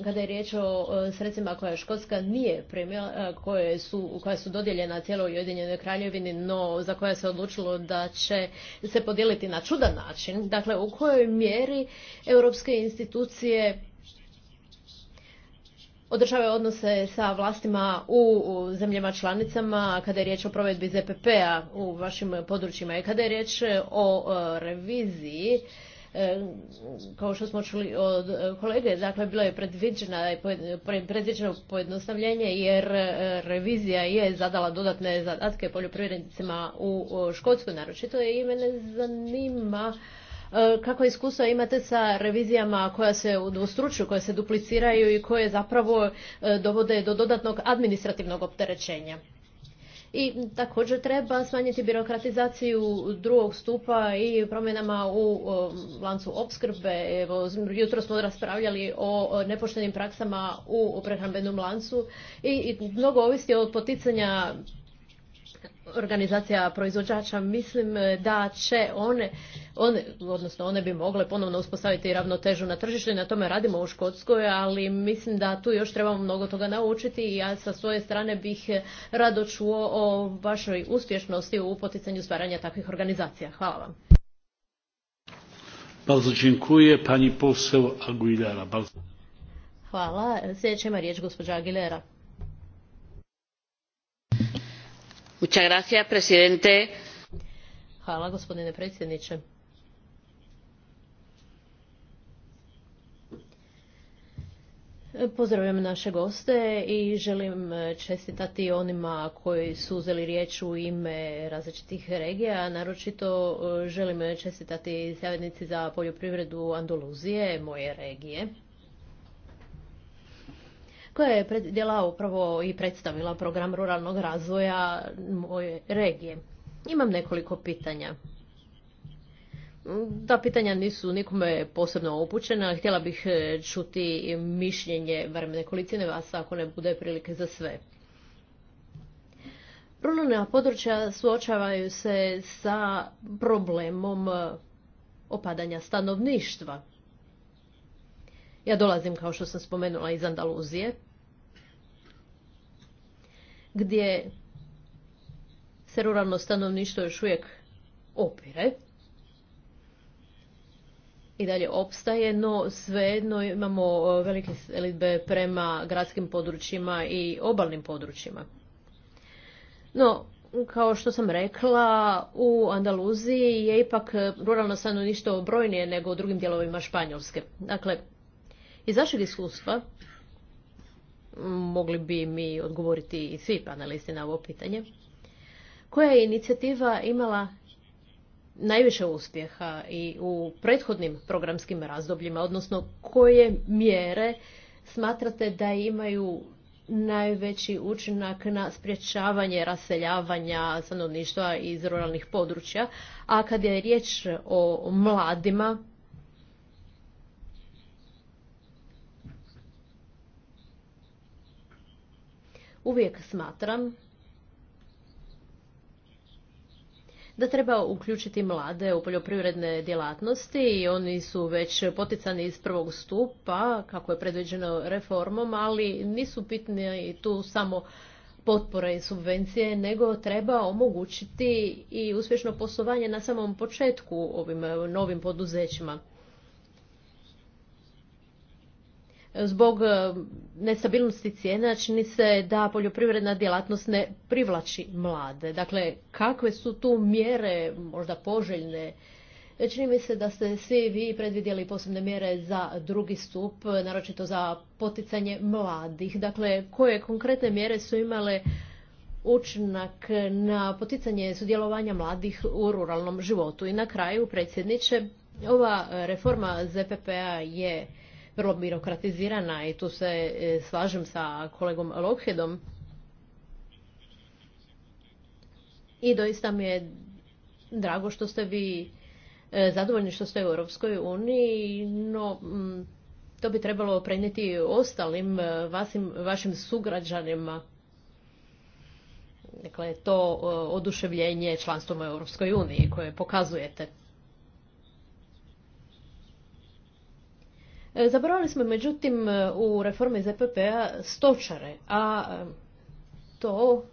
Speaker 3: kada je riječ o sredstvima koja Škotska nije primjela koje su, koja su dodijeljena cijeloj Ujedinjenoj kraljevini, no za koja se odlučilo da će se podijeliti na čudan način, dakle u kojoj mjeri europske institucije održavaju odnose sa vlastima u zemljama članicama kada je riječ o provedbi ZPP-a u vašim područjima i kada je riječ o reviziji E, kao što smo čuli od e, kolege, dakle bilo je predviđeno pojednostavljenje jer e, revizija je zadala dodatne zadatke poljoprivrednicima u Škotskoj naročito i mene zanima kako iskustva imate sa revizijama koja se udvostručuju, koja se dupliciraju i koje zapravo dovode do dodatnog administrativnog opterećenja? i također treba smanjiti birokratizaciju drugog stupa i promjenama u lancu opskrbe. Evo, jutro smo raspravljali o nepoštenim praksama u prehrambenom lancu i mnogo ovisi od poticanja organizacija proizvođača, mislim e, da će one, one, odnosno one bi mogle ponovno uspostaviti ravnotežu na tržištu i na tome radimo u Škotskoj, ali mislim da tu još trebamo mnogo toga naučiti i ja sa svoje strane bih e, rado čuo o vašoj uspješnosti u poticanju stvaranja takvih organizacija. Hvala vam.
Speaker 1: Bardzo Pani poseł Aguilera.
Speaker 3: Hvala. Sljedeća ima riječ gospođa Aguilera. Hvala gospodine predsjedniče. Pozdravljam naše goste i želim čestitati onima koji su uzeli riječ u ime različitih regija. Naročito eh, želim čestitati savjetnici za poljoprivredu Andaluzije, moje regije koja je predjela upravo i predstavila program ruralnog razvoja moje regije. Imam nekoliko pitanja. Da, pitanja nisu nikome posebno upućena. Htjela bih e, čuti mišljenje, vremene kolicine vas, ako ne bude prilike za sve. Ruralna područja suočavaju se sa problemom e, opadanja stanovništva. Ja dolazim, kao što sam spomenula, iz Andaluzije, gdje se ruralno stanovništvo još uvijek opire i dalje opstaje, no svejedno imamo velike selitbe prema gradskim područjima i obalnim područjima. No, kao što sam rekla, u Andaluziji je ipak ruralno stanovništvo brojnije nego u drugim dijelovima Španjolske. Dakle, iz vašeg iskustva mogli bi mi odgovoriti i svi panelisti na ovo pitanje. Koja je inicijativa imala najviše uspjeha i u prethodnim programskim razdobljima, odnosno koje mjere smatrate da imaju najveći učinak na sprječavanje raseljavanja stanovništva iz ruralnih područja, a kad je riječ o mladima, uvijek smatram da treba uključiti mlade u poljoprivredne djelatnosti i oni su već poticani iz prvog stupa kako je predviđeno reformom, ali nisu pitni i tu samo potpore i subvencije, nego treba omogućiti i uspješno poslovanje na samom početku ovim novim poduzećima. zbog e, nestabilnosti cijena čini se da poljoprivredna djelatnost ne privlači mlade. Dakle, kakve su tu mjere možda poželjne? E, čini mi se da ste svi vi predvidjeli posebne mjere za drugi stup, naročito za poticanje mladih. Dakle, koje konkretne mjere su imale učinak na poticanje sudjelovanja mladih u ruralnom životu? I na kraju, predsjedniče, ova reforma zpp p-a je vrlo birokratizirana i tu se e, slažem sa kolegom Lockheedom. I doista mi je drago što ste vi e, zadovoljni što ste u Europskoj uniji, no mm, to bi trebalo prenijeti ostalim e, vašim sugrađanima. Dakle, to oduševljenje članstvom u Europskoj uniji koje pokazujete. E, zaboravili smo međutim e, u reformi ZPP-a stočare, a e, to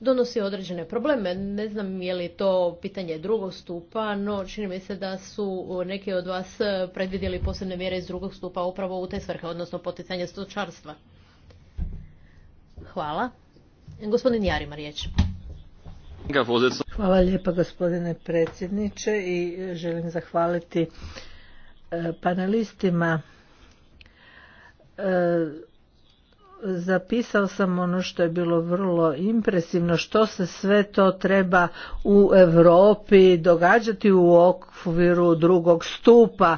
Speaker 3: donosi određene probleme. Ne znam je li to pitanje drugog stupa, no čini mi se da su neki od vas predvidjeli posebne mjere iz drugog stupa upravo u te svrhe, odnosno poticanje stočarstva. Hvala. Gospodin Jarima riječ.
Speaker 2: Hvala lijepa gospodine predsjedniče i želim zahvaliti E, panelistima. E, zapisao sam ono što je bilo vrlo impresivno, što se sve to treba u Europi događati u okviru drugog stupa.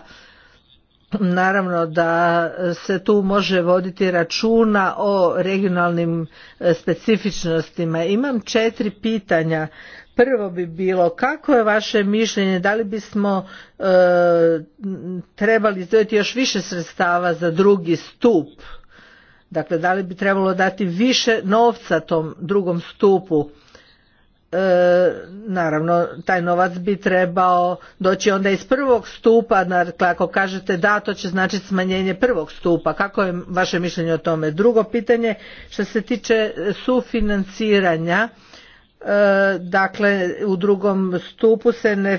Speaker 2: Naravno da se tu može voditi računa o regionalnim e, specifičnostima. Imam četiri pitanja Prvo bi bilo kako je vaše mišljenje, da li bismo e, trebali izdvojiti još više sredstava za drugi stup? Dakle, da li bi trebalo dati više novca tom drugom stupu? E, naravno taj novac bi trebao doći onda iz prvog stupa dakle ako kažete da to će značiti smanjenje prvog stupa kako je vaše mišljenje o tome drugo pitanje što se tiče sufinanciranja E, dakle u drugom stupu se ne,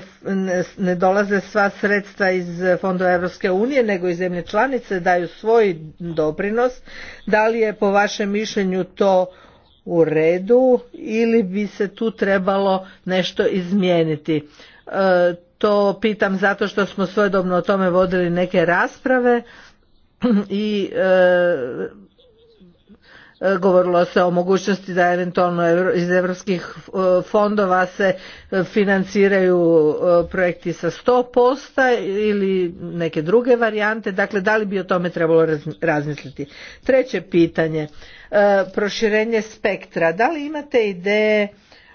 Speaker 2: ne, dolaze sva sredstva iz fondova Europske unije nego i zemlje članice daju svoj doprinos da li je po vašem mišljenju to u redu ili bi se tu trebalo nešto izmijeniti e, to pitam zato što smo svojedobno o tome vodili neke rasprave i e, E, govorilo se o mogućnosti da eventualno iz europskih e, fondova se e, financiraju projekti sa 100% ili neke druge varijante, dakle da li bi o tome trebalo razmisliti. Treće pitanje, proširenje spektra. Da li imate ideje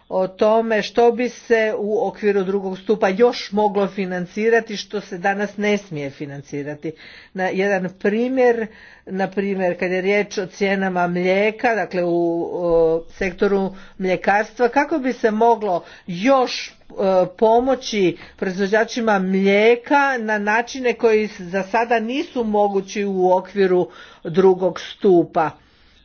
Speaker 2: o tome što bi se u okviru drugog stupa još moglo financirati što se danas ne smije financirati. Na jedan primjer, na primjer kad je riječ o cijenama mlijeka, dakle u sektoru mljekarstva, kako bi se moglo još e, pomoći proizvođačima mlijeka na načine koji za sada nisu mogući u okviru drugog stupa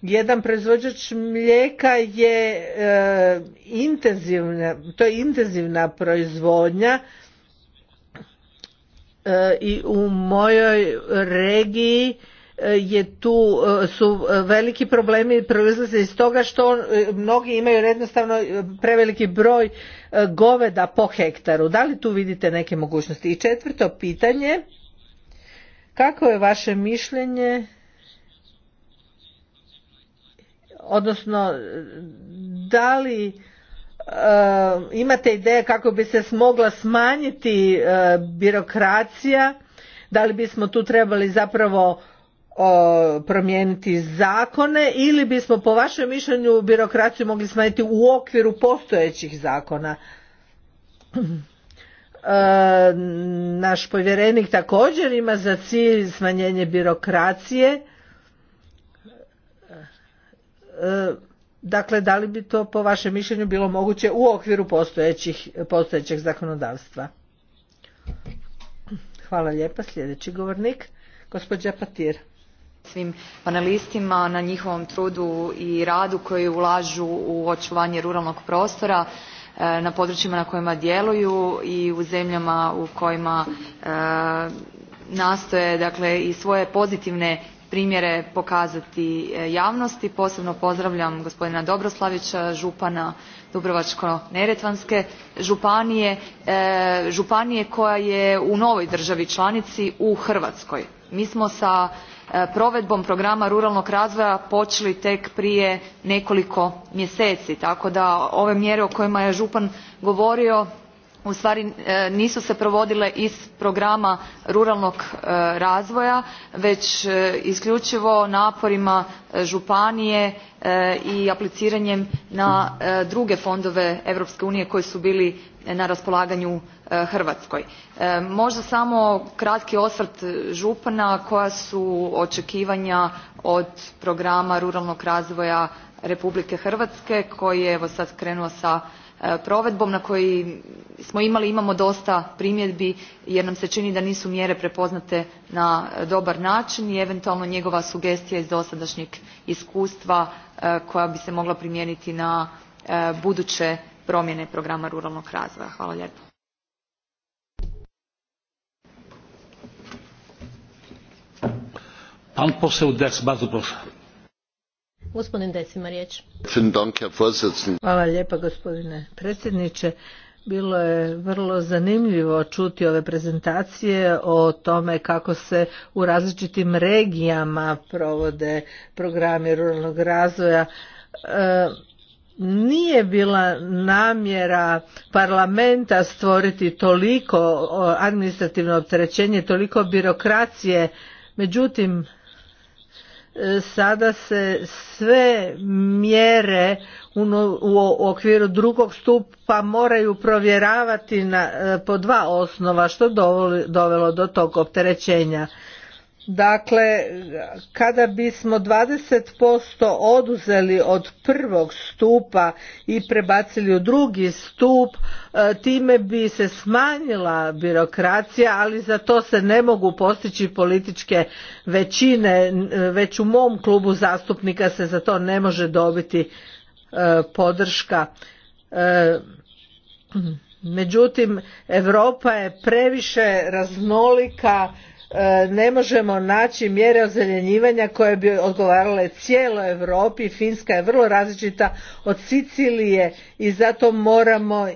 Speaker 2: jedan proizvođač mlijeka je e, intenzivna, to je intenzivna proizvodnja e, i u mojoj regiji e, je tu su veliki problemi proizlaze iz toga što mnogi imaju jednostavno preveliki broj goveda po hektaru. Da li tu vidite neke mogućnosti? I četvrto pitanje, kako je vaše mišljenje odnosno e, da li e, imate ideje kako bi se smogla smanjiti e, birokracija da li bismo tu trebali zapravo promijeniti zakone ili bismo po vašem mišljenju birokraciju mogli smanjiti u okviru postojećih zakona <clears throat> naš povjerenik također ima za cilj smanjenje birokracije Dakle, da li bi to po vašem mišljenju bilo moguće u okviru postojećih, postojećeg zakonodavstva? Hvala lijepa. Sljedeći govornik, gospođa Patir. Svim panelistima
Speaker 6: na njihovom trudu i radu koji ulažu u očuvanje ruralnog prostora e, na područjima na kojima djeluju i u zemljama u kojima e, nastoje dakle i svoje pozitivne primjere pokazati e, javnosti. Posebno pozdravljam gospodina Dobroslavića, župana Dubrovačko-neretvanske županije, e, županije koja je u novoj državi članici u Hrvatskoj. Mi smo sa e, provedbom programa ruralnog razvoja počeli tek prije nekoliko mjeseci tako da ove mjere o kojima je župan govorio ustvari e, nisu se provodile iz programa ruralnog e, razvoja već e, isključivo naporima županije i apliciranjem na druge fondove europske unije koji su bili na raspolaganju hrvatskoj. možda samo kratki osvrt župana koja su očekivanja od programa ruralnog razvoja republike hrvatske koji je evo sad krenuo s E, provedbom na koji smo imali imamo dosta primjedbi jer nam se čini da nisu mjere prepoznate na dobar način i eventualno njegova sugestija iz dosadašnjeg iskustva e, koja bi se mogla primijeniti na e, buduće promjene programa ruralnog razvoja. Hvala lijepo.
Speaker 2: Hvala gospodine predsjedniče. Bilo je vrlo zanimljivo čuti ove prezentacije o tome kako se u različitim regijama provode programi ruralnog razvoja. E, nije bila namjera parlamenta stvoriti toliko administrativno opterećenje, toliko birokracije, međutim E, sada se sve mjere u okviru drugog stupa moraju provjeravati na, e, po dva osnova što dovelo do tog opterećenja Dakle, kada bismo 20% oduzeli od prvog stupa i prebacili u drugi stup, e, time bi se smanjila birokracija, ali za to se ne mogu postići političke većine. E, već u mom klubu zastupnika se za to ne može dobiti e, podrška. Međutim, Europa je previše raznolika E, ne možemo naći mjere ozeljenjivanja koje bi odgovarale cijeloj Europi. Finska je vrlo različita od Sicilije i zato moramo <clears throat>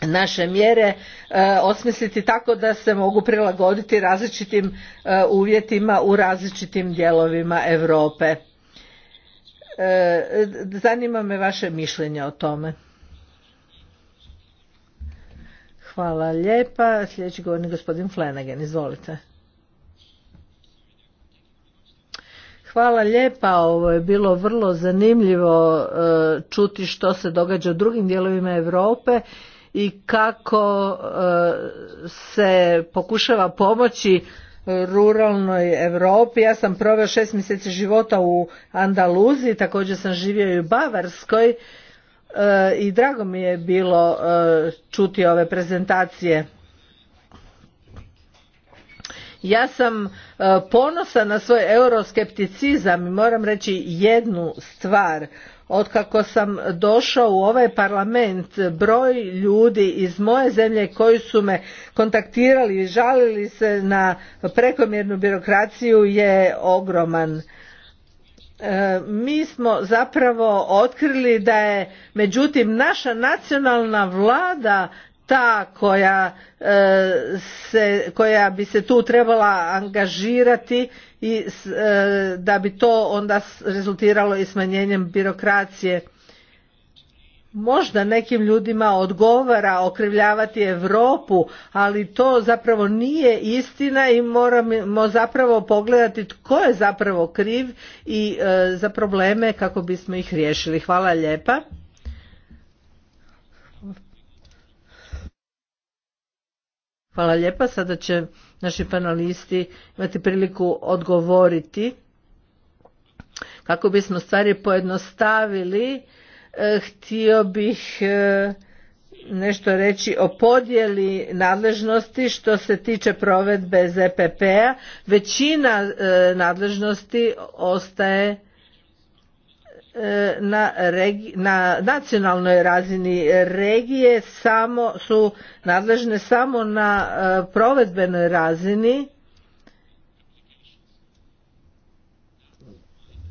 Speaker 2: naše mjere e, osmisliti tako da se mogu prilagoditi različitim e, uvjetima u različitim dijelovima Europe. Zanima me vaše mišljenje o tome. Hvala lijepa. Sljedeći govornik gospodin Flanagan. Izvolite. Hvala lijepa, ovo je bilo vrlo zanimljivo e, čuti što se događa u drugim dijelovima Europe i kako e, se pokušava pomoći ruralnoj Europi. Ja sam proveo šest mjeseci života u Andaluziji, također sam živio i u Bavarskoj E, i drago mi je bilo e, čuti ove prezentacije. Ja sam e, ponosa na svoj euroskepticizam i moram reći jednu stvar. kako sam došao u ovaj parlament, broj ljudi iz moje zemlje koji su me kontaktirali i žalili se na prekomjernu birokraciju je ogroman E, mi smo zapravo otkrili da je međutim naša nacionalna vlada ta koja, e, se, koja bi se tu trebala angažirati i e, da bi to onda rezultiralo i smanjenjem birokracije možda nekim ljudima odgovara okrivljavati Europu, ali to zapravo nije istina i moramo zapravo pogledati tko je zapravo kriv i e, za probleme kako bismo ih riješili. Hvala lijepa. Hvala lijepa. Sada će naši panelisti imati priliku odgovoriti kako bismo stvari pojednostavili E, htio bih e, nešto reći o podjeli nadležnosti što se tiče provedbe ZPP-a. Većina e, nadležnosti ostaje na, na nacionalnoj razini regije samo su nadležne samo na provedbenoj razini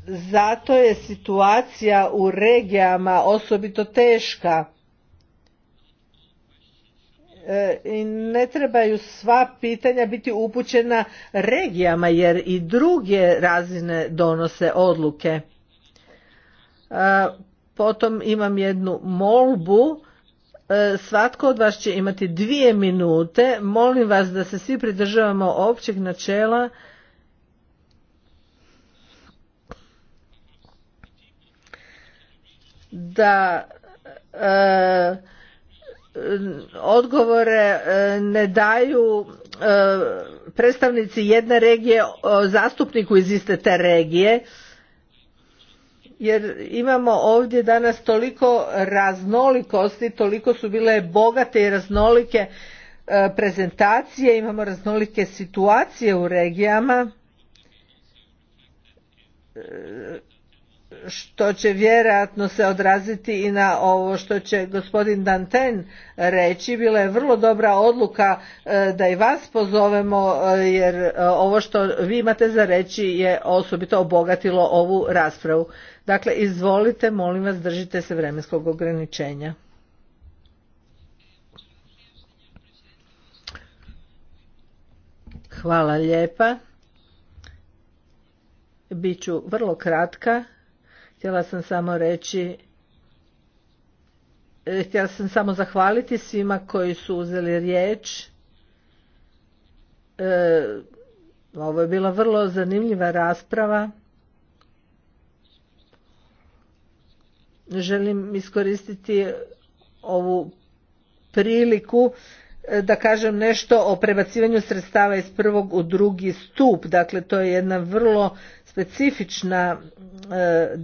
Speaker 2: zato je situacija u regijama osobito teška e, i ne trebaju sva pitanja biti upućena regijama jer i druge razine donose odluke. E, potom imam jednu molbu. E, svatko od vas će imati dvije minute. Molim vas da se svi pridržavamo općeg načela da e, odgovore e, ne daju e, predstavnici jedne regije zastupniku iz iste te regije jer imamo ovdje danas toliko raznolikosti, toliko su bile bogate i raznolike prezentacije, imamo raznolike situacije u regijama što će vjerojatno se odraziti i na ovo što će gospodin Danten reći. Bila je vrlo dobra odluka e, da i vas pozovemo e, jer e, ovo što vi imate za reći je osobito obogatilo ovu raspravu. Dakle, izvolite, molim vas, držite se vremenskog ograničenja. Hvala lijepa. Biću vrlo kratka Htjela sam samo reći e, Htjela sam samo zahvaliti svima koji su uzeli riječ. E, ovo je bila vrlo zanimljiva rasprava. Želim iskoristiti ovu priliku e, da kažem nešto o prebacivanju sredstava iz prvog u drugi stup. Dakle, to je jedna vrlo specifična e,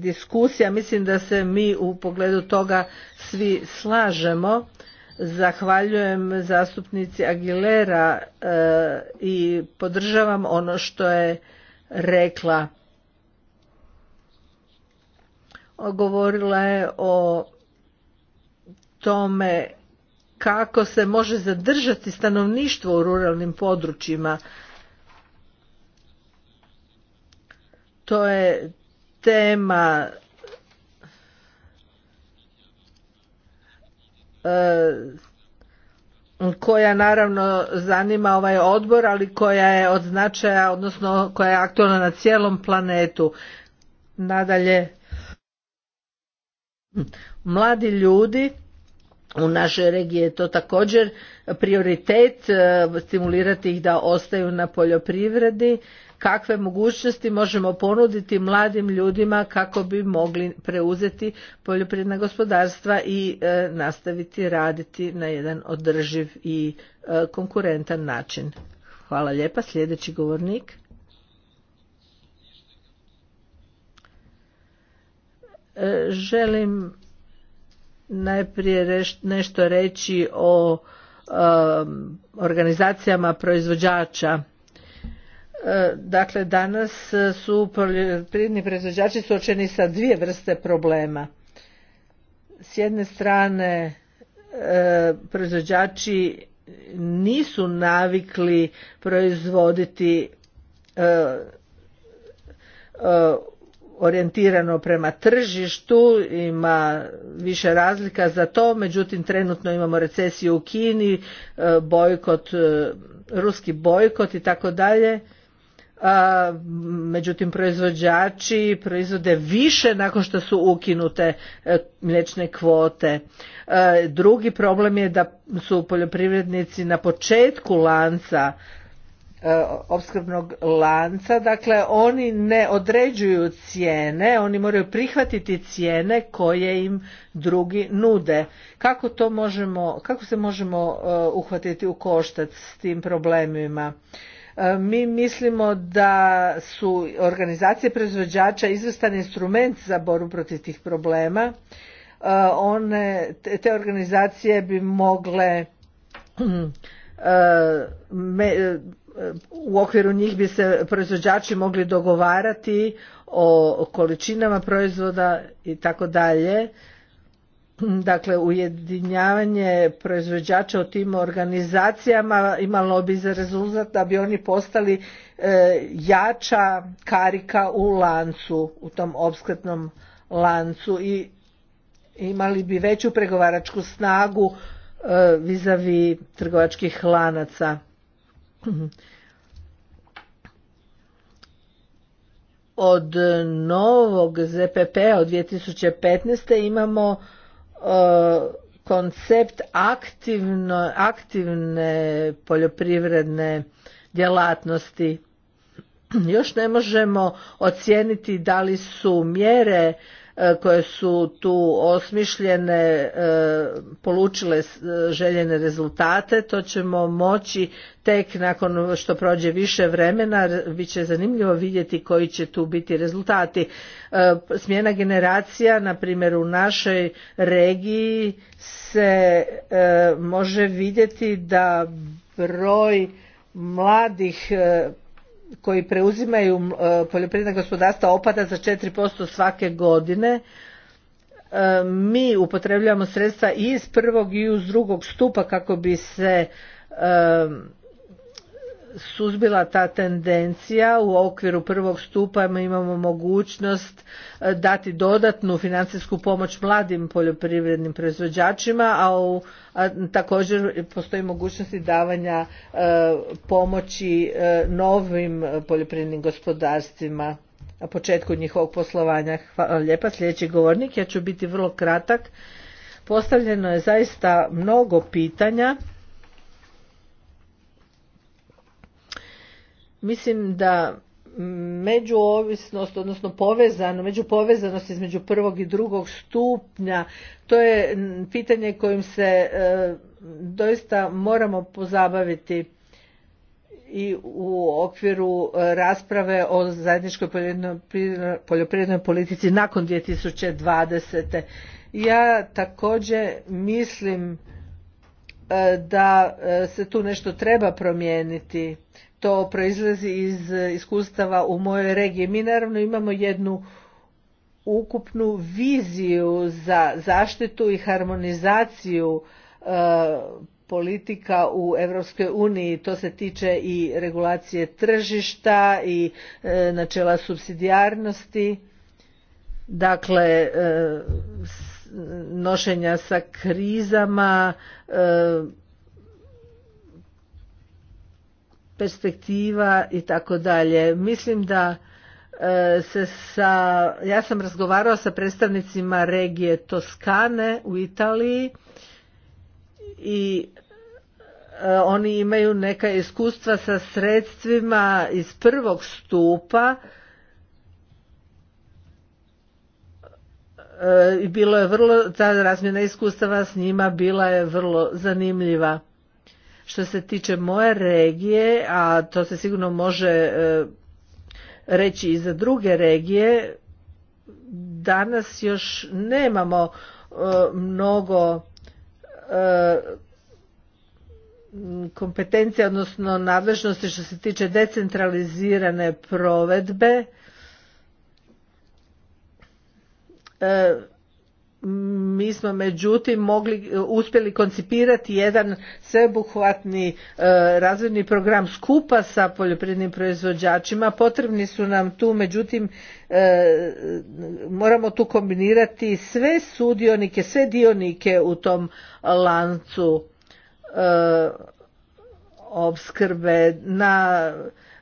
Speaker 2: diskusija mislim da se mi u pogledu toga svi slažemo zahvaljujem zastupnici Aguilera e, i podržavam ono što je rekla govorila je o tome kako se može zadržati stanovništvo u ruralnim područjima To je tema e, koja naravno zanima ovaj odbor, ali koja je od značaja, odnosno koja je aktualna na cijelom planetu. Nadalje, mladi ljudi u našoj regiji je to također prioritet, e, stimulirati ih da ostaju na poljoprivredi, kakve mogućnosti možemo ponuditi mladim ljudima kako bi mogli preuzeti poljoprivredna gospodarstva i e, nastaviti raditi na jedan održiv i e, konkurentan način. Hvala lijepa. Sljedeći govornik. E, želim najprije nešto reći o organizacijama proizvođača E, dakle, danas su poljoprivredni proizvođači suočeni sa dvije vrste problema. S jedne strane, e, proizvođači nisu navikli proizvoditi e, orijentirano prema tržištu, ima više razlika za to, međutim trenutno imamo recesiju u Kini, bojkot, ruski bojkot i tako dalje a, međutim proizvođači proizvode više nakon što su ukinute e, mliječne kvote. E, drugi problem je da su poljoprivrednici na početku lanca e, opskrbnog lanca, dakle oni ne određuju cijene, oni moraju prihvatiti cijene koje im drugi nude. Kako to možemo, kako se možemo e, uhvatiti u koštac s tim problemima? E, mi mislimo da su organizacije proizvođača izvrstan instrument za borbu protiv tih problema. E, one, te organizacije bi mogle hm, e, u okviru njih bi se proizvođači mogli dogovarati o količinama proizvoda i tako dalje dakle ujedinjavanje proizvođača u tim organizacijama imalo bi za rezultat da bi oni postali e, jača karika u lancu u tom opskrbnom lancu i imali bi veću pregovaračku snagu e, vizavi trgovačkih lanaca od novog ZPP p-a od 2015. imamo E, koncept aktivne poljoprivredne djelatnosti. Još ne možemo ocijeniti da li su mjere E, koje su tu osmišljene e, polučile e, željene rezultate to ćemo moći tek nakon što prođe više vremena bit će zanimljivo vidjeti koji će tu biti rezultati smjena generacija na primjer u našoj regiji se može vidjeti da broj mladih koji preuzimaju e, poljoprivredna gospodarstva opada za 4% svake godine. E, mi upotrebljavamo sredstva i iz prvog i iz drugog stupa kako bi se e, suzbila ta tendencija u okviru prvog stupa imamo mogućnost e, dati dodatnu financijsku pomoć mladim poljoprivrednim proizvođačima a, u, također postoji mogućnosti davanja e, pomoći e, novim poljoprivrednim gospodarstvima na početku njihovog poslovanja hvala lijepa sljedeći govornik ja ću biti vrlo kratak postavljeno je zaista mnogo pitanja Mislim da međuovisnost, odnosno povezano, međupovezanost između prvog i drugog stupnja, to je pitanje kojim se e, doista moramo pozabaviti i u okviru e, rasprave o zajedničkoj poljoprivrednoj politici nakon 2020. Ja također mislim e, da se tu nešto treba promijeniti to proizlazi iz iskustava u mojoj regiji. Mi naravno imamo jednu ukupnu viziju za zaštitu i harmonizaciju e, politika u Europskoj uniji. To se tiče i regulacije tržišta i e, načela subsidijarnosti, dakle e, nošenja sa krizama, perspektiva i tako dalje. Mislim da e, se sa, ja sam razgovarao sa predstavnicima regije Toskane u Italiji i e, oni imaju neka iskustva sa sredstvima iz prvog stupa e, i bilo je vrlo, ta razmjena iskustava s njima bila je vrlo zanimljiva. Što se tiče moje regije, a to se sigurno može e, reći i za druge regije, danas još nemamo e, mnogo e, kompetencija, odnosno nadležnosti što se tiče decentralizirane provedbe mi smo međutim mogli uspjeli koncipirati jedan sveobuhvatni e, razvojni program skupa sa poljoprivrednim proizvođačima potrebni su nam tu međutim e, moramo tu kombinirati sve sudionike sve dionike u tom lancu e, opskrbe na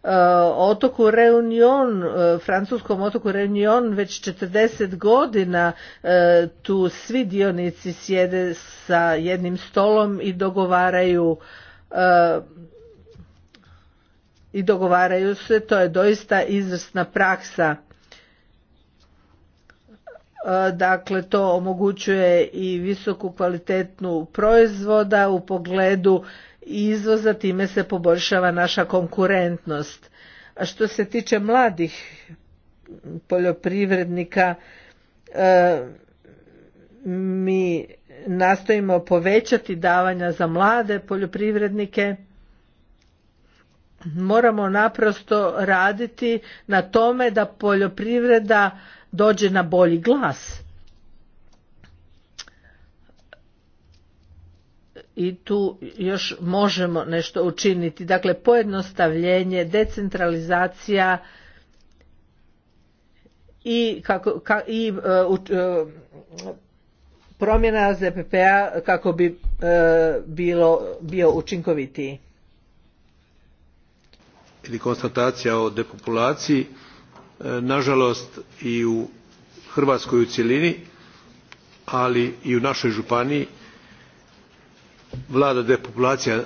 Speaker 2: E, otoku Reunion, e, francuskom otoku Reunion već 40 godina e, tu svi dionici sjede sa jednim stolom i dogovaraju i dogovaraju se, to je doista izvrsna praksa. Dakle, to omogućuje i visoku kvalitetnu proizvoda u pogledu izvoza, time se poboljšava naša konkurentnost. A što se tiče mladih poljoprivrednika, e, mi nastojimo povećati davanja za mlade poljoprivrednike moramo naprosto raditi na tome da poljoprivreda dođe na bolji glas i tu još možemo nešto učiniti. Dakle, pojednostavljenje, decentralizacija i, kako, i e, e, promjena ZPP-a kako bi e, bilo, bio učinkovitiji.
Speaker 4: Ili konstatacija o depopulaciji, nažalost i u Hrvatskoj u cjelini, ali i u našoj županiji vlada depopulacija,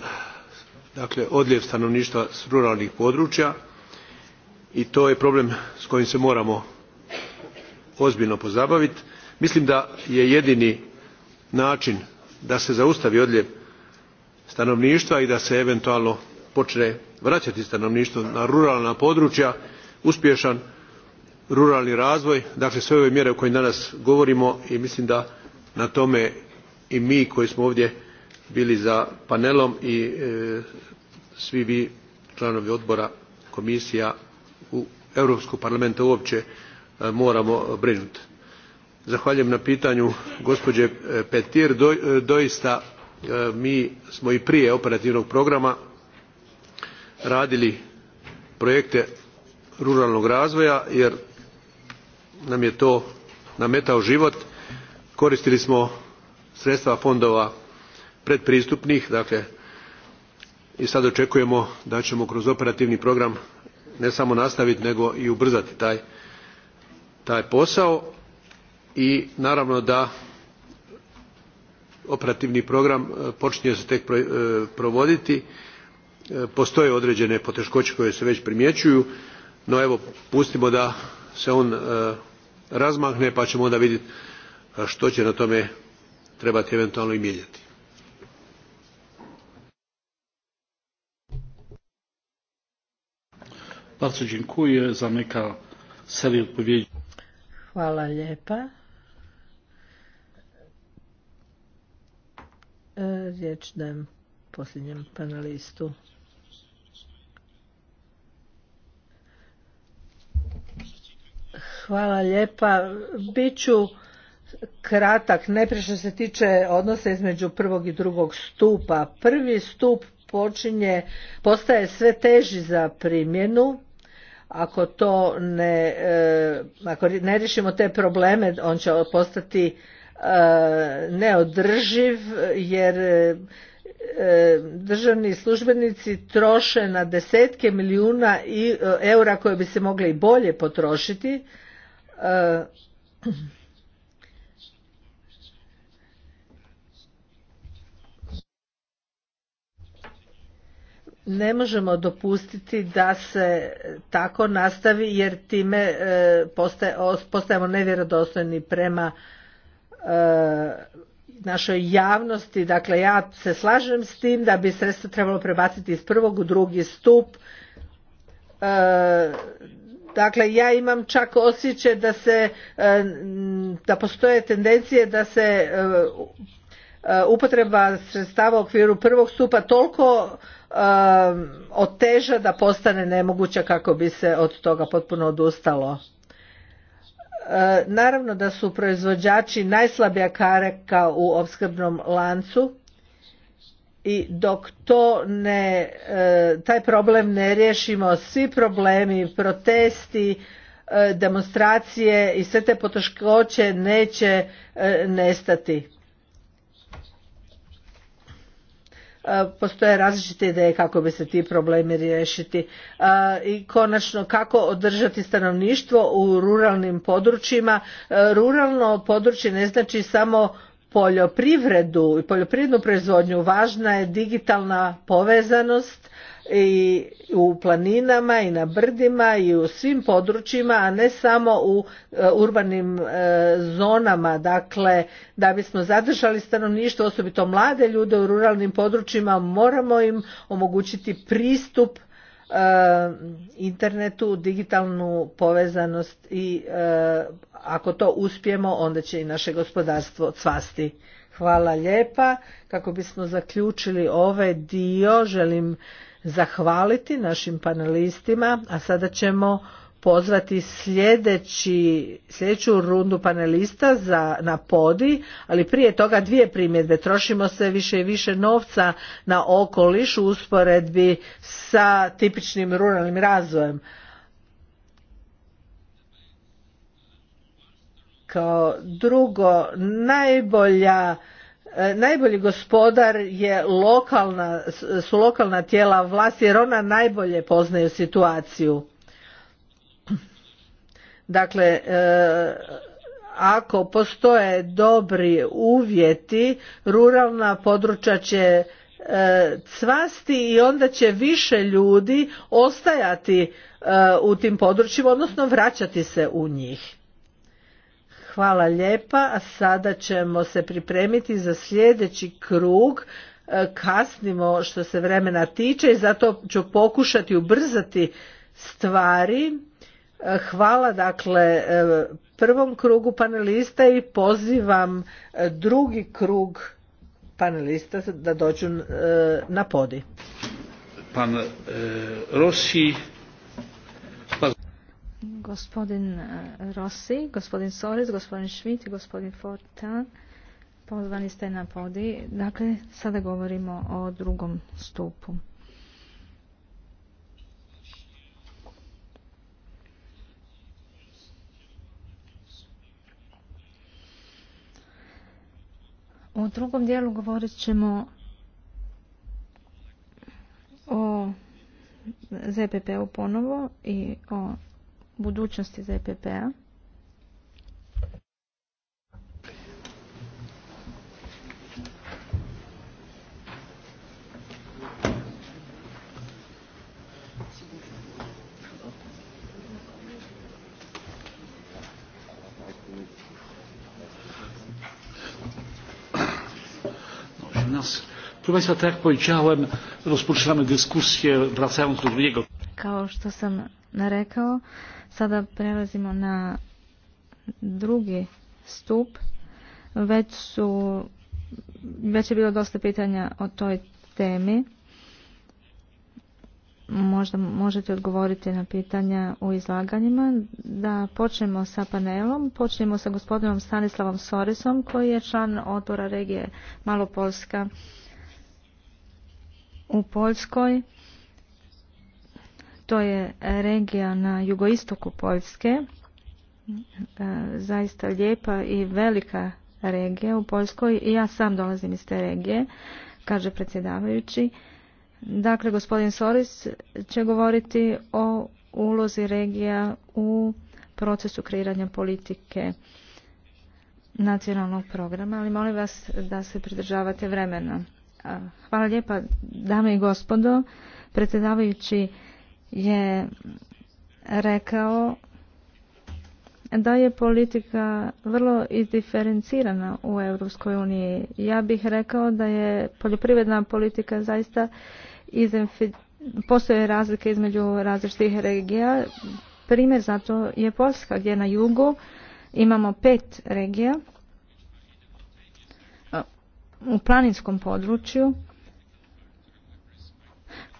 Speaker 4: dakle odljev stanovništva s ruralnih područja i to je problem s kojim se moramo ozbiljno pozabaviti. Mislim da je jedini način da se zaustavi odljev stanovništva i da se eventualno počne vraćati stanovništvo na ruralna područja uspješan ruralni razvoj dakle sve ove mjere o kojima danas govorimo i mislim da na tome i mi koji smo ovdje bili za panelom i e, svi vi članovi odbora komisija u europskog parlamenta uopće e, moramo brinuti. Zahvaljujem na pitanju gospođe e, Petir. doista mi smo i prije operativnog programa radili projekte ruralnog razvoja jer nam je to nametao život. Koristili smo sredstva fondova predpristupnih dakle i sad očekujemo da ćemo kroz operativni program ne samo nastaviti nego i ubrzati taj, taj posao i naravno da operativni program e, počinje se tek e, provoditi e, postoje određene poteškoće koje se već primjećuju no evo pustimo da se on razmahne pa ćemo onda vidjeti što će na tome
Speaker 1: trebati eventualno i mijenjati. Bardzo dziękuję. Zamyka serię odpowiedzi.
Speaker 2: Hvala lijepa. E, riječ dajem posljednjem panelistu. Hvala lijepa. Biću kratak, najprije što se tiče odnosa između prvog i drugog stupa. Prvi stup počinje, postaje sve teži za primjenu ako to ne, eh, ako ne riješimo te probleme, on će postati eh, neodrživ jer eh, državni službenici troše na desetke milijuna eura koje bi se mogli i bolje potrošiti ne možemo dopustiti da se tako nastavi jer time e, postajemo nevjerodostojni prema e, našoj javnosti. Dakle, ja se slažem s tim da bi sredstvo trebalo prebaciti iz prvog u drugi stup. E, dakle, ja imam čak osjećaj da se, da postoje tendencije da se upotreba sredstava u okviru prvog stupa toliko Um, oteža da postane nemoguća kako bi se od toga potpuno odustalo uh, naravno da su proizvođači najslabija kareka u opskrbnom lancu i dok to ne uh, taj problem ne riješimo svi problemi protesti uh, demonstracije i sve te poteškoće neće nestati E, postoje različite ideje kako bi se ti problemi riješiti e, i konačno kako održati stanovništvo u ruralnim područjima e, ruralno područje ne znači samo poljoprivredu i poljoprivrednu proizvodnju važna je digitalna povezanost i u planinama i na brdima i u svim područjima, a ne samo u e, urbanim e, zonama. Dakle, da bismo zadržali stanovništvo, osobito mlade ljude u ruralnim područjima, moramo im omogućiti pristup e, internetu, digitalnu povezanost i ako to uspijemo, onda će i naše gospodarstvo cvasti. Hvala lijepa. Kako bismo zaključili ovaj dio, želim zahvaliti našim panelistima, a sada ćemo pozvati sljedeći, sljedeću rundu panelista za, na podi, ali prije toga dvije primjedbe. Trošimo se više i više novca na okoliš u usporedbi sa tipičnim ruralnim razvojem. Kao drugo, najbolja E, najbolji gospodar je lokalna, su lokalna tijela vlasti jer ona najbolje poznaju situaciju. Dakle, e, ako postoje dobri uvjeti, ruralna područja će e, cvasti i onda će više ljudi ostajati u tim područjima, odnosno vraćati se u njih. Hvala lijepa, a sada ćemo se pripremiti za sljedeći krug. E, kasnimo što se vremena tiče i zato ću pokušati ubrzati stvari. E, hvala dakle e, prvom krugu panelista i pozivam drugi krug panelista da dođu na podi.
Speaker 1: Pan Rossi
Speaker 5: Gospodin e, Rossi, gospodin Soris, gospodin Schmidt i gospodin Fortan pozvani ste na podi. Dakle, sada govorimo o drugom stupu. U drugom dijelu govorit ćemo o ZPP-u ponovo i o budućnosti za EPP-a.
Speaker 1: proszę państwa tak jak powiedziałem rozpoczynamy dyskusję wracając do drugiego
Speaker 5: kao što sam narekao sada prelazimo na drugi stup. Već su, već je bilo dosta pitanja o toj temi. Možda možete odgovoriti na pitanja u izlaganjima. Da počnemo sa panelom. Počnemo sa gospodinom Stanislavom Sorisom koji je član odbora regije Malopolska u Poljskoj to je regija na jugoistoku Poljske, e, zaista lijepa i velika regija u Poljskoj i ja sam dolazim iz te regije, kaže predsjedavajući. Dakle, gospodin Soris će govoriti o ulozi regija u procesu kreiranja politike nacionalnog programa, ali molim vas da se pridržavate vremena. Hvala lijepa, dame i gospodo. Predsjedavajući je rekao da je politika vrlo izdiferencirana u Europskoj uniji. Ja bih rekao da je poljoprivredna politika zaista postoje razlike između različitih regija. Primjer za to je Polska gdje na jugu imamo pet regija u planinskom području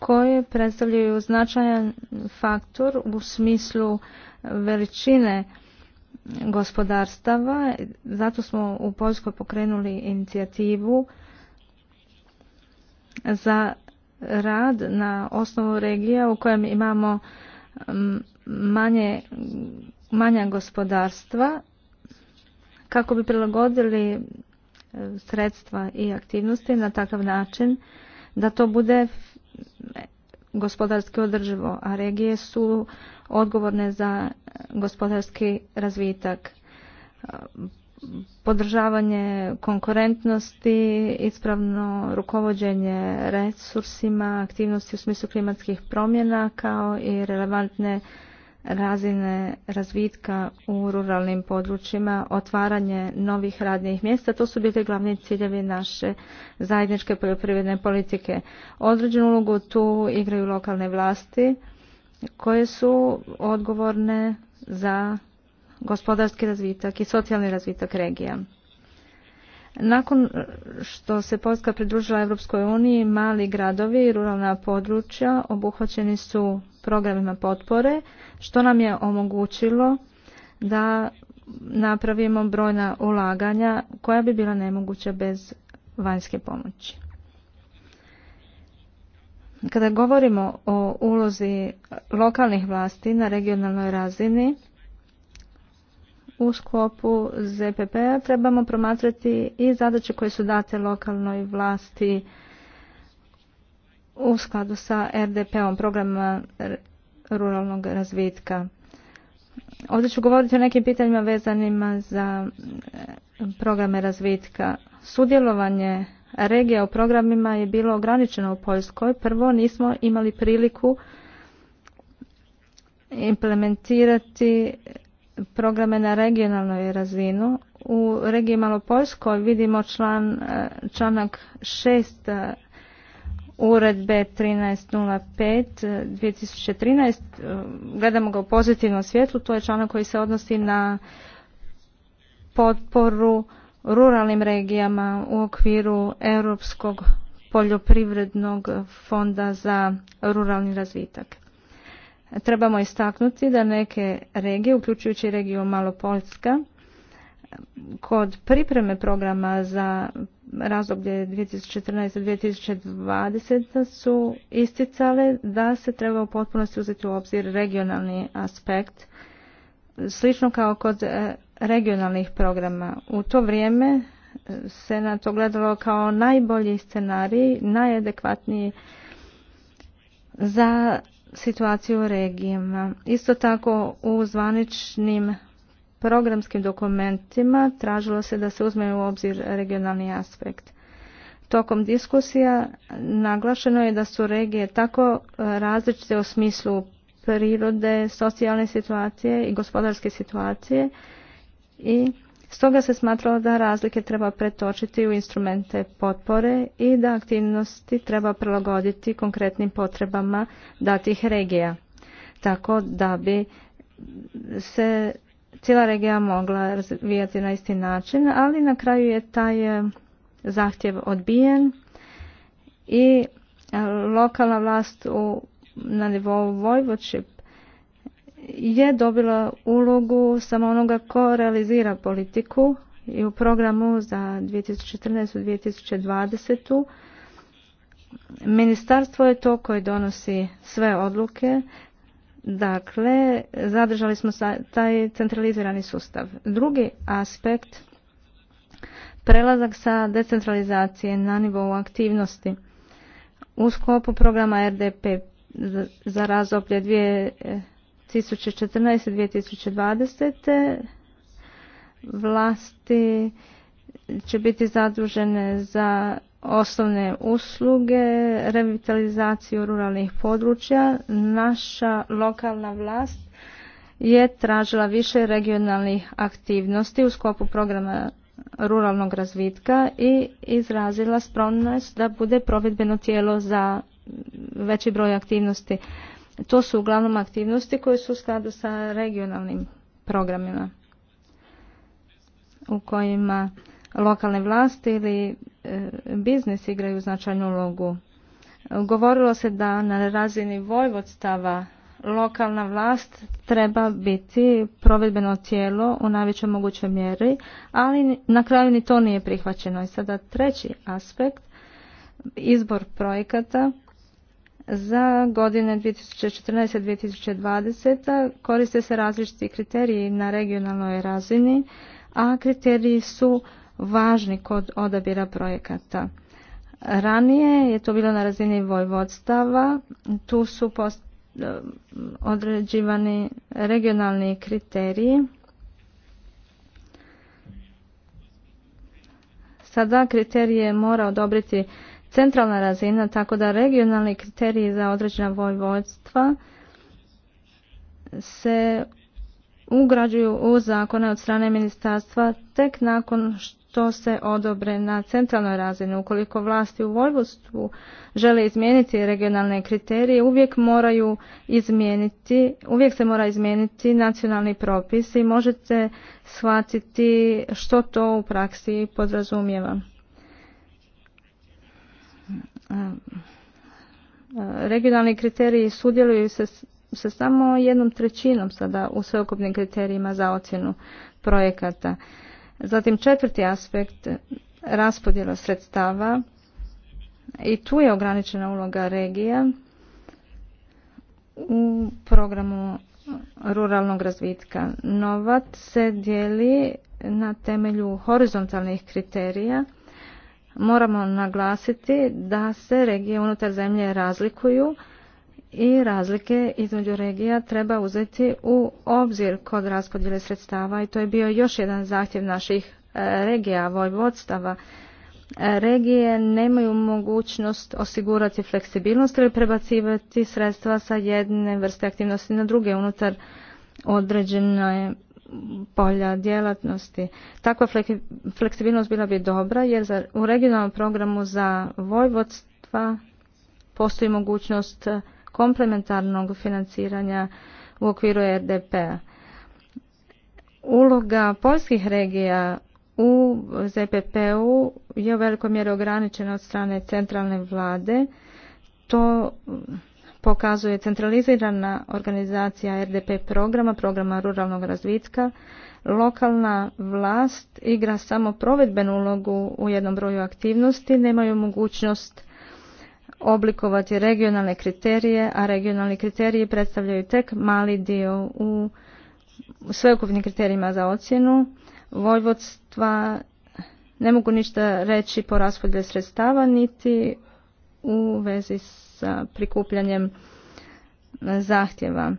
Speaker 5: koje predstavljaju značajan faktor u smislu veličine gospodarstava. Zato smo u Poljskoj pokrenuli inicijativu za rad na osnovu regija u kojem imamo manje, manja gospodarstva kako bi prilagodili e, sredstva i aktivnosti na takav način da to bude gospodarski održivo, a regije su odgovorne za e, gospodarski razvitak e, podržavanje konkurentnosti, ispravno rukovođenje resursima, aktivnosti u smislu klimatskih promjena kao i relevantne razine razvitka u ruralnim područjima, otvaranje novih radnih mjesta, to su bili glavni ciljevi naše zajedničke poljoprivredne politike. Određenu ulogu tu igraju lokalne vlasti koje su odgovorne za gospodarski razvitak i socijalni razvitak regija. Nakon što se Poljska pridružila Europskoj uniji, mali gradovi i ruralna područja obuhvaćeni su programima potpore, što nam je omogućilo da napravimo brojna ulaganja koja bi bila nemoguća bez vanjske pomoći. Kada govorimo o ulozi lokalnih vlasti na regionalnoj razini, u sklopu ZPP-a trebamo promatrati i zadaće koje su date lokalnoj vlasti u skladu sa RDP-om, programa ruralnog razvitka. Ovdje ću govoriti o nekim pitanjima vezanima za e, programe razvitka. Sudjelovanje regija u programima je bilo ograničeno u Poljskoj. Prvo nismo imali priliku implementirati programe na regionalnoj razinu. U regiji Malopoljskoj vidimo član, e, članak 6 e, uredbe 1305-2013. E, gledamo ga u pozitivnom svjetlu. To je članak koji se odnosi na potporu ruralnim regijama u okviru Europskog poljoprivrednog fonda za ruralni razvitak. Trebamo istaknuti da neke regije, uključujući regiju Malopolska, kod pripreme programa za razdoblje 2014-2020 su isticale da se treba u potpunosti uzeti u obzir regionalni aspekt, slično kao kod e, regionalnih programa. U to vrijeme e, se na to gledalo kao najbolji scenarij, najadekvatniji za situaciju u regijama. Isto tako u zvaničnim programskim dokumentima tražilo se da se uzme u obzir regionalni aspekt. Tokom diskusija naglašeno je da su regije tako e, različite u smislu prirode, socijalne situacije i gospodarske situacije i Stoga se smatralo da razlike treba pretočiti u instrumente potpore i da aktivnosti treba prilagoditi konkretnim potrebama datih regija, tako da bi se cijela regija mogla razvijati na isti način, ali na kraju je taj e, zahtjev odbijen i e, lokalna vlast u, na nivou Vojvočip je dobila ulogu samo onoga ko realizira politiku i u programu za 2014-2020 ministarstvo je to koje donosi sve odluke dakle zadržali smo taj centralizirani sustav drugi aspekt prelazak sa decentralizacije na nivou aktivnosti u sklopu programa RDP za razdoblje 2014-2020. Vlasti će biti zadužene za osnovne usluge, revitalizaciju ruralnih područja. Naša lokalna vlast je tražila više regionalnih aktivnosti u skopu programa ruralnog razvitka i izrazila spremnost da bude provedbeno tijelo za veći broj aktivnosti to su uglavnom aktivnosti koje su u skladu sa regionalnim programima u kojima lokalne vlasti ili e, biznis igraju značajnu ulogu. Govorilo se da na razini vojvodstava lokalna vlast treba biti provedbeno tijelo u najvećoj mogućoj mjeri, ali na kraju ni to nije prihvaćeno. I sada treći aspekt, izbor projekata za godine 2014-2020 koriste se različiti kriteriji na regionalnoj razini, a kriteriji su važni kod odabira projekata. Ranije je to bilo na razini vojvodstava, tu su eh, određivani regionalni kriteriji. Sada kriterije mora odobriti centralna razina, tako da regionalni kriteriji za određena vojvodstva se ugrađuju u zakone od strane ministarstva tek nakon što se odobre na centralnoj razini. Ukoliko vlasti u Vojvodstvu žele izmijeniti regionalne kriterije, uvijek moraju izmijeniti, uvijek se mora izmijeniti nacionalni propis i možete shvatiti što to u praksi podrazumijeva regionalni kriteriji sudjeluju se, samo jednom trećinom sada u sveukupnim kriterijima za ocjenu projekata. Zatim četvrti aspekt raspodjela sredstava i tu je ograničena uloga regija u programu ruralnog razvitka. Novac se dijeli na temelju horizontalnih kriterija Moramo naglasiti da se regije unutar zemlje razlikuju i razlike između regija treba uzeti u obzir kod raspodjele sredstava i to je bio još jedan zahtjev naših e, regija, vojvodstava. E, regije nemaju mogućnost osigurati fleksibilnost ili prebacivati sredstva sa jedne vrste aktivnosti na druge unutar određene polja djelatnosti. Takva fleksibilnost bila bi dobra jer u regionalnom programu za vojvodstva postoji mogućnost komplementarnog financiranja u okviru RDP-a. Uloga poljskih regija u ZPP-u je u velikoj mjeri ograničena od strane centralne vlade. To pokazuje centralizirana organizacija RDP programa, programa ruralnog razvitka. Lokalna vlast igra samo provedbenu ulogu u jednom broju aktivnosti, nemaju mogućnost oblikovati regionalne kriterije, a regionalni kriteriji predstavljaju tek mali dio u sveukupnim kriterijima za ocjenu. Vojvodstva ne mogu ništa reći po raspodjeli sredstava niti u vezi s sa prikupljanjem e, zahtjeva.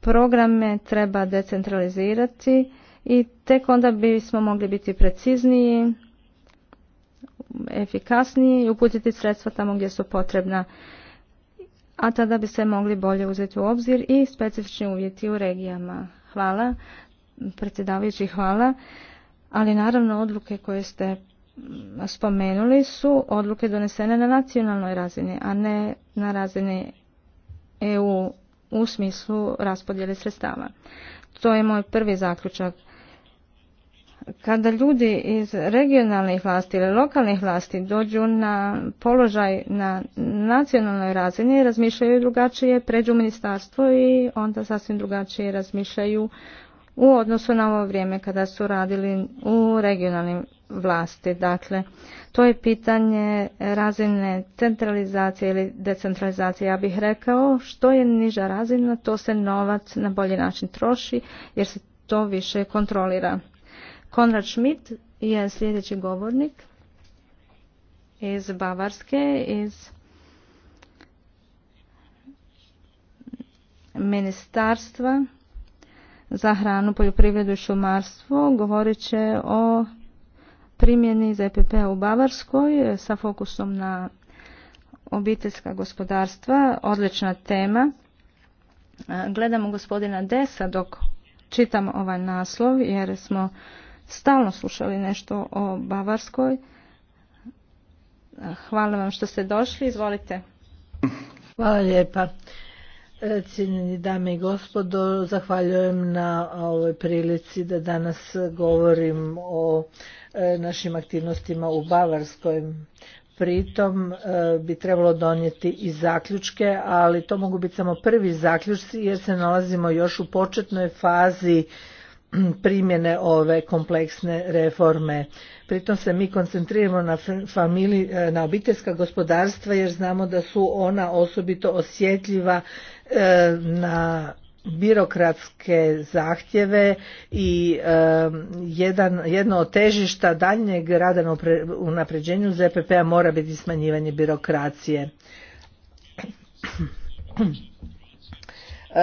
Speaker 5: Programe treba decentralizirati i tek onda bismo mogli biti precizniji, efikasniji i uputiti sredstva tamo gdje su potrebna, a tada bi se mogli bolje uzeti u obzir i specifični uvjeti u regijama. Hvala, predsjedavajući hvala, ali naravno odluke koje ste spomenuli su odluke donesene na nacionalnoj razini, a ne na razini EU u smislu raspodjele sredstava. To je moj prvi zaključak. Kada ljudi iz regionalnih vlasti ili lokalnih vlasti dođu na položaj na nacionalnoj razini, razmišljaju drugačije, pređu u ministarstvo i onda sasvim drugačije razmišljaju u odnosu na ovo vrijeme kada su radili u regionalnim vlasti. Dakle, to je pitanje razine centralizacije ili decentralizacije. Ja bih rekao što je niža razina, to se novac na bolji način troši jer se to više kontrolira. Konrad Schmidt je sljedeći govornik iz Bavarske, iz ministarstva za hranu, poljoprivredu i šumarstvo govorit će o primjeni EPP p-a u Bavarskoj e, sa fokusom na obiteljska gospodarstva. Odlična tema. E, gledamo gospodina Desa dok čitam ovaj naslov jer smo stalno slušali nešto o Bavarskoj. E, hvala
Speaker 2: vam što ste došli. Izvolite. Hvala lijepa. Cijenjeni dame i gospodo, zahvaljujem na ovoj prilici da danas govorim o e, našim aktivnostima u Bavarskoj. Pritom e, bi trebalo donijeti i zaključke, ali to mogu biti samo prvi zaključci jer se nalazimo još u početnoj fazi primjene ove kompleksne reforme. Pritom se mi koncentriramo na, familij, e, na obiteljska gospodarstva jer znamo da su ona osobito osjetljiva e, na birokratske zahtjeve i e, jedan, jedno od težišta daljnjeg rada na unapređenju ZPP-a mora biti smanjivanje birokracije. E,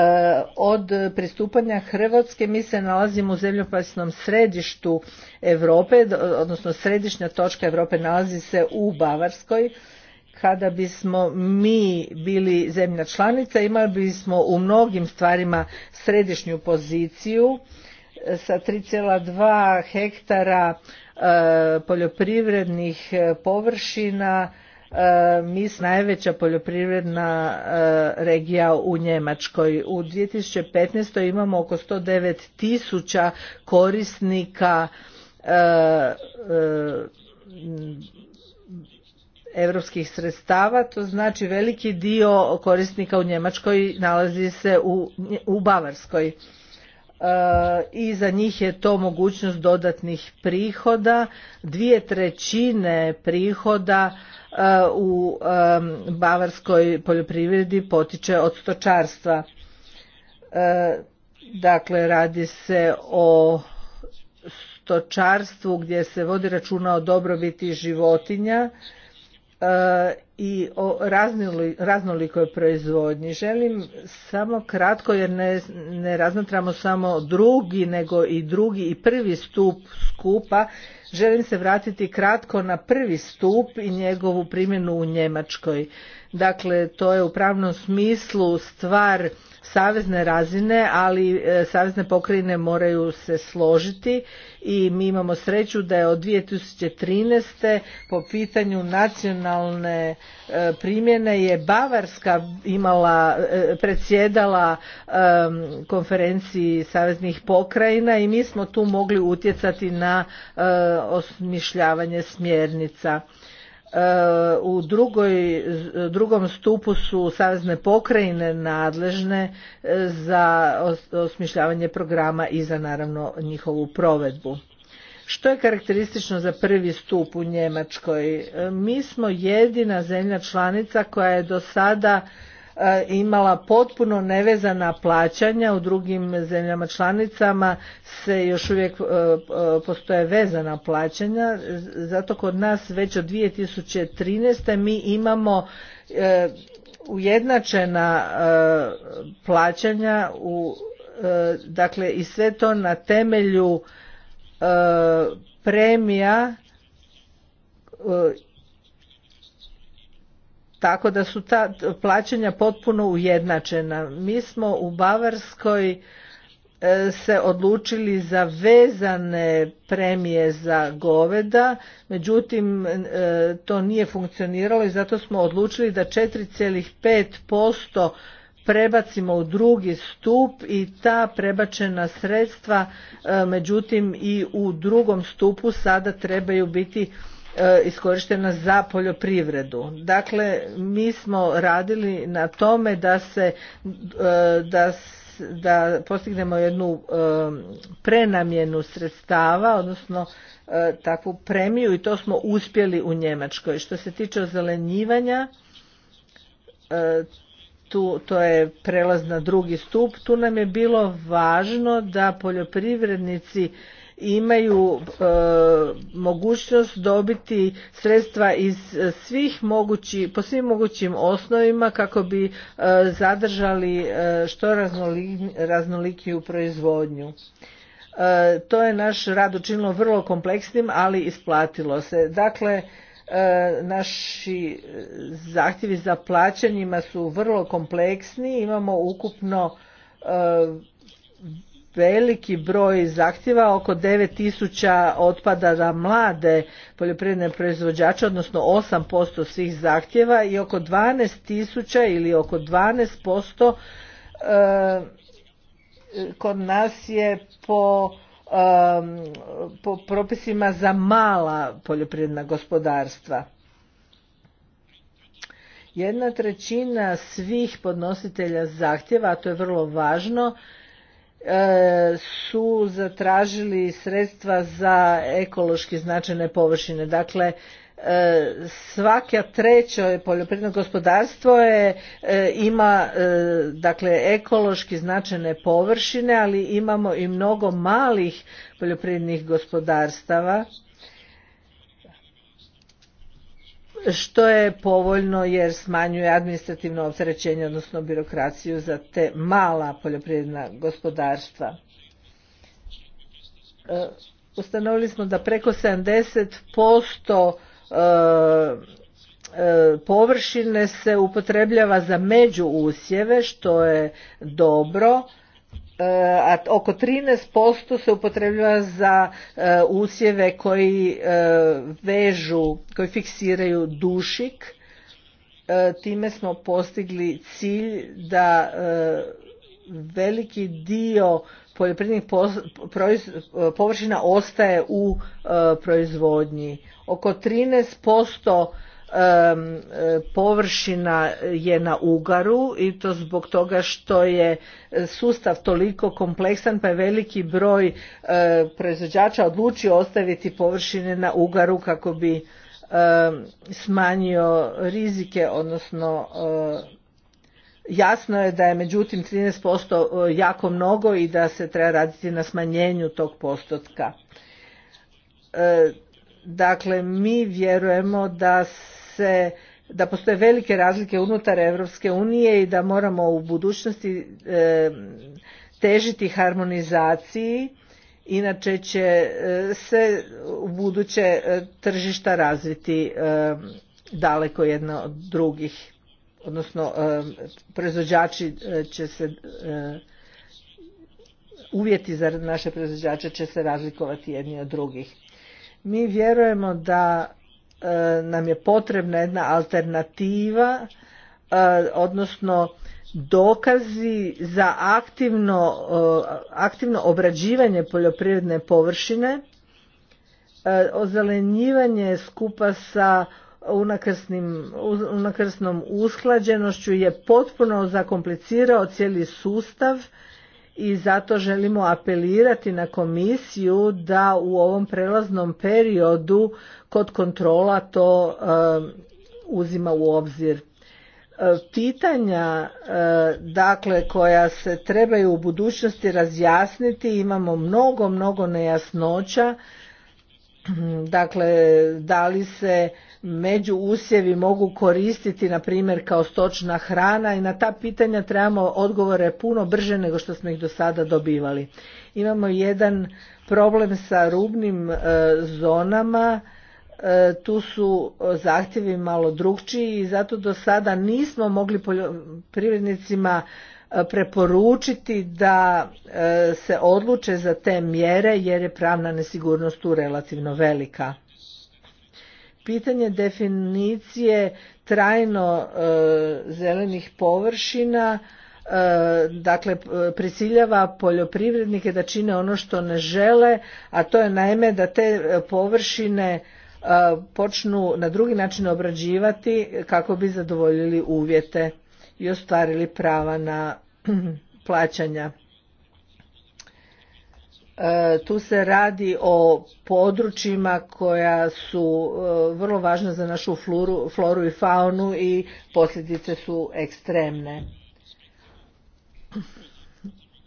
Speaker 2: od pristupanja Hrvatske mi se nalazimo u zemljopasnom središtu Europe, odnosno središnja točka Europe nalazi se u Bavarskoj. Kada bismo mi bili zemlja članica imali bismo u mnogim stvarima središnju poziciju e, sa 3,2 hektara e, poljoprivrednih površina E, mi smo najveća poljoprivredna e, regija u Njemačkoj. U 2015. imamo oko 109 tisuća korisnika europskih e, sredstava, to znači veliki dio korisnika u Njemačkoj nalazi se u Bavarskoj i za njih je to mogućnost dodatnih prihoda. Dvije trećine prihoda uh, u um, bavarskoj poljoprivredi potiče od stočarstva. Uh, dakle, radi se o stočarstvu gdje se vodi računa o dobrobiti životinja uh, i o raznolikoj proizvodnji. Želim samo kratko, jer ne, ne razmatramo samo drugi, nego i drugi i prvi stup skupa. Želim se vratiti kratko na prvi stup i njegovu primjenu u Njemačkoj. Dakle, to je u pravnom smislu stvar savezne razine, ali e, savezne pokrajine moraju se složiti i mi imamo sreću da je od 2013. po pitanju nacionalne e, primjene je Bavarska imala, e, predsjedala konferenciji saveznih pokrajina i mi smo tu mogli utjecati na osmišljavanje smjernica. E, u drugoj, drugom stupu su savezne pokrajine nadležne e, za osmišljavanje programa i za naravno njihovu provedbu. Što je karakteristično za prvi stup u Njemačkoj? E, mi smo jedina zemlja članica koja je do sada E, imala potpuno nevezana plaćanja u drugim zemljama članicama se još uvijek e, e, postoje vezana plaćanja zato kod nas već od 2013. mi imamo ujednačena plaćanja u dakle i sve to na temelju premija tako da su ta plaćanja potpuno ujednačena. Mi smo u Bavarskoj e, se odlučili za vezane premije za goveda, međutim e, to nije funkcioniralo i zato smo odlučili da 4,5% prebacimo u drugi stup i ta prebačena sredstva e, međutim i u drugom stupu sada trebaju biti E, iskorištena za poljoprivredu. Dakle, mi smo radili na tome da se e, da da postignemo jednu e, prenamjenu sredstava, odnosno takvu premiju i to smo uspjeli u Njemačkoj. Što se tiče ozelenjivanja, tu, to je prelaz na drugi stup, tu nam je bilo važno da poljoprivrednici imaju e, mogućnost dobiti sredstva iz svih mogući, po svim mogućim osnovima kako bi e, zadržali e, što raznolikiju proizvodnju. To je naš rad učinilo vrlo kompleksnim, ali isplatilo se. Dakle, naši zahtjevi za plaćanjima su vrlo kompleksni, imamo ukupno veliki broj zahtjeva, oko 9000 otpada za mlade poljoprivredne proizvođače, odnosno 8% svih zahtjeva i oko 12000 ili oko 12% eh, kod nas je po, ehm, po propisima za mala poljoprivredna gospodarstva. Jedna trećina svih podnositelja zahtjeva, a to je vrlo važno, E, su zatražili sredstva za ekološki značajne površine. Dakle, e, svaka treća poljoprivredno gospodarstvo je, e, ima dakle ekološki značajne površine, ali imamo i mnogo malih poljoprivrednih gospodarstava što je povoljno jer smanjuje administrativno opterećenje odnosno birokraciju za te mala poljoprivredna gospodarstva. E, ustanovili smo da preko 70% e, e, površine se upotrebljava za međuusjeve što je dobro E, a oko 13% se upotrebljava za e, usjeve koji e, vežu, koji fiksiraju dušik. Time smo postigli cilj da veliki dio poljoprivrednih površina ostaje u proizvodnji. Oko 13% površina je na ugaru i to zbog toga što je sustav toliko kompleksan pa je veliki broj eh, proizvođača odlučio ostaviti površine na ugaru kako bi smanjio rizike odnosno eh, jasno je da je međutim 13% eh, jako mnogo i da se treba raditi na smanjenju tog postotka. Dakle mi vjerujemo da se da postoje velike razlike unutar Europske unije i da moramo u budućnosti e, težiti harmonizaciji inače će e, se u buduće e, tržišta razviti daleko jedno od drugih odnosno proizvođači će se uvjeti za naše proizvođače će se razlikovati jedni od drugih. Mi vjerujemo da E, nam je potrebna jedna alternativa, e, odnosno dokazi za aktivno, e, aktivno obrađivanje poljoprivredne površine, ozelenjivanje skupa sa unakrsnom usklađenošću je potpuno zakomplicirao cijeli sustav i zato želimo apelirati na komisiju da u ovom prelaznom periodu kod kontrola to eh, uzima u obzir eh, pitanja eh, dakle koja se trebaju u budućnosti razjasniti imamo mnogo mnogo nejasnoća <clears throat> dakle da li se među usjevi mogu koristiti na primjer kao stočna hrana i na ta pitanja trebamo odgovore puno brže nego što smo ih do sada dobivali imamo jedan problem sa rubnim zonama E, tu su e, zahtjevi malo drugčiji i zato do sada nismo mogli poljoprivrednicima e, preporučiti da se odluče za te mjere jer je pravna nesigurnost tu relativno velika. Pitanje definicije trajno zelenih površina dakle prisiljava poljoprivrednike da čine ono što ne žele, a to je naime da te površine počnu na drugi način obrađivati kako bi zadovoljili uvjete i ostvarili prava na <clears throat> plaćanja. Tu se radi o područjima koja su vrlo važna za našu floru i faunu i posljedice su ekstremne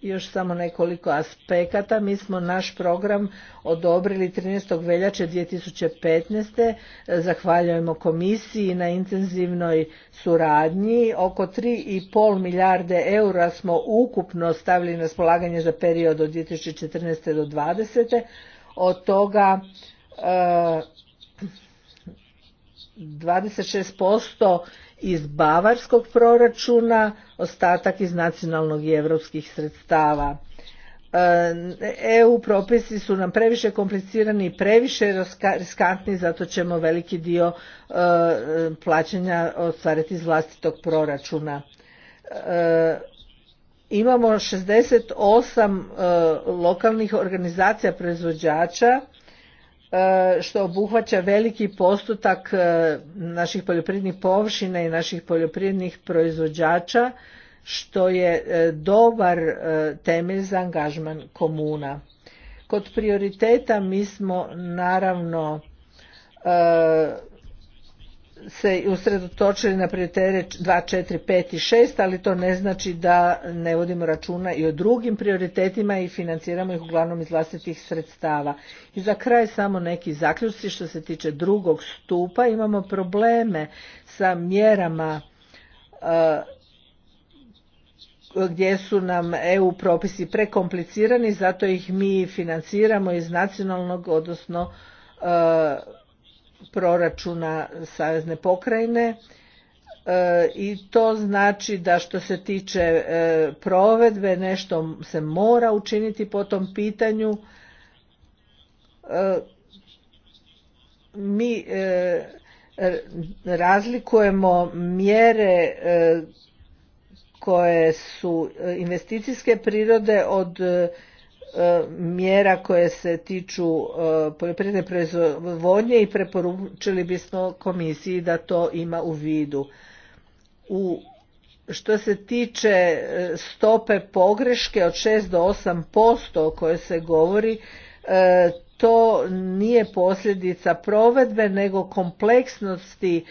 Speaker 2: još samo nekoliko aspekata. Mi smo naš program odobrili 13. veljače 2015. Zahvaljujemo komisiji na intenzivnoj suradnji. Oko 3,5 milijarde eura smo ukupno stavili na spolaganje za period od 2014. do 2020. Od toga 26% e, iz bavarskog proračuna, ostatak iz nacionalnog i europskih sredstava. E, EU propisi su nam previše komplicirani i previše riskantni, zato ćemo veliki dio e, plaćanja ostvariti iz vlastitog proračuna. E, imamo 68 lokalnih organizacija proizvođača E, što obuhvaća veliki postotak e, naših poljoprivrednih površina i naših poljoprivrednih proizvođača što je e, dobar temelj za angažman komuna. Kod prioriteta mi smo naravno se usredotočili na prioritere 2, 4, 5 i 6, ali to ne znači da ne vodimo računa i o drugim prioritetima i financiramo ih uglavnom iz vlastitih sredstava. I za kraj samo neki zaključci što se tiče drugog stupa. Imamo probleme sa mjerama e, gdje su nam EU propisi prekomplicirani, zato ih mi financiramo iz nacionalnog, odnosno e, proračuna Savezne pokrajine e, i to znači da što se tiče e, provedbe nešto se mora učiniti po tom pitanju. E, mi razlikujemo mjere koje su investicijske prirode od mjera koje se tiču e, poljoprivredne proizvodnje i preporučili bismo komisiji da to ima u vidu. U što se tiče e, stope pogreške od 6 do 8% o kojoj se govori, e, to nije posljedica provedbe nego kompleksnosti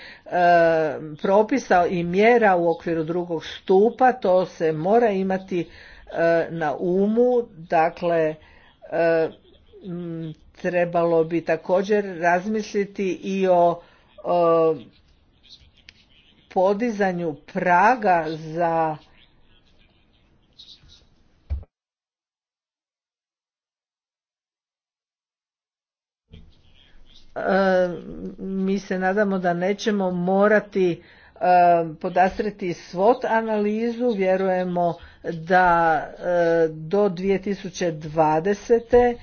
Speaker 2: propisa i mjera u okviru drugog stupa to se mora imati E, na umu, dakle e, trebalo bi također razmisliti i o podizanju praga za e, mi se nadamo da nećemo morati podastreti svot analizu, vjerujemo da e, do 2020 e,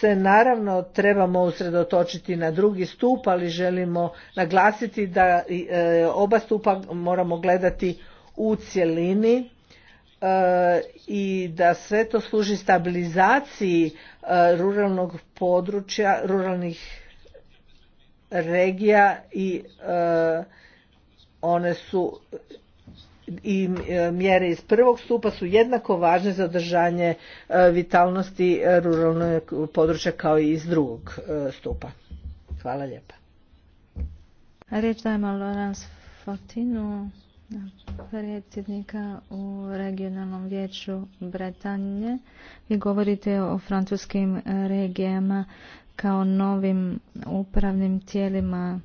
Speaker 2: se naravno trebamo usredotočiti na drugi stup, ali želimo naglasiti da e, oba stupa moramo gledati u cjelini i da sve to služi stabilizaciji ruralnog područja, ruralnih regija i one su i e, mjere iz prvog stupa su jednako važne za održanje e, vitalnosti e, ruralnog područja kao i iz drugog stupa. Hvala lijepa.
Speaker 5: Riječ dajemo Lorenz Fortinu, predsjednika u regionalnom vijeću Bretanje. Vi govorite o francuskim regijama kao novim upravnim tijelima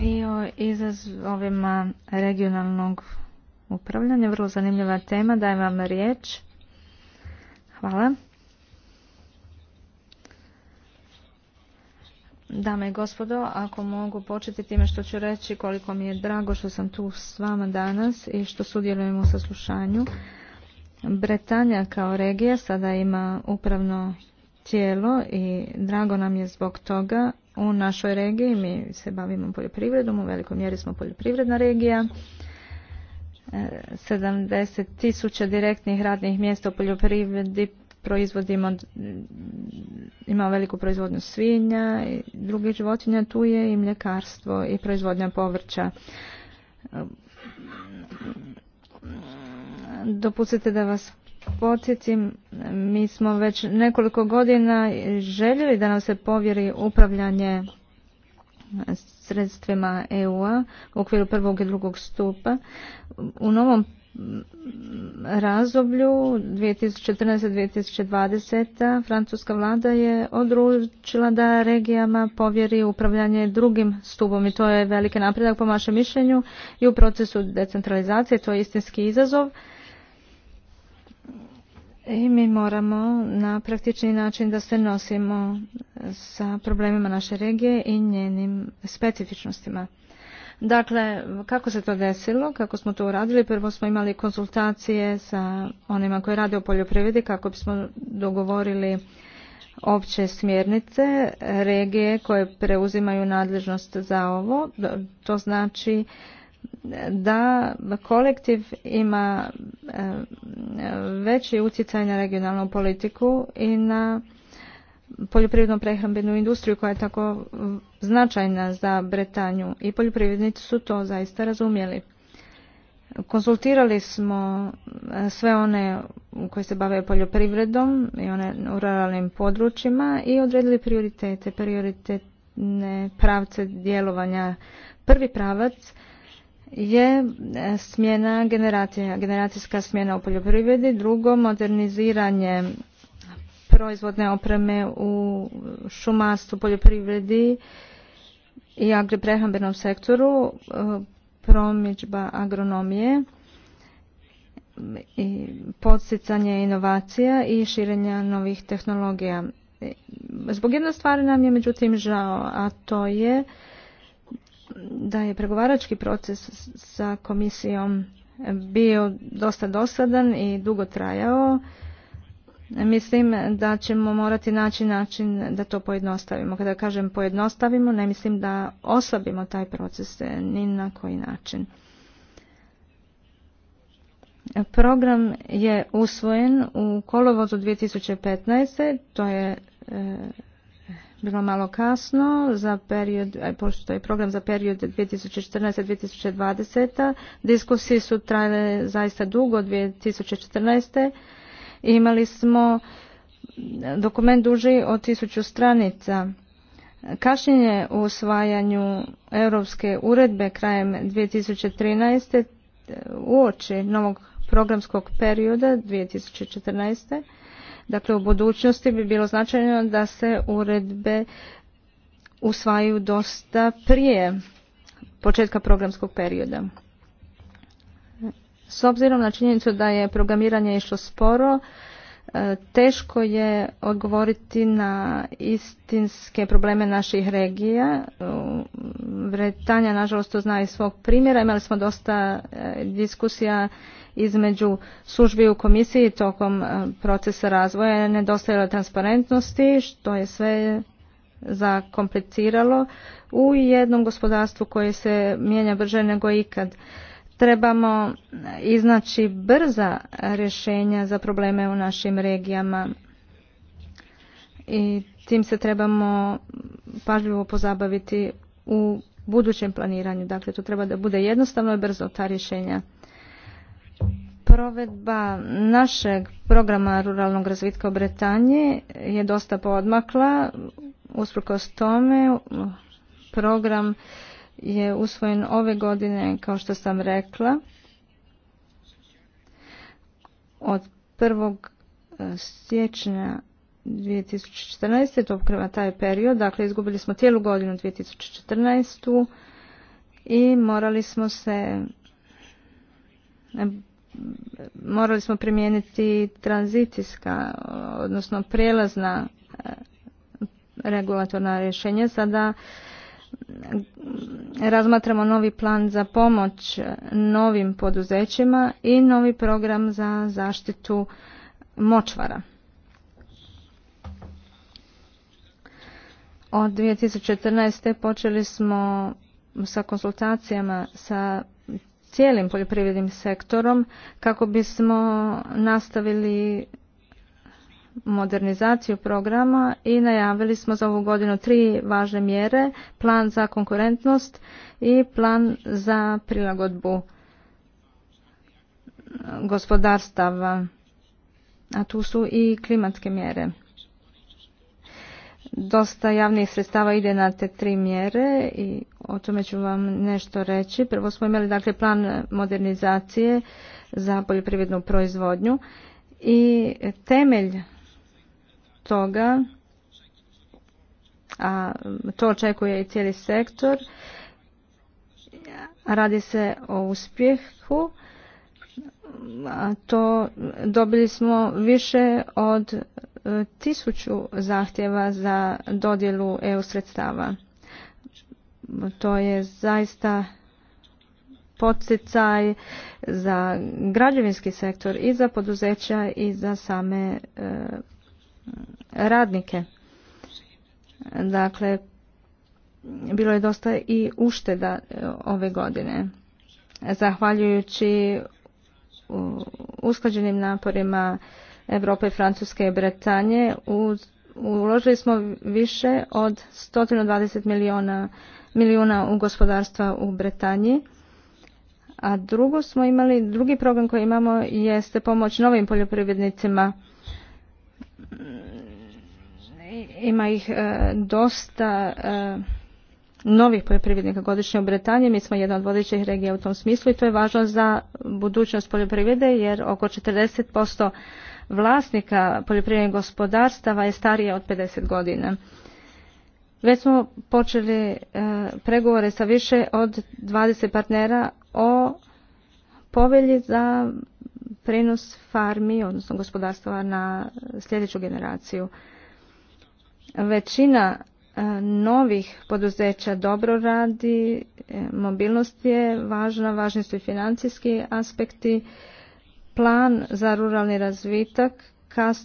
Speaker 5: i o izazovima regionalnog upravljanja. Vrlo zanimljiva tema, dajem vam riječ. Hvala. Dame i gospodo, ako mogu početi time što ću reći koliko mi je drago što sam tu s vama danas i što sudjelujem u saslušanju. Bretanja kao regija sada ima upravno tijelo i drago nam je zbog toga u našoj regiji. Mi se bavimo poljoprivredom, u velikoj mjeri smo poljoprivredna regija. 70 e, tisuća direktnih radnih mjesta u poljoprivredi proizvodimo, mm, ima veliku proizvodnju svinja i drugih životinja, tu je i mljekarstvo i proizvodnja povrća. E, mm, dopustite da vas podsjetim, mi smo već nekoliko godina željeli da nam se povjeri upravljanje sredstvima EU-a u okviru prvog i drugog stupa. U novom razdoblju 2014-2020 francuska vlada je odručila da regijama povjeri upravljanje drugim stupom i to je veliki napredak po vašem mišljenju i u procesu decentralizacije to je istinski izazov i mi moramo na praktični način da se nosimo sa problemima naše regije i njenim specifičnostima. Dakle, kako se to desilo, kako smo to uradili, prvo smo imali konsultacije sa onima koji rade o poljoprivredi kako bismo dogovorili opće smjernice, regije koje preuzimaju nadležnost za ovo, to znači da kolektiv ima e, veći utjecaj na regionalnu politiku i na poljoprivredno prehrambenu industriju koja je tako značajna za Bretanju i poljoprivrednici su to zaista razumjeli. Konsultirali smo e, sve one koji se bave poljoprivredom i one u ruralnim područjima i odredili prioritete, prioritetne pravce djelovanja. Prvi pravac je e, smjena generacijska smjena u poljoprivredi, drugo moderniziranje proizvodne opreme u šumarstvu, poljoprivredi i agroprehrambenom sektoru, e, promidžba agronomije i inovacija i širenja novih tehnologija. E, zbog jedne stvari nam je međutim žao, a to je da je pregovarački proces sa komisijom bio dosta dosadan i dugo trajao. Mislim da ćemo morati naći način da to pojednostavimo. Kada kažem pojednostavimo, ne mislim da oslabimo taj proces e, ni na koji način. Program je usvojen u kolovozu 2015. To je e, bilo malo kasno za period, pošto je program za period 2014-2020. Diskusije su trajale zaista dugo 2014. Imali smo dokument duži od tisuću stranica. Kašnjenje u usvajanju europske uredbe krajem 2013. uoči novog programskog perioda 2014 Dakle, u budućnosti bi bilo značajno da se uredbe usvajaju dosta prije početka programskog perioda. S obzirom na činjenicu da je programiranje išlo sporo, e, teško je odgovoriti na istinske probleme naših regija. Vretanja, nažalost, to zna iz svog primjera. Imali smo dosta e, diskusija između službi u komisiji tokom e, procesa razvoja nedostajala transparentnosti što je sve zakompliciralo u jednom gospodarstvu koje se mijenja brže nego ikad. Trebamo iznaći brza rješenja za probleme u našim regijama i tim se trebamo pažljivo pozabaviti u budućem planiranju. Dakle, to treba da bude jednostavno i brzo ta rješenja. Provedba našeg programa ruralnog razvitka u Bretanji je dosta poodmakla. Usprkos tome, program je usvojen ove godine, kao što sam rekla, od prvog e, siječnja 2014. to pokriva taj period, dakle izgubili smo cijelu godinu 2014. i morali smo se morali smo primijeniti tranzicijska, odnosno prijelazna e, regulatorna rješenja. Sada e, razmatramo novi plan za pomoć e, novim poduzećima i novi program za zaštitu močvara. Od 2014. počeli smo sa konsultacijama sa cijelim poljoprivrednim sektorom kako bismo nastavili modernizaciju programa i najavili smo za ovu godinu tri važne mjere, plan za konkurentnost i plan za prilagodbu gospodarstava, a tu su i klimatske mjere dosta javnih sredstava ide na te tri mjere i o tome ću vam nešto reći. Prvo smo imali dakle plan modernizacije za poljoprivrednu proizvodnju i temelj toga, a to očekuje i cijeli sektor, radi se o uspjehu to dobili smo više od e, tisuću zahtjeva za dodjelu EU sredstava. To je zaista podsjecaj za građevinski sektor i za poduzeća i za same e, radnike. Dakle, bilo je dosta i ušteda e, ove godine. Zahvaljujući usklađenim naporima Europe, Francuske i Bretanje uložili smo više od 120 milijuna, milijuna u gospodarstva u Bretanji. A drugo smo imali, drugi program koji imamo jeste pomoć novim poljoprivrednicima. Ima ih e, dosta e, novih poljoprivrednika godišnje u Mi smo jedna od vodećih regija u tom smislu i to je važno za budućnost poljoprivrede jer oko 40% vlasnika poljoprivrednih gospodarstava je starije od 50 godina. Već smo počeli e, pregovore sa više od 20 partnera o povelji za prenos farmi, odnosno gospodarstva na sljedeću generaciju. Većina E, novih poduzeća dobro radi, e, mobilnost je važna, važni su i financijski aspekti. Plan za ruralni razvitak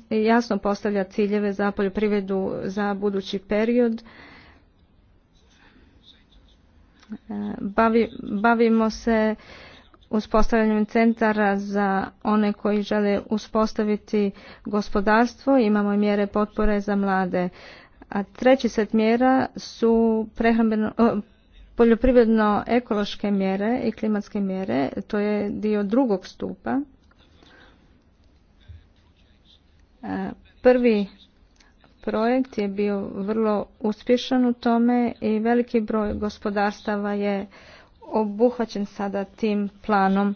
Speaker 5: jasno postavlja ciljeve za poljoprivredu za budući period. E, bavimo se uspostavljanjem centara za one koji žele uspostaviti gospodarstvo. Imamo mjere potpore za mlade. A treći set mjera su prehrambeno, poljoprivredno ekološke mjere i klimatske mjere, to je dio drugog stupa. E, prvi projekt je bio vrlo uspješan u tome i veliki broj gospodarstava je obuhvaćen sada tim planom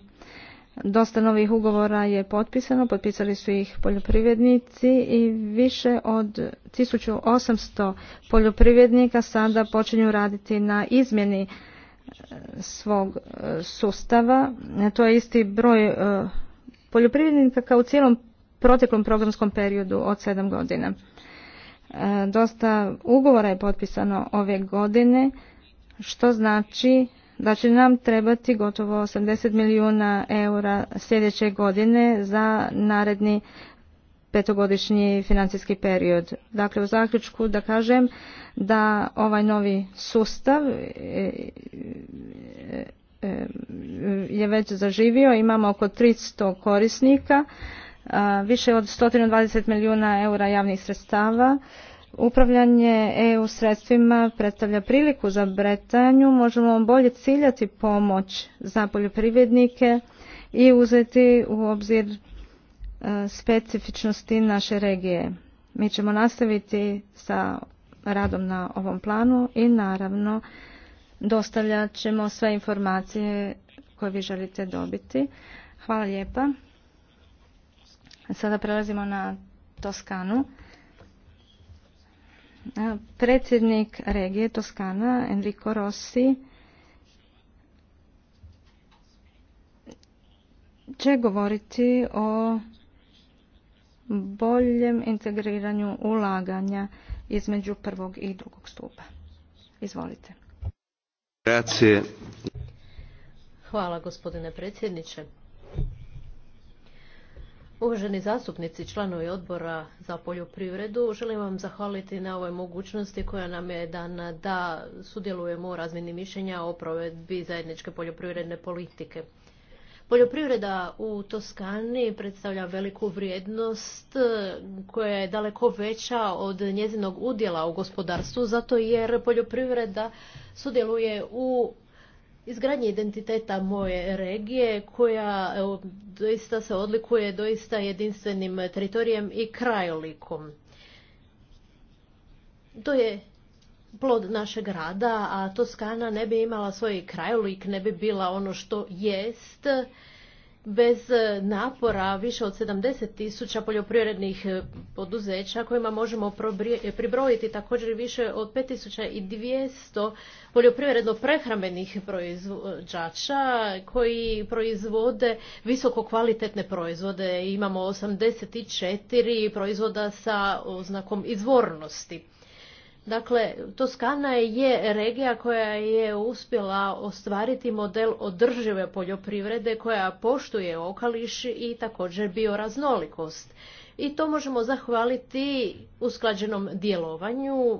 Speaker 5: Dosta novih ugovora je potpisano, potpisali su ih poljoprivrednici i više od 1800 poljoprivrednika sada počinju raditi na izmjeni e, svog e, sustava. E, to je isti broj poljoprivrednika kao u cijelom proteklom programskom periodu od sedam godina. Dosta ugovora je potpisano ove godine, što znači da znači, će nam trebati gotovo 80 milijuna eura sljedeće godine za naredni petogodišnji financijski period. Dakle, u zaključku da kažem da ovaj novi sustav e, e, e, je već zaživio, imamo oko 300 korisnika, više od 120 milijuna eura javnih sredstava, Upravljanje EU sredstvima predstavlja priliku za Bretanju, možemo bolje ciljati pomoć za poljoprivrednike i uzeti u obzir e, specifičnosti naše regije. Mi ćemo nastaviti sa radom na ovom planu i naravno dostavljat ćemo sve informacije koje vi želite dobiti. Hvala lijepa. Sada prelazimo na Toskanu. Predsjednik regije Toskana, Enrico Rossi, će govoriti o boljem integriranju ulaganja između prvog i drugog stupa.
Speaker 3: Izvolite. Hvala gospodine predsjedniče. Uvaženi zastupnici, članovi odbora za poljoprivredu, želim vam zahvaliti na ovoj mogućnosti koja nam je dana da sudjelujemo u razmjeni mišljenja o provedbi zajedničke poljoprivredne politike. Poljoprivreda u Toskani predstavlja veliku vrijednost koja je daleko veća od njezinog udjela u gospodarstvu, zato jer poljoprivreda sudjeluje u izgradnje identiteta moje regije koja doista se odlikuje doista jedinstvenim teritorijem i krajolikom. To je plod našeg rada, a Toskana ne bi imala svoj krajolik, ne bi bila ono što jest bez e, napora više od 70 tisuća poljoprivrednih e, poduzeća kojima možemo e, pribrojiti također više od 5200 poljoprivredno prehrambenih proizvođača koji proizvode visoko kvalitetne proizvode. Imamo 84 proizvoda sa oznakom izvornosti. Dakle, Toskana je regija koja je uspjela ostvariti model održive poljoprivrede koja poštuje okališ i također bioraznolikost. I to možemo zahvaliti usklađenom djelovanju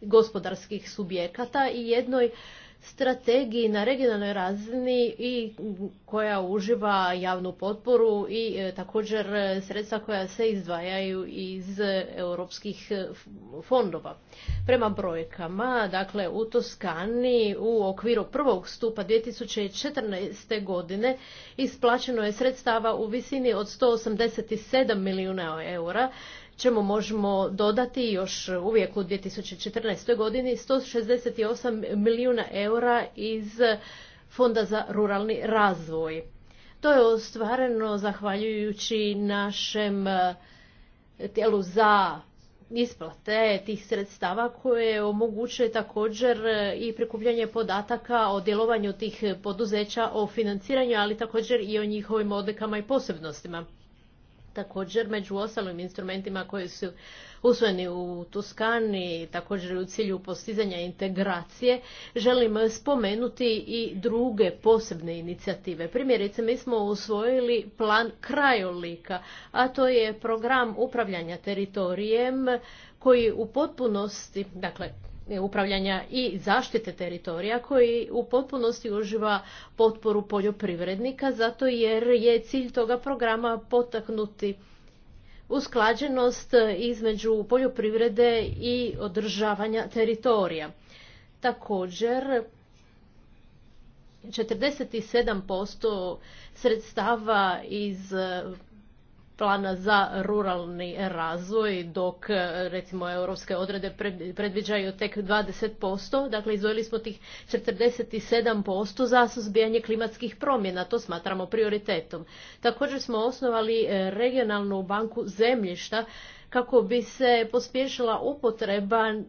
Speaker 3: gospodarskih subjekata i jednoj strategiji na regionalnoj razini i koja uživa javnu potporu i e, također sredstva koja se izdvajaju iz europskih e, fondova. Prema brojkama, dakle u Toskani u okviru prvog stupa 2014. godine isplaćeno je sredstava u visini od 187 milijuna eura, čemu možemo dodati još uvijek u 2014. godini 168 milijuna eura iz Fonda za ruralni razvoj. To je ostvareno zahvaljujući našem eh, tijelu za isplate tih sredstava koje omogućuje također eh, i prikupljanje podataka o djelovanju tih poduzeća, o financiranju, ali također i o njihovim odlikama i posebnostima. Također, među ostalim instrumentima koji su usvojeni u Tuskani, također u cilju postizanja integracije, želim spomenuti i druge posebne inicijative. Primjerice, mi smo usvojili plan krajolika, a to je program upravljanja teritorijem koji u potpunosti, dakle, E, upravljanja i zaštite teritorija koji u potpunosti uživa potporu poljoprivrednika zato jer je cilj toga programa potaknuti usklađenost između poljoprivrede i održavanja teritorija. Također 47% sredstava iz plana za ruralni razvoj, dok e, recimo europske odrede predviđaju tek 20%. Dakle, izvojili smo tih 47% za suzbijanje klimatskih promjena. To smatramo prioritetom. Također smo osnovali e, regionalnu banku zemljišta kako bi se pospješila upotreba e,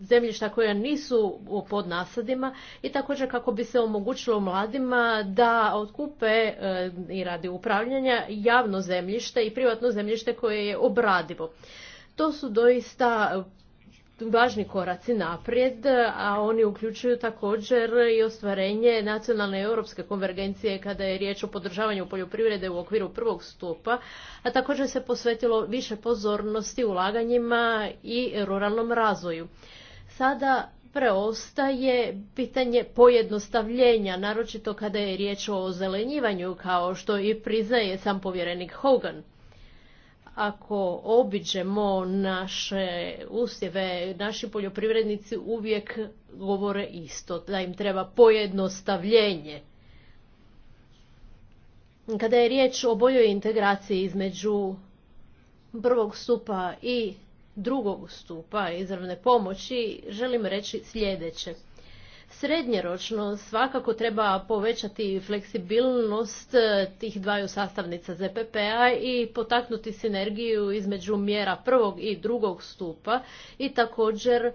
Speaker 3: zemljišta koja nisu pod nasadima i također kako bi se omogućilo mladima da otkupe e, i radi upravljanja javno zemljište i privatno zemljište koje je obradivo. To su doista važni koraci naprijed, a oni uključuju također i ostvarenje nacionalne i europske konvergencije kada je riječ o podržavanju poljoprivrede u okviru prvog stupa, a također se posvetilo više pozornosti ulaganjima i ruralnom razvoju sada preostaje pitanje pojednostavljenja, naročito kada je riječ o ozelenjivanju, kao što i priznaje sam povjerenik Hogan. Ako obiđemo naše usjeve, naši poljoprivrednici uvijek govore isto, da im treba pojednostavljenje. Kada je riječ o boljoj integraciji između prvog stupa i drugog stupa izravne pomoći, želim reći sljedeće. Srednjeročno svakako treba povećati fleksibilnost eh, tih dvaju sastavnica ZPP-a i potaknuti sinergiju između mjera prvog i drugog stupa i također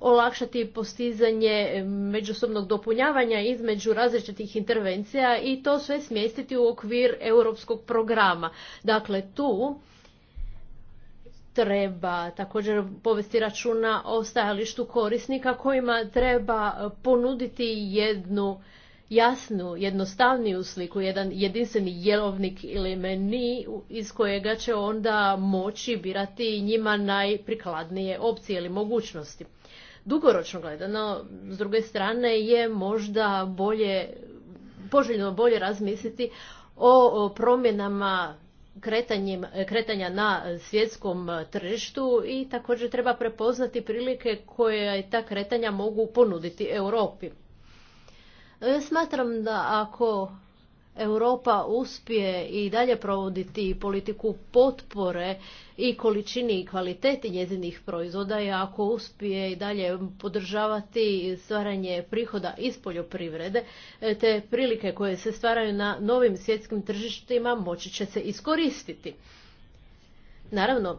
Speaker 3: olakšati postizanje međusobnog dopunjavanja između različitih intervencija i to sve smjestiti u okvir europskog programa. Dakle, tu treba također povesti računa o stajalištu korisnika kojima treba ponuditi jednu jasnu, jednostavniju sliku, jedan jedinstveni jelovnik ili meni iz kojega će onda moći birati njima najprikladnije opcije ili mogućnosti. Dugoročno gledano, s druge strane, je možda bolje, poželjno bolje razmisliti o promjenama E, kretanja na svjetskom tržištu i također treba prepoznati prilike koje ta kretanja mogu ponuditi Europi. E, smatram da ako Europa uspije i dalje provoditi politiku potpore i količini i kvaliteti njezinih proizvoda i ako uspije i dalje podržavati stvaranje prihoda iz poljoprivrede, e, te prilike koje se stvaraju na novim svjetskim tržištima moći će se iskoristiti. Naravno,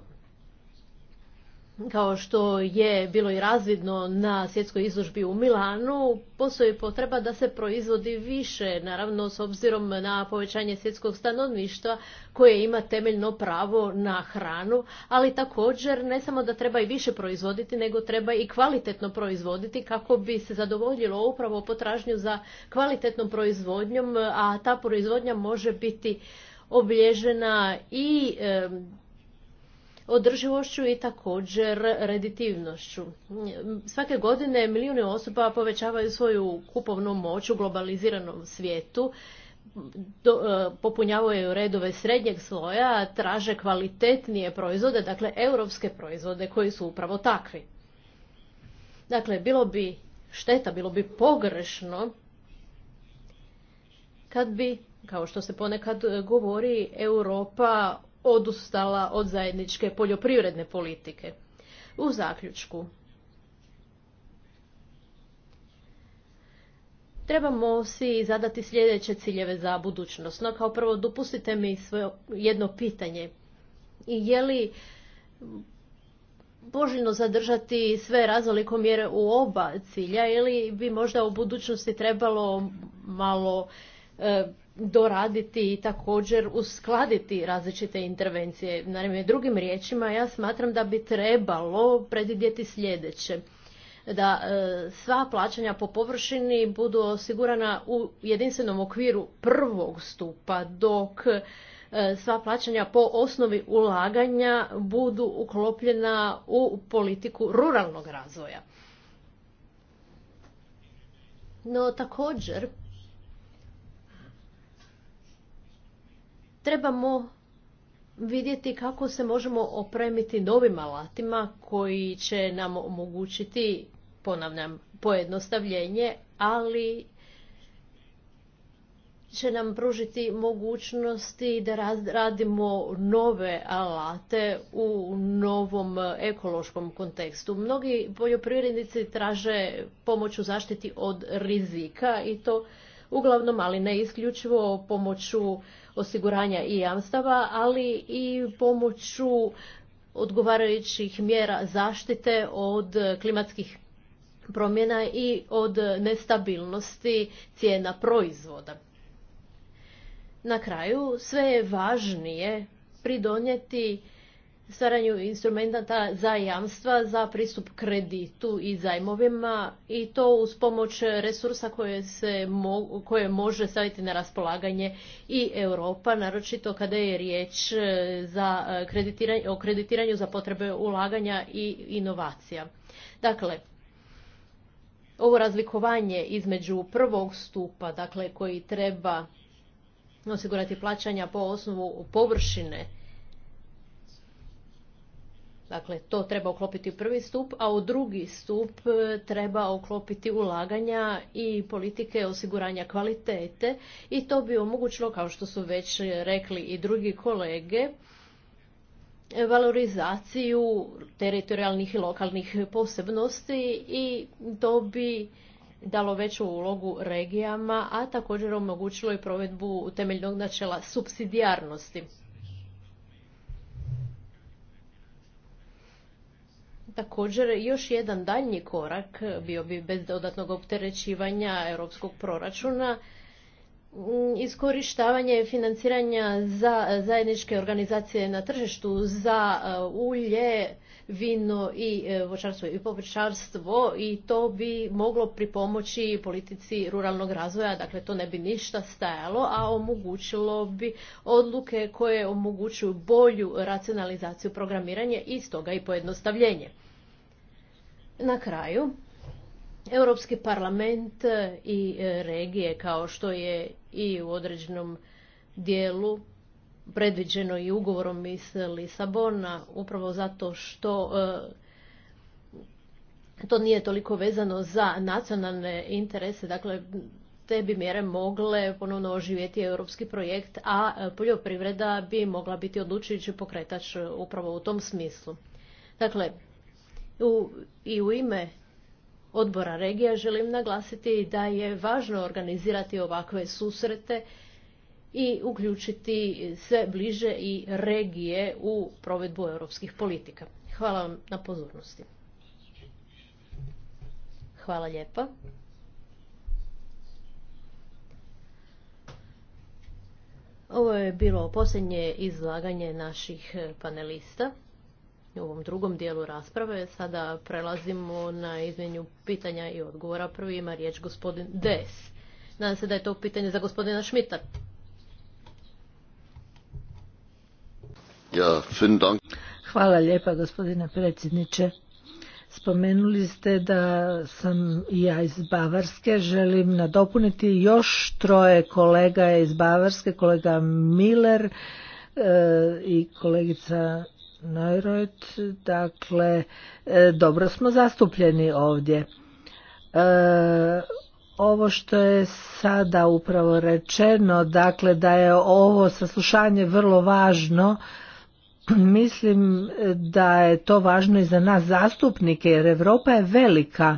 Speaker 3: kao što je bilo i razvidno na svjetskoj izložbi u Milanu, postoji potreba da se proizvodi više, naravno s obzirom na povećanje svjetskog stanovništva koje ima temeljno pravo na hranu, ali također ne samo da treba i više proizvoditi, nego treba i kvalitetno proizvoditi kako bi se zadovoljilo upravo potražnju za kvalitetnom proizvodnjom, a ta proizvodnja može biti obilježena i održivošću i također reditivnošću. Svake godine milijune osoba povećavaju svoju kupovnu moć u globaliziranom svijetu, e, popunjavaju redove srednjeg sloja, traže kvalitetnije proizvode, dakle europske proizvode koji su upravo takvi. Dakle, bilo bi šteta, bilo bi pogrešno kad bi, kao što se ponekad govori, Europa odustala od zajedničke poljoprivredne politike. U zaključku. Trebamo si zadati sljedeće ciljeve za budućnost. No, kao prvo, dopustite mi svoje jedno pitanje. I je li poželjno zadržati sve razoliko mjere u oba cilja ili bi možda u budućnosti trebalo malo e, doraditi i također uskladiti različite intervencije. Naime, drugim riječima ja smatram da bi trebalo predvidjeti sljedeće. Da e, sva plaćanja po površini budu osigurana u jedinstvenom okviru prvog stupa dok e, sva plaćanja po osnovi ulaganja budu uklopljena u politiku ruralnog razvoja. No također trebamo vidjeti kako se možemo opremiti novim alatima koji će nam omogućiti, ponavljam, pojednostavljenje, ali će nam pružiti mogućnosti da radimo nove alate u novom ekološkom kontekstu. Mnogi poljoprivrednici traže pomoć u zaštiti od rizika i to uglavnom, ali ne isključivo pomoću osiguranja i jamstava, ali i pomoću odgovarajućih mjera zaštite od klimatskih promjena i od nestabilnosti cijena proizvoda. Na kraju sve je važnije pridonijeti stvaranju instrumenta za jamstva, za pristup kreditu i zajmovima i to uz pomoć resursa koje, se koje može staviti na raspolaganje i Europa, naročito kada je riječ e, za e, kreditiranje, o kreditiranju za potrebe ulaganja i inovacija. Dakle, ovo razlikovanje između prvog stupa, dakle koji treba osigurati plaćanja po osnovu površine Dakle, to treba uklopiti u prvi stup, a u drugi stup e, treba uklopiti ulaganja i politike osiguranja kvalitete i to bi omogućilo, kao što su već rekli i drugi kolege, valorizaciju teritorijalnih i lokalnih posebnosti i to bi dalo veću ulogu regijama, a također omogućilo i provedbu temeljnog načela subsidijarnosti. Također, još jedan daljnji korak bio bi bez dodatnog opterećivanja europskog proračuna mm, iskorištavanje financiranja za zajedničke organizacije na tržištu za uh, ulje, vino i uh, voćarstvo i povrćarstvo i to bi moglo pripomoći politici ruralnog razvoja, dakle to ne bi ništa stajalo, a omogućilo bi odluke koje omogućuju bolju racionalizaciju programiranja i stoga i pojednostavljenje. Na kraju, Europski parlament i e, regije kao što je i u određenom dijelu predviđeno i ugovorom iz Lisabona, upravo zato što e, to nije toliko vezano za nacionalne interese, dakle te bi mjere mogle ponovno oživjeti europski projekt, a e, poljoprivreda bi mogla biti odlučujući pokretač upravo u tom smislu. Dakle, i u ime odbora regija želim naglasiti da je važno organizirati ovakve susrete i uključiti sve bliže i regije u provedbu europskih politika. Hvala vam na pozornosti. Hvala lijepa. Ovo je bilo posljednje izlaganje naših panelista u ovom drugom dijelu rasprave. Sada prelazimo na izmenju pitanja i odgovora. Prvi ima riječ gospodin Des. Nadam se da je to pitanje za gospodina Šmita.
Speaker 1: Ja, dank.
Speaker 2: Hvala lijepa gospodine predsjedniče. Spomenuli ste da sam ja iz Bavarske, želim nadopuniti još troje kolega iz Bavarske, kolega Miller e, i kolegica Najrojt, dakle, e, dobro smo zastupljeni ovdje. E, ovo što je sada upravo rečeno, dakle da je ovo saslušanje vrlo važno, mislim da je to važno i za nas zastupnike jer Europa je velika.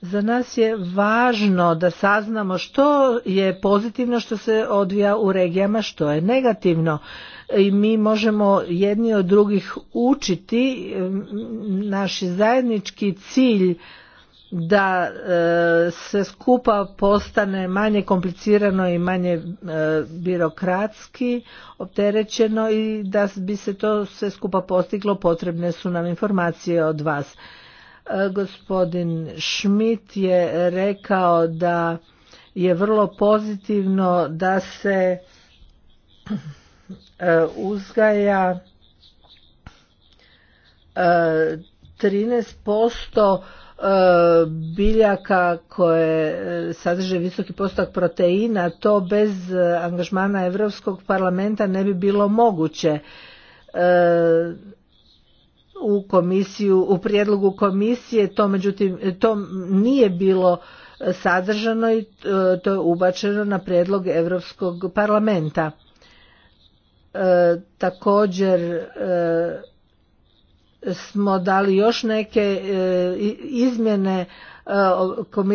Speaker 2: Za nas je važno da saznamo što je pozitivno što se odvija u regijama, što je negativno i mi možemo jedni od drugih učiti. Naš zajednički cilj da se skupa postane manje komplicirano i manje e, birokratski opterećeno i da bi se to sve skupa postiglo potrebne su nam informacije od vas. E, gospodin Schmidt je rekao da je vrlo pozitivno da se E, uzgaja 13% e, e, biljaka koje sadrže visoki postak proteina, to bez angažmana Europskog parlamenta ne bi bilo moguće. U, komisiju, u prijedlogu komisije to međutim to nije bilo sadržano i to je ubačeno na prijedlog Europskog parlamenta također e, smo dali još neke e, izmjene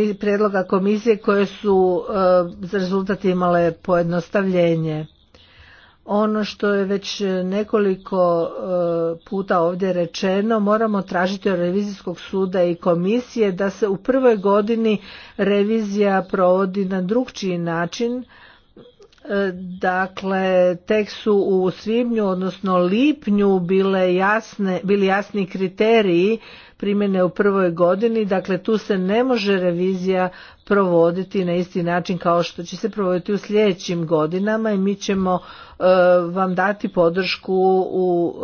Speaker 2: e, predloga komisije koje su za rezultat imale pojednostavljenje. Ono što je već nekoliko puta ovdje rečeno, moramo tražiti od revizijskog suda i komisije da se u prvoj godini revizija provodi na drugčiji način E, dakle, tek su u svibnju, odnosno lipnju bile jasne, bili jasni kriteriji primjene u prvoj godini, dakle tu se ne može revizija provoditi na isti način kao što će se provoditi u sljedećim godinama i mi ćemo e, vam dati podršku, u,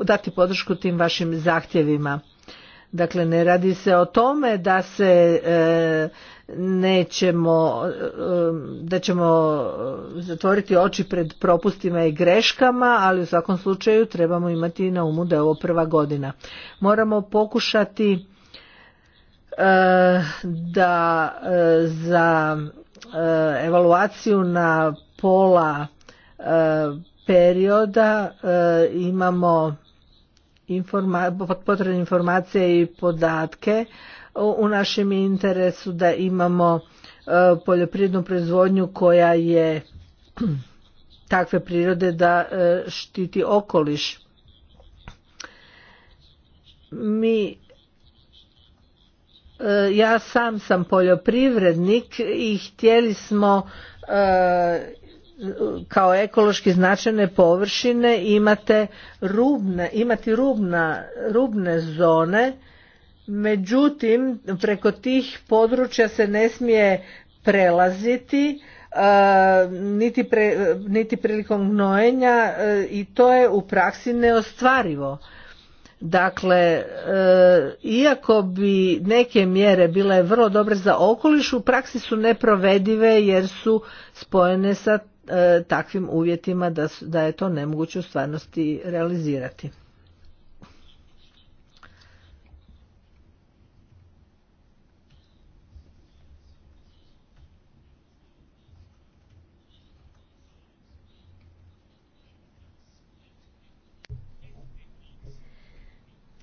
Speaker 2: e, dati podršku tim vašim zahtjevima. Dakle, ne radi se o tome da se nećemo, um, da ćemo uh, zatvoriti oči pred propustima i greškama, ali u svakom slučaju trebamo imati na umu da je ovo prva godina. Moramo pokušati uh, da uh, za evaluaciju na pola perioda imamo potrebne informacije i podatke u našem interesu da imamo e, poljoprivrednu proizvodnju koja je <clears throat> takve prirode da e, štiti okoliš. Mi e, ja sam sam poljoprivrednik i htjeli smo kao ekološki značajne površine imate rubne, imati rubna, rubne zone međutim preko tih područja se ne smije prelaziti e, niti, pre, niti prilikom gnojenja e, i to je u praksi neostvarivo. Dakle, e, iako bi neke mjere bile vrlo dobre za okoliš, u praksi su neprovedive jer su spojene sa takvim uvjetima da, da je to nemoguće u stvarnosti realizirati.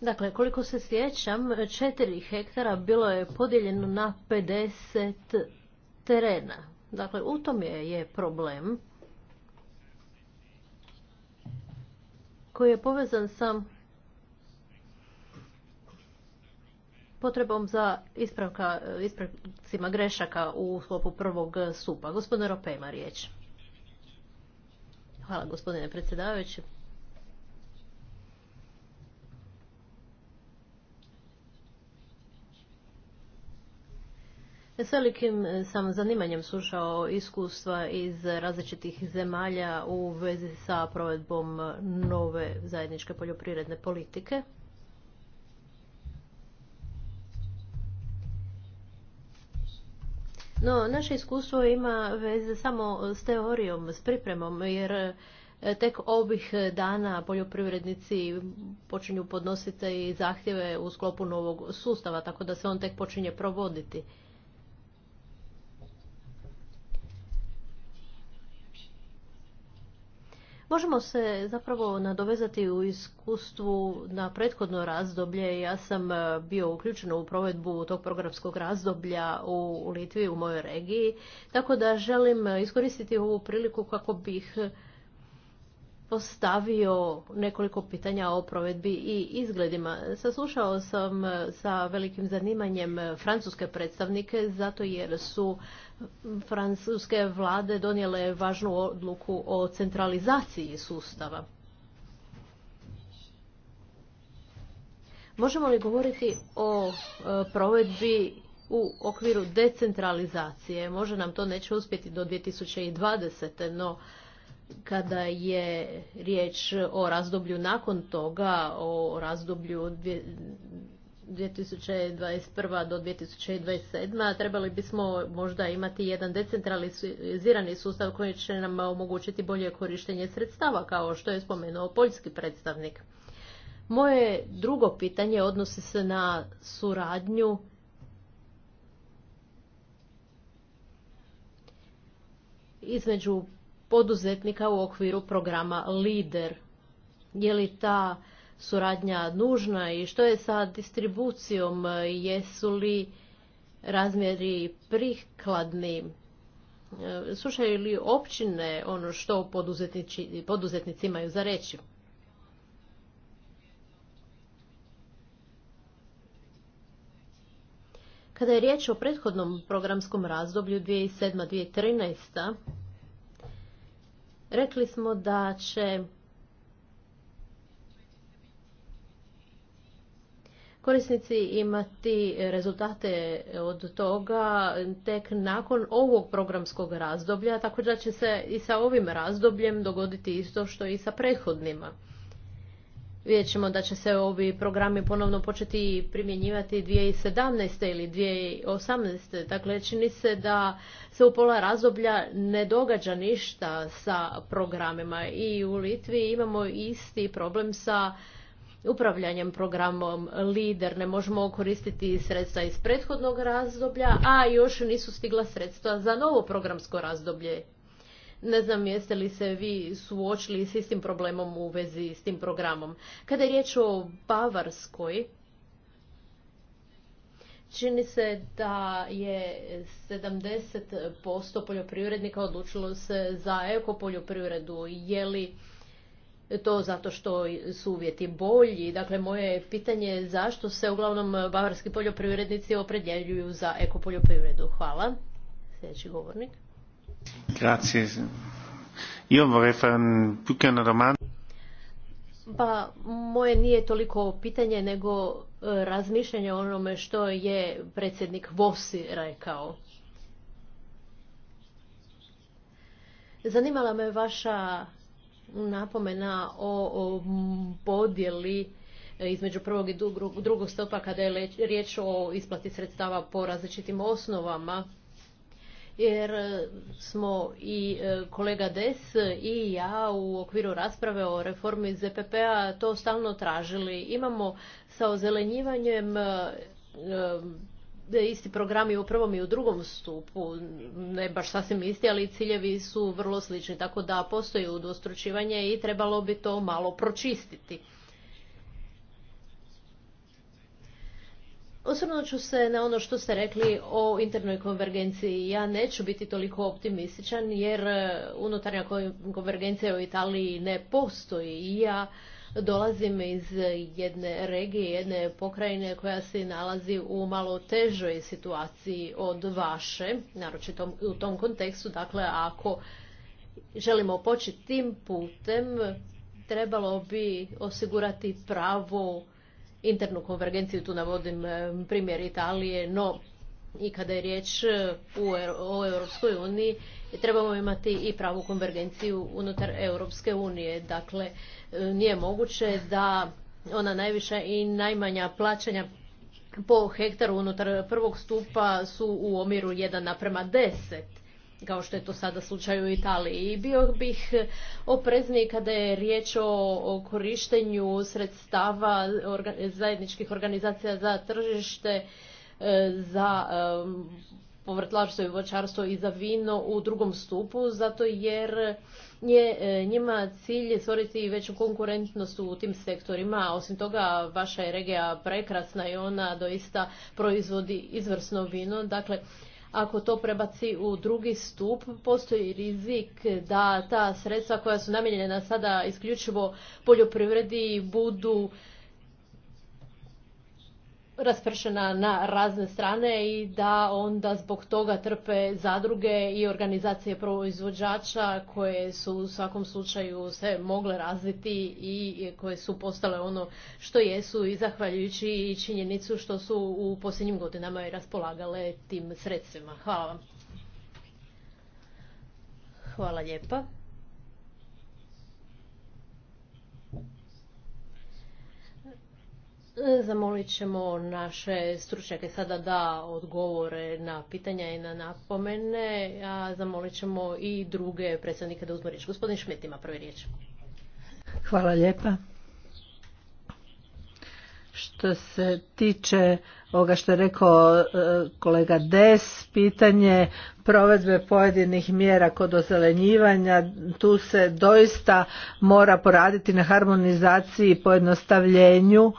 Speaker 3: Dakle, koliko se sjećam, četiri hektara bilo je podijeljeno na 50 terena. Dakle, u tom je, je problem koji je povezan sa potrebom za ispravka, ispravcima grešaka u sklopu prvog supa. Gospodine Rope riječ. Hvala gospodine predsjedavajući. S velikim e, sam zanimanjem slušao iskustva iz različitih zemalja u vezi sa provedbom nove zajedničke poljoprivredne politike. No, naše iskustvo ima veze samo s teorijom, s pripremom, jer e, tek ovih dana poljoprivrednici počinju podnositi zahtjeve u sklopu novog sustava, tako da se on tek počinje provoditi. Možemo se zapravo nadovezati u iskustvu na prethodno razdoblje. Ja sam e, bio uključena u provedbu tog programskog razdoblja u Litvi, u mojoj regiji, tako da želim e, iskoristiti ovu priliku kako bih postavio nekoliko pitanja o provedbi i izgledima. Saslušao sam e, sa velikim zanimanjem e, francuske predstavnike zato jer su francuske vlade donijele važnu odluku o centralizaciji sustava. Možemo li govoriti o e, provedbi u okviru decentralizacije? Može nam to neće uspjeti do 2020. no kada je riječ o razdoblju nakon toga, o razdoblju 2021. do 2027. trebali bismo možda imati jedan decentralizirani sustav koji će nam omogućiti bolje korištenje sredstava, kao što je spomenuo poljski predstavnik. Moje drugo pitanje odnosi se na suradnju između poduzetnika u okviru programa LIDER. Je li ta suradnja nužna i što je sa distribucijom? Jesu li razmjeri prikladni? E, slušaju li općine ono što poduzetnici imaju za reći? Kada je riječ o prethodnom programskom razdoblju 2007-2013, Rekli smo da će korisnici imati rezultate od toga tek nakon ovog programskog razdoblja, tako da će se i sa ovim razdobljem dogoditi isto što i sa prethodnima. Vidjet ćemo da će se ovi programi ponovno početi primjenjivati 2017. ili 2018. Dakle, čini se da se u pola razdoblja ne događa ništa sa programima i u Litvi imamo isti problem sa upravljanjem programom LIDER. Ne možemo koristiti sredstva iz prethodnog razdoblja, a još nisu stigla sredstva za novo programsko razdoblje. Ne znam jeste li se vi suočili s istim problemom u vezi s tim programom. Kada je riječ o Bavarskoj, čini se da je 70% poljoprivrednika odlučilo se za ekopoljoprivredu. Je li to zato što su uvjeti bolji? Dakle, moje pitanje je zašto se uglavnom bavarski poljoprivrednici opredjeljuju za ekopoljoprivredu. Hvala. Sljedeći govornik. Pa, moje nije toliko pitanje, nego e, razmišljanje o onome što je predsjednik Vosi rekao. Zanimala me vaša napomena o, o podjeli e, između prvog i drugog stopa kada je riječ o isplati sredstava po različitim osnovama jer e, smo i e, kolega Des i ja u okviru rasprave o reformi ZPP-a to stalno tražili. Imamo sa ozelenjivanjem e, isti programi u prvom i u drugom stupu, ne baš sasvim isti, ali ciljevi su vrlo slični, tako da postoji udostručivanje i trebalo bi to malo pročistiti. Osvrnut ću se na ono što ste rekli o internoj konvergenciji. Ja neću biti toliko optimističan jer e, unutarnja konvergencija u Italiji ne postoji. Ja dolazim iz jedne regije, jedne pokrajine koja se nalazi u malo težoj situaciji od vaše, naročito u tom kontekstu. Dakle, ako želimo početi tim putem, trebalo bi osigurati pravo internu konvergenciju, tu navodim e, primjer Italije, no i kada je riječ e, o Europskoj uniji trebamo imati i pravu konvergenciju unutar Europske unije. Dakle, e, nije moguće da ona najviša i najmanja plaćanja po hektaru unutar prvog stupa su u omjeru 1 naprema 10 kao što je to sada slučaj u Italiji. I bio bih oprezni kada je riječ o korištenju sredstava zajedničkih organizacija za tržište, e, za e, povrtlarstvo i voćarstvo i za vino u drugom stupu, zato jer je e, njima cilj stvoriti veću konkurentnost u tim sektorima. Osim toga, vaša je regija prekrasna i ona doista proizvodi izvrsno vino. Dakle, ako to prebaci u drugi stup, postoji rizik da ta sredstva koja su namijenjena sada isključivo poljoprivredi budu raspršena na razne strane i da onda zbog toga trpe zadruge i organizacije proizvođača koje su u svakom slučaju se mogle razviti i koje su postale ono što jesu i zahvaljujući i činjenicu što su u posljednjim godinama i raspolagale tim sredstvima. Hvala vam. Hvala lijepa. E, zamolit ćemo naše stručnjake sada da odgovore na pitanja i na napomene, a zamolit ćemo i druge predstavnike da uzme riječ. Gospodin Šmit ima prvi riječ.
Speaker 2: Hvala lijepa. Što se tiče ovoga što je rekao e, kolega Des, pitanje provedbe pojedinih mjera kod ozelenjivanja, tu se doista mora poraditi na harmonizaciji i pojednostavljenju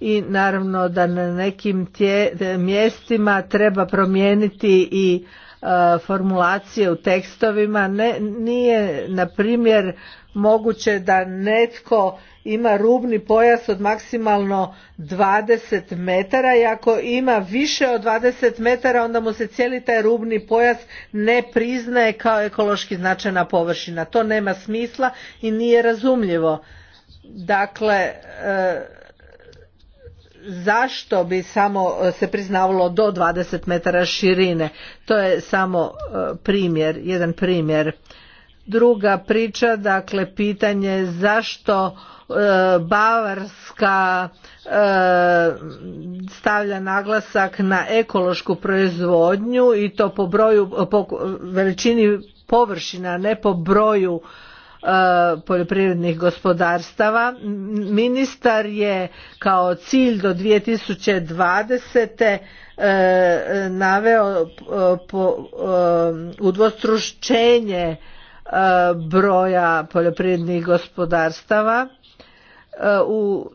Speaker 2: i naravno da na nekim tje, mjestima treba promijeniti i e, formulacije u tekstovima ne, nije na primjer moguće da netko ima rubni pojas od maksimalno 20 metara i ako ima više od 20 metara onda mu se cijeli taj rubni pojas ne priznaje kao ekološki značajna površina to nema smisla i nije razumljivo dakle e, zašto bi samo e, se priznavalo do 20 metara širine. To je samo e, primjer, jedan primjer. Druga priča, dakle pitanje zašto e, Bavarska stavlja naglasak na ekološku proizvodnju i to po broju po veličini površina, ne po broju Eh, poljoprivrednih gospodarstava. Ministar je kao cilj do 2020. Eh, naveo eh, udvostručenje broja poljoprivrednih gospodarstava u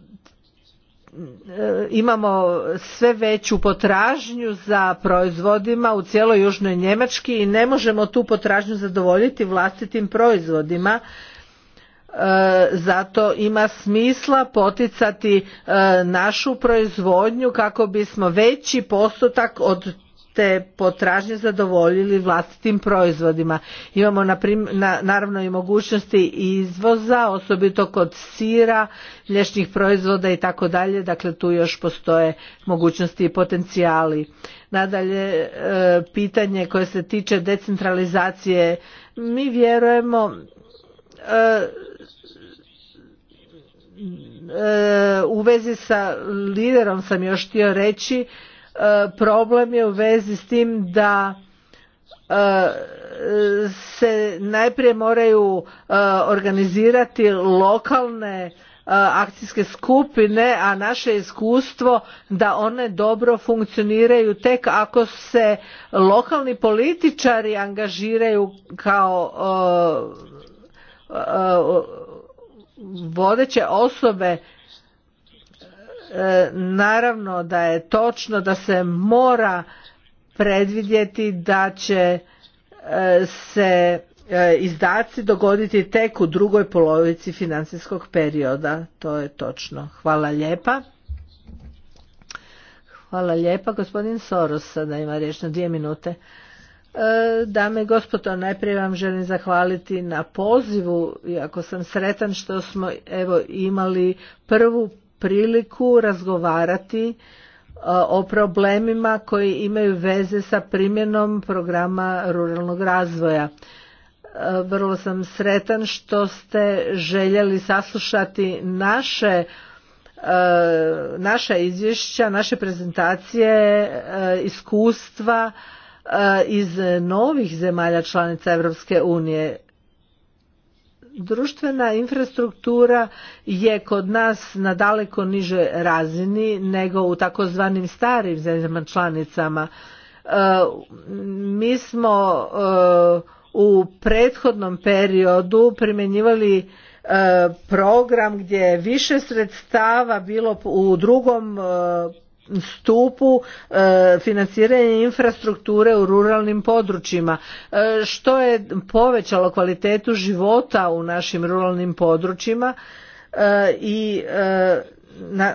Speaker 2: E, imamo sve veću potražnju za proizvodima u cijeloj južnoj Njemački i ne možemo tu potražnju zadovoljiti vlastitim proizvodima e, zato ima smisla poticati e, našu proizvodnju kako bismo veći postotak od te potražnje zadovoljili vlastitim proizvodima. Imamo na naravno i mogućnosti izvoza, osobito kod sira, mliječnih proizvoda i tako dalje, dakle tu još postoje mogućnosti i potencijali. Nadalje, e, pitanje koje se tiče decentralizacije, mi vjerujemo e, e, u vezi sa liderom sam još htio reći problem je u vezi s tim da e, se najprije moraju e, organizirati lokalne e, akcijske skupine a naše iskustvo da one dobro funkcioniraju tek ako se lokalni političari angažiraju kao vodeće osobe naravno da je točno da se mora predvidjeti da će e, se e, izdaci dogoditi tek u drugoj polovici financijskog perioda. To je točno. Hvala lijepa. Hvala lijepa. Gospodin Soros sada ima riječ na dvije minute. E, dame i gospodo, najprije vam želim zahvaliti na pozivu, iako sam sretan što smo evo imali prvu priliku razgovarati e, o problemima koji imaju veze sa primjenom programa ruralnog razvoja. E, vrlo sam sretan što ste željeli saslušati naše e, naša izvješća, naše prezentacije, iskustva iz novih zemalja članica Europske unije društvena infrastruktura je kod nas na daleko nižoj razini nego u takozvanim starim zemljama članicama. E, mi smo e, u prethodnom periodu primjenjivali e, program gdje je više sredstava bilo u drugom stupu e, financiranje infrastrukture u ruralnim područjima e, što je povećalo kvalitetu života u našim ruralnim područjima e, i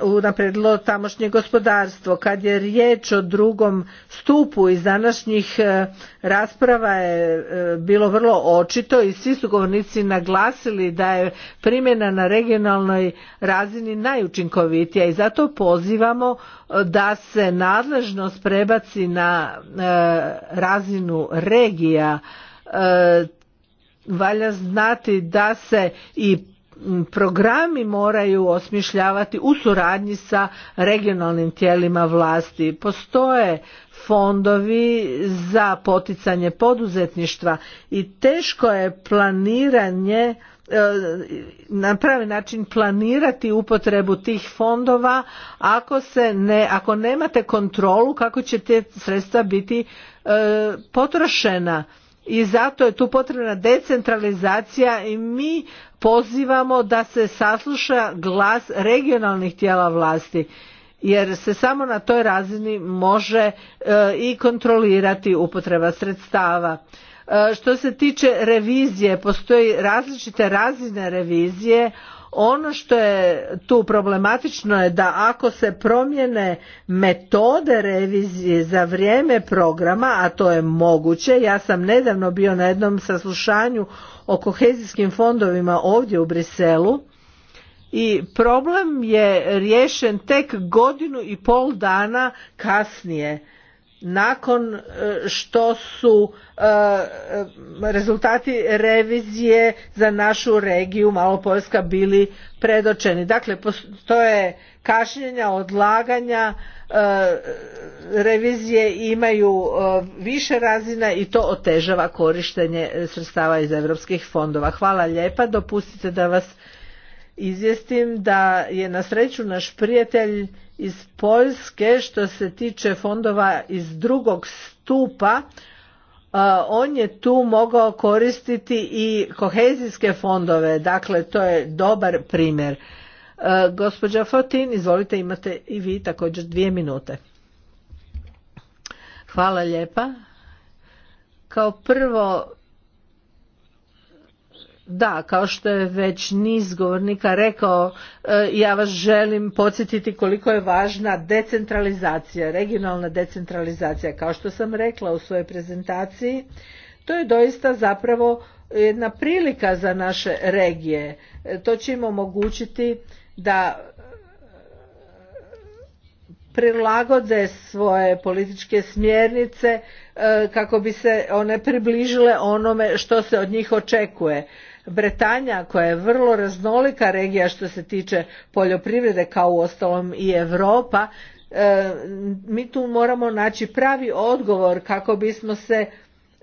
Speaker 2: unaprijedilo tamošnje gospodarstvo. Kad je riječ o drugom stupu iz današnjih e, rasprava je e, bilo vrlo očito i svi su govornici naglasili da je primjena na regionalnoj razini najučinkovitija i zato pozivamo e, da se nadležnost prebaci na razinu regija valja znati da se i programi moraju osmišljavati u suradnji sa regionalnim tijelima vlasti. Postoje fondovi za poticanje poduzetništva i teško je planiranje e, na pravi način planirati upotrebu tih fondova ako se ne ako nemate kontrolu kako će te sredstva biti e, potrošena i zato je tu potrebna decentralizacija i mi pozivamo da se sasluša glas regionalnih tijela vlasti jer se samo na toj razini može e, i kontrolirati upotreba sredstava e, što se tiče revizije postoji različite razine revizije ono što je tu problematično je da ako se promijene metode revizije za vrijeme programa, a to je moguće, ja sam nedavno bio na jednom saslušanju o kohezijskim fondovima ovdje u Briselu, i problem je riješen tek godinu i pol dana kasnije nakon e, što su e, e, rezultati revizije za našu regiju Malopolska bili predočeni. Dakle, postoje kašnjenja, odlaganja, revizije imaju više razina i to otežava korištenje sredstava iz europskih fondova. Hvala lijepa, dopustite da vas izvjestim da je na sreću naš prijatelj iz Poljske što se tiče fondova iz drugog stupa e, on je tu mogao koristiti i kohezijske fondove, dakle to je dobar primjer. E, gospođa Fotin, izvolite, imate i vi također dvije minute. Hvala lijepa. Kao prvo da, kao što je već niz govornika rekao, e, ja vas želim podsjetiti koliko je važna decentralizacija, regionalna decentralizacija. Kao što sam rekla u svojoj prezentaciji, to je doista zapravo jedna prilika za naše regije. E, to će im omogućiti da e, prilagode svoje političke smjernice kako bi se one približile onome što se od njih očekuje Bretanja koja je vrlo raznolika regija što se tiče poljoprivrede kao uostalom i Europa e, mi tu moramo naći pravi odgovor kako bismo se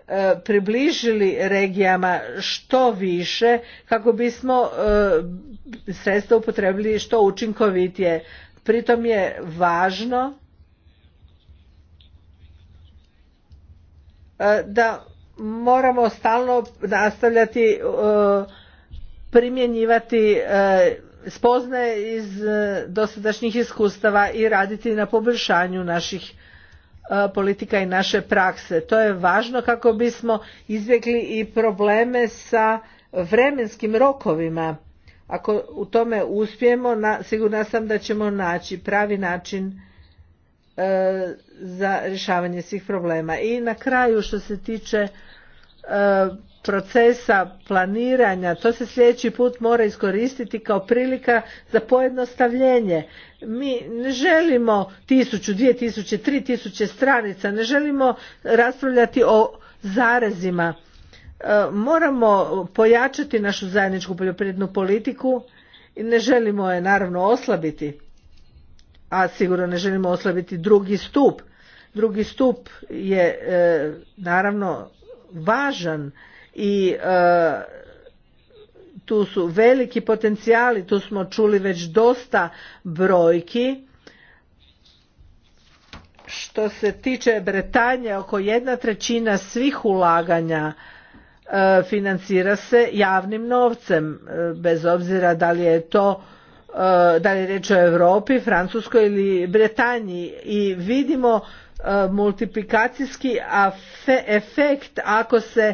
Speaker 2: e, približili regijama što više kako bismo e, sredstva upotrebili što učinkovitije pritom je važno da moramo stalno nastavljati e, primjenjivati e, spoznaje iz e, dosadašnjih iskustava i raditi na poboljšanju naših politika i naše prakse. To je važno kako bismo izbjegli i probleme sa vremenskim rokovima. Ako u tome uspijemo, sigurna sam da ćemo naći pravi način za rješavanje svih problema. I na kraju što se tiče procesa planiranja, to se sljedeći put mora iskoristiti kao prilika za pojednostavljenje. Mi ne želimo tisuću, dvije tisuće, tri tisuće stranica, ne želimo raspravljati o zarezima. E, moramo pojačati našu zajedničku poljoprivrednu politiku i ne želimo je naravno oslabiti, a sigurno ne želimo oslabiti drugi stup. Drugi stup je e, naravno važan i e, tu su veliki potencijali, tu smo čuli već dosta brojki. Što se tiče Bretanje, oko jedna trećina svih ulaganja e, financira se javnim novcem, e, bez obzira da li je to da li je riječ o Europi, Francuskoj ili Bretanji i vidimo E, multiplikacijski efekt ako se e,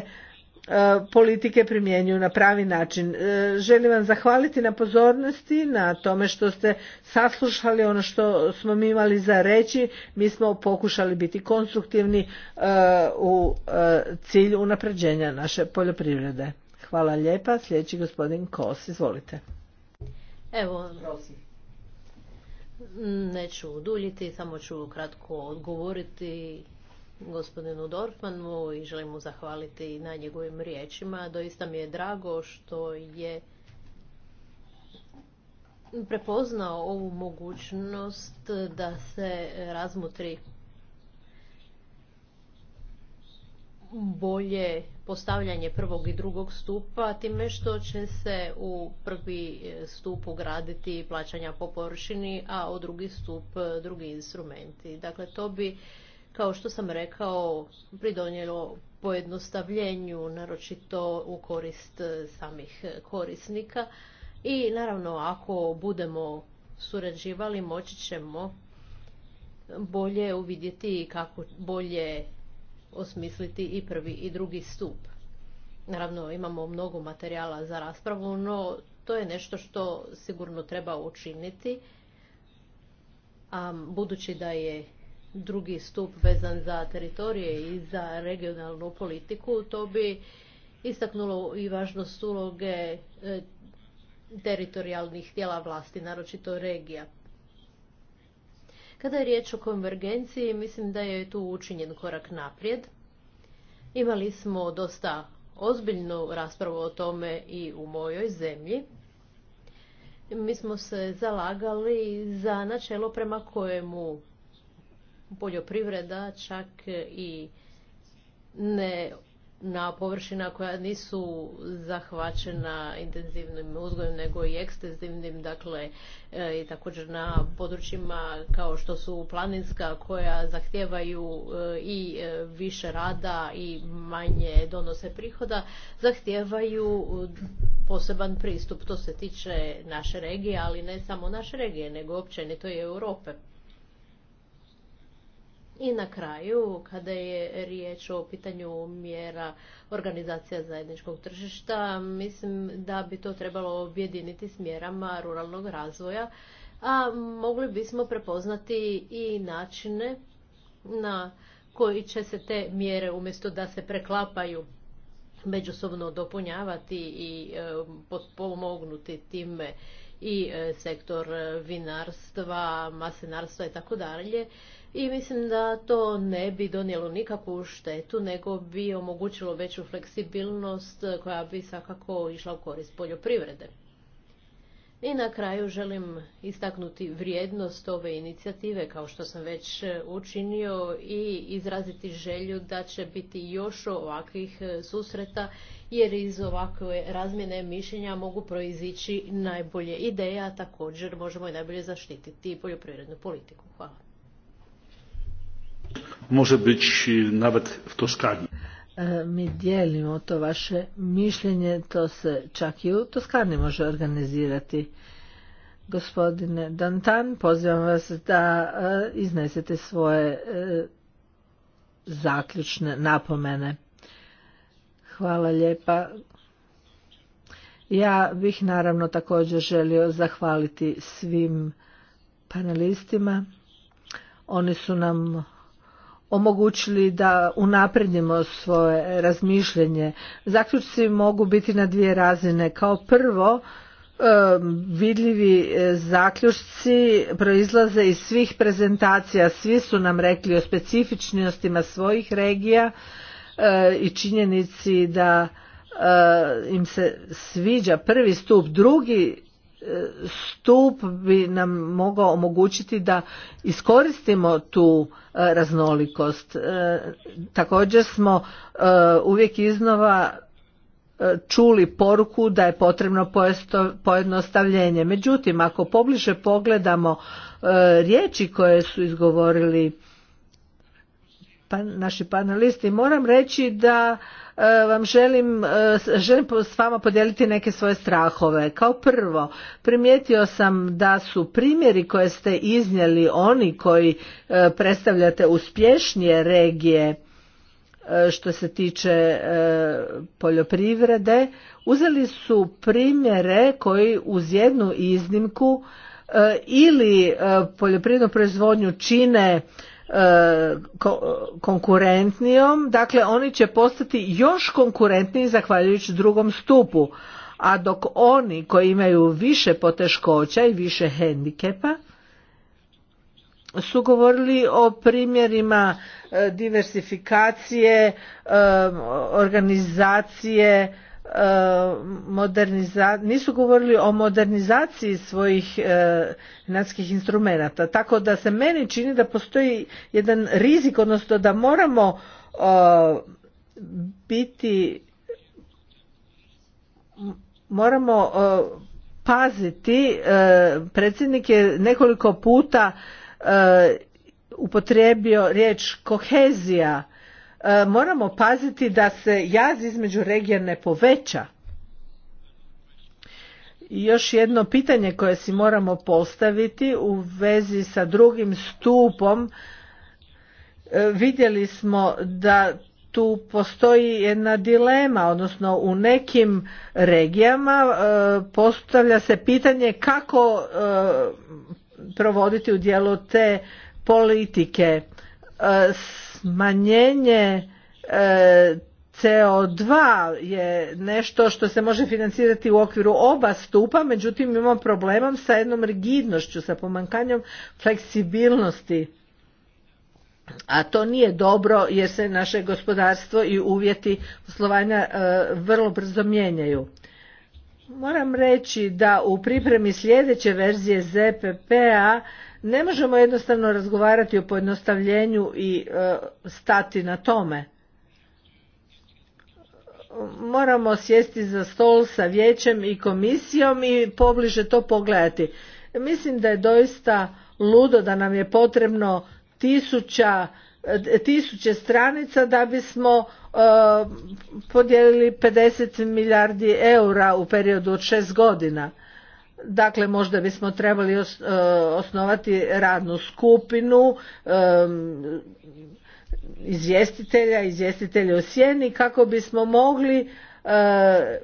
Speaker 2: politike primjenjuju na pravi način. E, želim vam zahvaliti na pozornosti, na tome što ste saslušali ono što smo mi imali za reći. Mi smo pokušali biti konstruktivni u cilju unapređenja naše poljoprivrede. Hvala lijepa. Sljedeći gospodin Kos, izvolite.
Speaker 3: Evo, Neću duljiti, samo ću kratko odgovoriti gospodinu Dorfmanu i želim mu zahvaliti na njegovim riječima. Doista mi je drago što je prepoznao ovu mogućnost da se razmotri bolje postavljanje prvog i drugog stupa, time što će se u prvi e, stup ugraditi plaćanja po površini, a u drugi stup e, drugi instrumenti. Dakle, to bi, kao što sam rekao, pridonijelo pojednostavljenju, naročito u korist e, samih korisnika. I naravno, ako budemo surađivali, moći ćemo bolje uvidjeti kako bolje osmisliti i prvi i drugi stup. Naravno, imamo mnogo materijala za raspravu, no to je nešto što sigurno treba učiniti. A budući da je drugi stup vezan za teritorije i za regionalnu politiku, to bi istaknulo i važnost uloge e, teritorijalnih tijela vlasti, naročito regija. Kada je riječ o konvergenciji, mislim da je tu učinjen korak naprijed. Imali smo dosta ozbiljnu raspravu o tome i u mojoj zemlji. Mi smo se zalagali za načelo prema kojemu poljoprivreda čak i ne na površina koja nisu zahvaćena intenzivnim uzgojem nego i ekstenzivnim, dakle e, i također na područjima kao što su planinska koja zahtijevaju e, i e, više rada i manje donose prihoda, zahtijevaju poseban pristup. To se tiče naše regije, ali ne samo naše regije, nego općenito i Europe. I na kraju, kada je riječ o pitanju mjera organizacija zajedničkog tržišta, mislim da bi to trebalo objediniti s mjerama ruralnog razvoja, a mogli bismo prepoznati i načine na koji će se te mjere umjesto da se preklapaju međusobno dopunjavati i e, pomognuti time i e, sektor vinarstva, masenarstva i tako dalje i mislim da to ne bi donijelo nikakvu štetu, nego bi omogućilo veću fleksibilnost koja bi svakako išla u korist poljoprivrede. I na kraju želim istaknuti vrijednost ove inicijative, kao što sam već učinio, i izraziti želju da će biti još ovakvih susreta, jer iz ovakve razmjene mišljenja mogu proizići najbolje ideje, a također možemo i najbolje zaštititi poljoprivrednu politiku. Hvala.
Speaker 1: Može biti e, nawet v Toskani.
Speaker 2: E, Mi dijelimo to vaše mišljenje, to se čak i u Toskani može organizirati. Gospodine Dantan, pozivam vas da e, iznesete svoje zaključne napomene. Hvala lijepa. Ja bih naravno također želio zahvaliti svim panelistima. Oni su nam omogućili da unaprednimo svoje razmišljanje. Zaključci mogu biti na dvije razine. Kao prvo, e, vidljivi e, zaključci proizlaze iz svih prezentacija. Svi su nam rekli o specifičnostima svojih regija e, i činjenici da im se sviđa prvi stup, drugi stup bi nam mogao omogućiti da iskoristimo tu e, raznolikost. E, također smo e, uvijek iznova čuli poruku da je potrebno pojednostavljenje. Međutim, ako pobliže pogledamo riječi koje su izgovorili pa naši panelisti, moram reći da Eh, vam želim, eh, želim s vama podijeliti neke svoje strahove. Kao prvo, primijetio sam da su primjeri koje ste iznijeli oni koji eh, predstavljate uspješnije regije što se tiče poljoprivrede, uzeli su primjere koji uz jednu iznimku ili poljoprivrednu proizvodnju čine E, konkurentnijom, dakle oni će postati još konkurentniji zahvaljujući drugom stupu, a dok oni koji imaju više poteškoća i više hendikepa su govorili o primjerima e, diversifikacije, e, organizacije, E, moderniza, nisu govorili o modernizaciji svojih financijskih e, instrumenata tako da se meni čini da postoji jedan rizik odnosno da moramo e, biti moramo paziti predsjednik je nekoliko puta upotrijebio riječ kohezija E, moramo paziti da se jaz između regija ne poveća. Još jedno pitanje koje si moramo postaviti u vezi sa drugim stupom e, vidjeli smo da tu postoji jedna dilema, odnosno u nekim regijama e, postavlja se pitanje kako provoditi u dijelu te politike smanjenje e, CO2 je nešto što se može financirati u okviru oba stupa, međutim imamo problemom sa jednom rigidnošću, sa pomankanjem fleksibilnosti. A to nije dobro jer se naše gospodarstvo i uvjeti poslovanja e, vrlo brzo mijenjaju. Moram reći da u pripremi sljedeće verzije ZPP-a ne možemo jednostavno razgovarati o pojednostavljenju i e, stati na tome. Moramo sjesti za stol sa vijećem i komisijom i pobliže to pogledati. Mislim da je doista ludo da nam je potrebno tisuća e, tisuće stranica da bismo e, podijelili 50 milijardi eura u periodu od šest godina. Dakle, možda bismo trebali e, osnovati radnu skupinu e, izvjestitelja, izvjestitelja u sjeni kako bismo mogli e,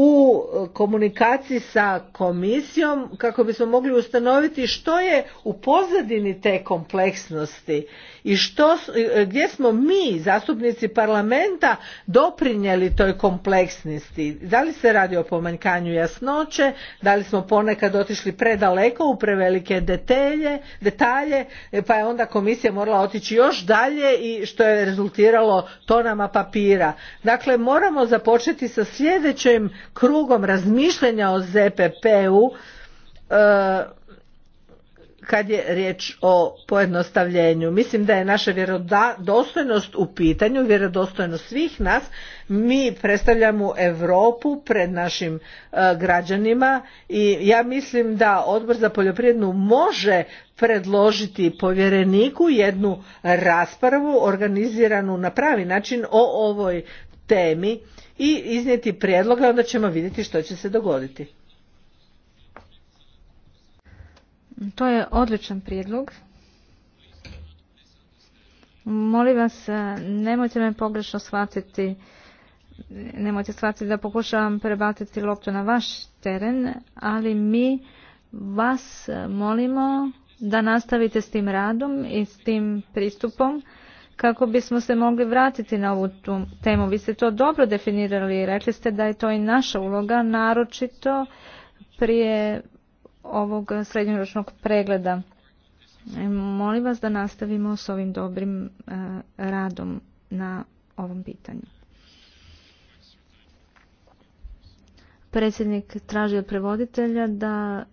Speaker 2: u komunikaciji sa komisijom kako bismo mogli ustanoviti što je u pozadini te kompleksnosti i što, e, gdje smo mi zastupnici parlamenta doprinijeli toj kompleksnosti da li se radi o pomanjkanju jasnoće da li smo ponekad otišli predaleko u prevelike detalje, detalje pa je onda komisija morala otići još dalje i što je rezultiralo tonama papira dakle moramo započeti sa sljedećim krugom razmišljanja o ZPP-u e, kad je riječ o pojednostavljenju. Mislim da je naša vjerodostojnost u pitanju, vjerodostojnost svih nas. Mi predstavljamo Europu pred našim e, građanima i ja mislim da Odbor za poljoprivredu može predložiti povjereniku jednu raspravu organiziranu na pravi način o ovoj temi i iznijeti prijedloge, onda ćemo vidjeti što će se dogoditi.
Speaker 5: To je odličan prijedlog. Molim vas, nemojte me pogrešno shvatiti, nemojte shvatiti da pokušavam prebaciti loptu na vaš teren, ali mi vas molimo da nastavite s tim radom i s tim pristupom kako bismo se mogli vratiti na ovu tu temu. Vi ste to dobro definirali i rekli ste da je to i naša uloga, naročito prije ovog srednjoročnog pregleda. E, molim vas da nastavimo s ovim dobrim e, radom na ovom pitanju. Predsjednik tražio prevoditelja da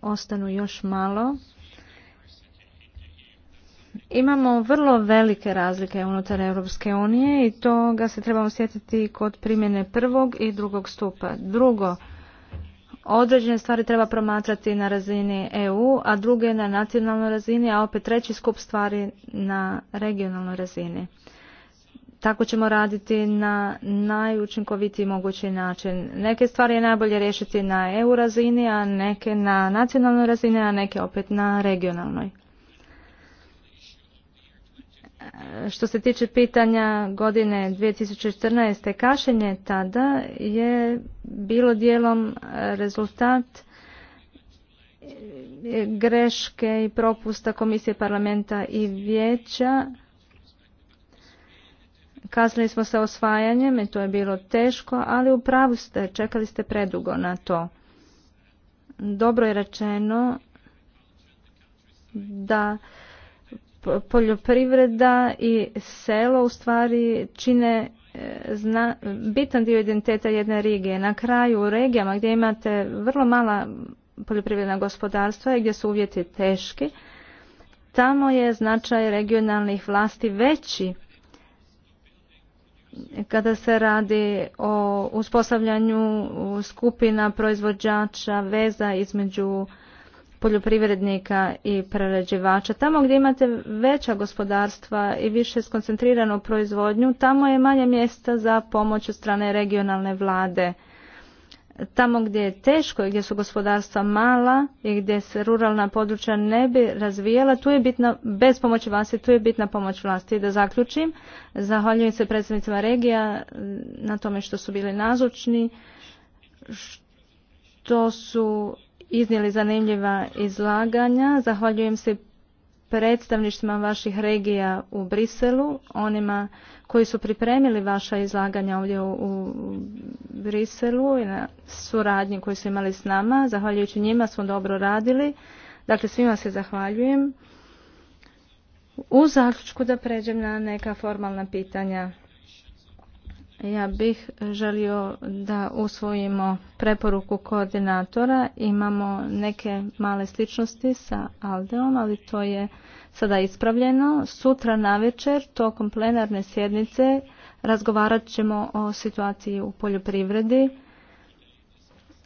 Speaker 5: ostanu još malo. Imamo vrlo velike razlike unutar Europske unije i ga se trebamo sjetiti kod primjene prvog i drugog stupa. Drugo, određene stvari treba promatrati na razini EU, a druge na nacionalnoj razini, a opet treći skup stvari na regionalnoj razini. Tako ćemo raditi na najučinkovitiji mogući način. Neke stvari je najbolje riješiti na EU razini, a neke na nacionalnoj razini, a neke opet na regionalnoj što se tiče pitanja godine 2014. kašenje tada je bilo dijelom e, rezultat e, greške i propusta Komisije parlamenta i vijeća. Kasnili smo sa osvajanjem i to je bilo teško, ali u pravu ste, čekali ste predugo na to. Dobro je rečeno da poljoprivreda i selo u stvari čine e, bitan dio identiteta jedne regije. Na kraju u regijama gdje imate vrlo mala poljoprivredna gospodarstva i gdje su uvjeti teški, tamo je značaj regionalnih vlasti veći kada se radi o uspostavljanju skupina proizvođača, veza između poljoprivrednika i prerađivača. Tamo gdje imate veća gospodarstva i više skoncentriranu proizvodnju, tamo je manje mjesta za pomoć od strane regionalne vlade. Tamo gdje je teško i gdje su gospodarstva mala i gdje se ruralna područja ne bi razvijala, tu je bitna, bez pomoći vlasti, tu je bitna pomoć vlasti. I da zaključim, zahvaljujem se predsjednicima regija na tome što su bili nazočni, što su iznijeli zanimljiva izlaganja. Zahvaljujem se predstavnicima vaših regija u Briselu, onima koji su pripremili vaša izlaganja ovdje u, Briselu i na suradnji koju su imali s nama. Zahvaljujući njima smo dobro radili. Dakle, svima se zahvaljujem. U zaključku da pređem na neka formalna pitanja. Ja bih želio da usvojimo preporuku koordinatora. Imamo neke male sličnosti sa Aldeom, ali to je sada ispravljeno. Sutra na večer, tokom plenarne sjednice, razgovarat ćemo o situaciji u poljoprivredi,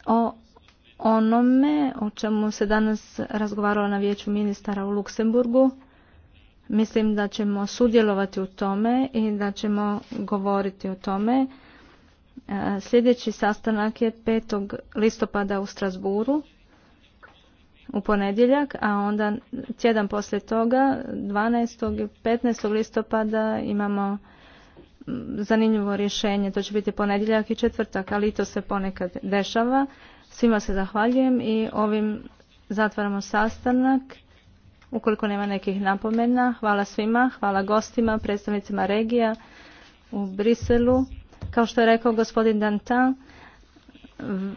Speaker 5: o onome o čemu se danas razgovaralo na vijeću ministara u Luksemburgu. Mislim da ćemo sudjelovati u tome i da ćemo govoriti o tome. E, sljedeći sastanak je 5. listopada u Strasburu u ponedjeljak, a onda tjedan poslije toga, 12. i 15. listopada imamo zanimljivo rješenje. To će biti ponedjeljak i četvrtak, ali i to se ponekad dešava. Svima se zahvaljujem i ovim zatvaramo sastanak. Ukoliko nema nekih napomena, hvala svima, hvala gostima, predstavnicima regija u Briselu. Kao što je rekao gospodin Dantan,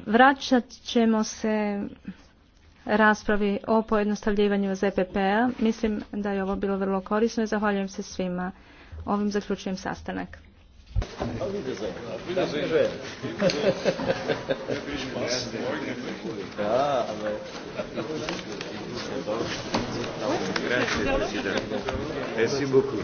Speaker 5: vraćat ćemo se raspravi o pojednostavljivanju ZPP-a. Mislim da je ovo bilo vrlo korisno i zahvaljujem se svima. Ovim zaključujem sastanak.
Speaker 1: Merci beaucoup.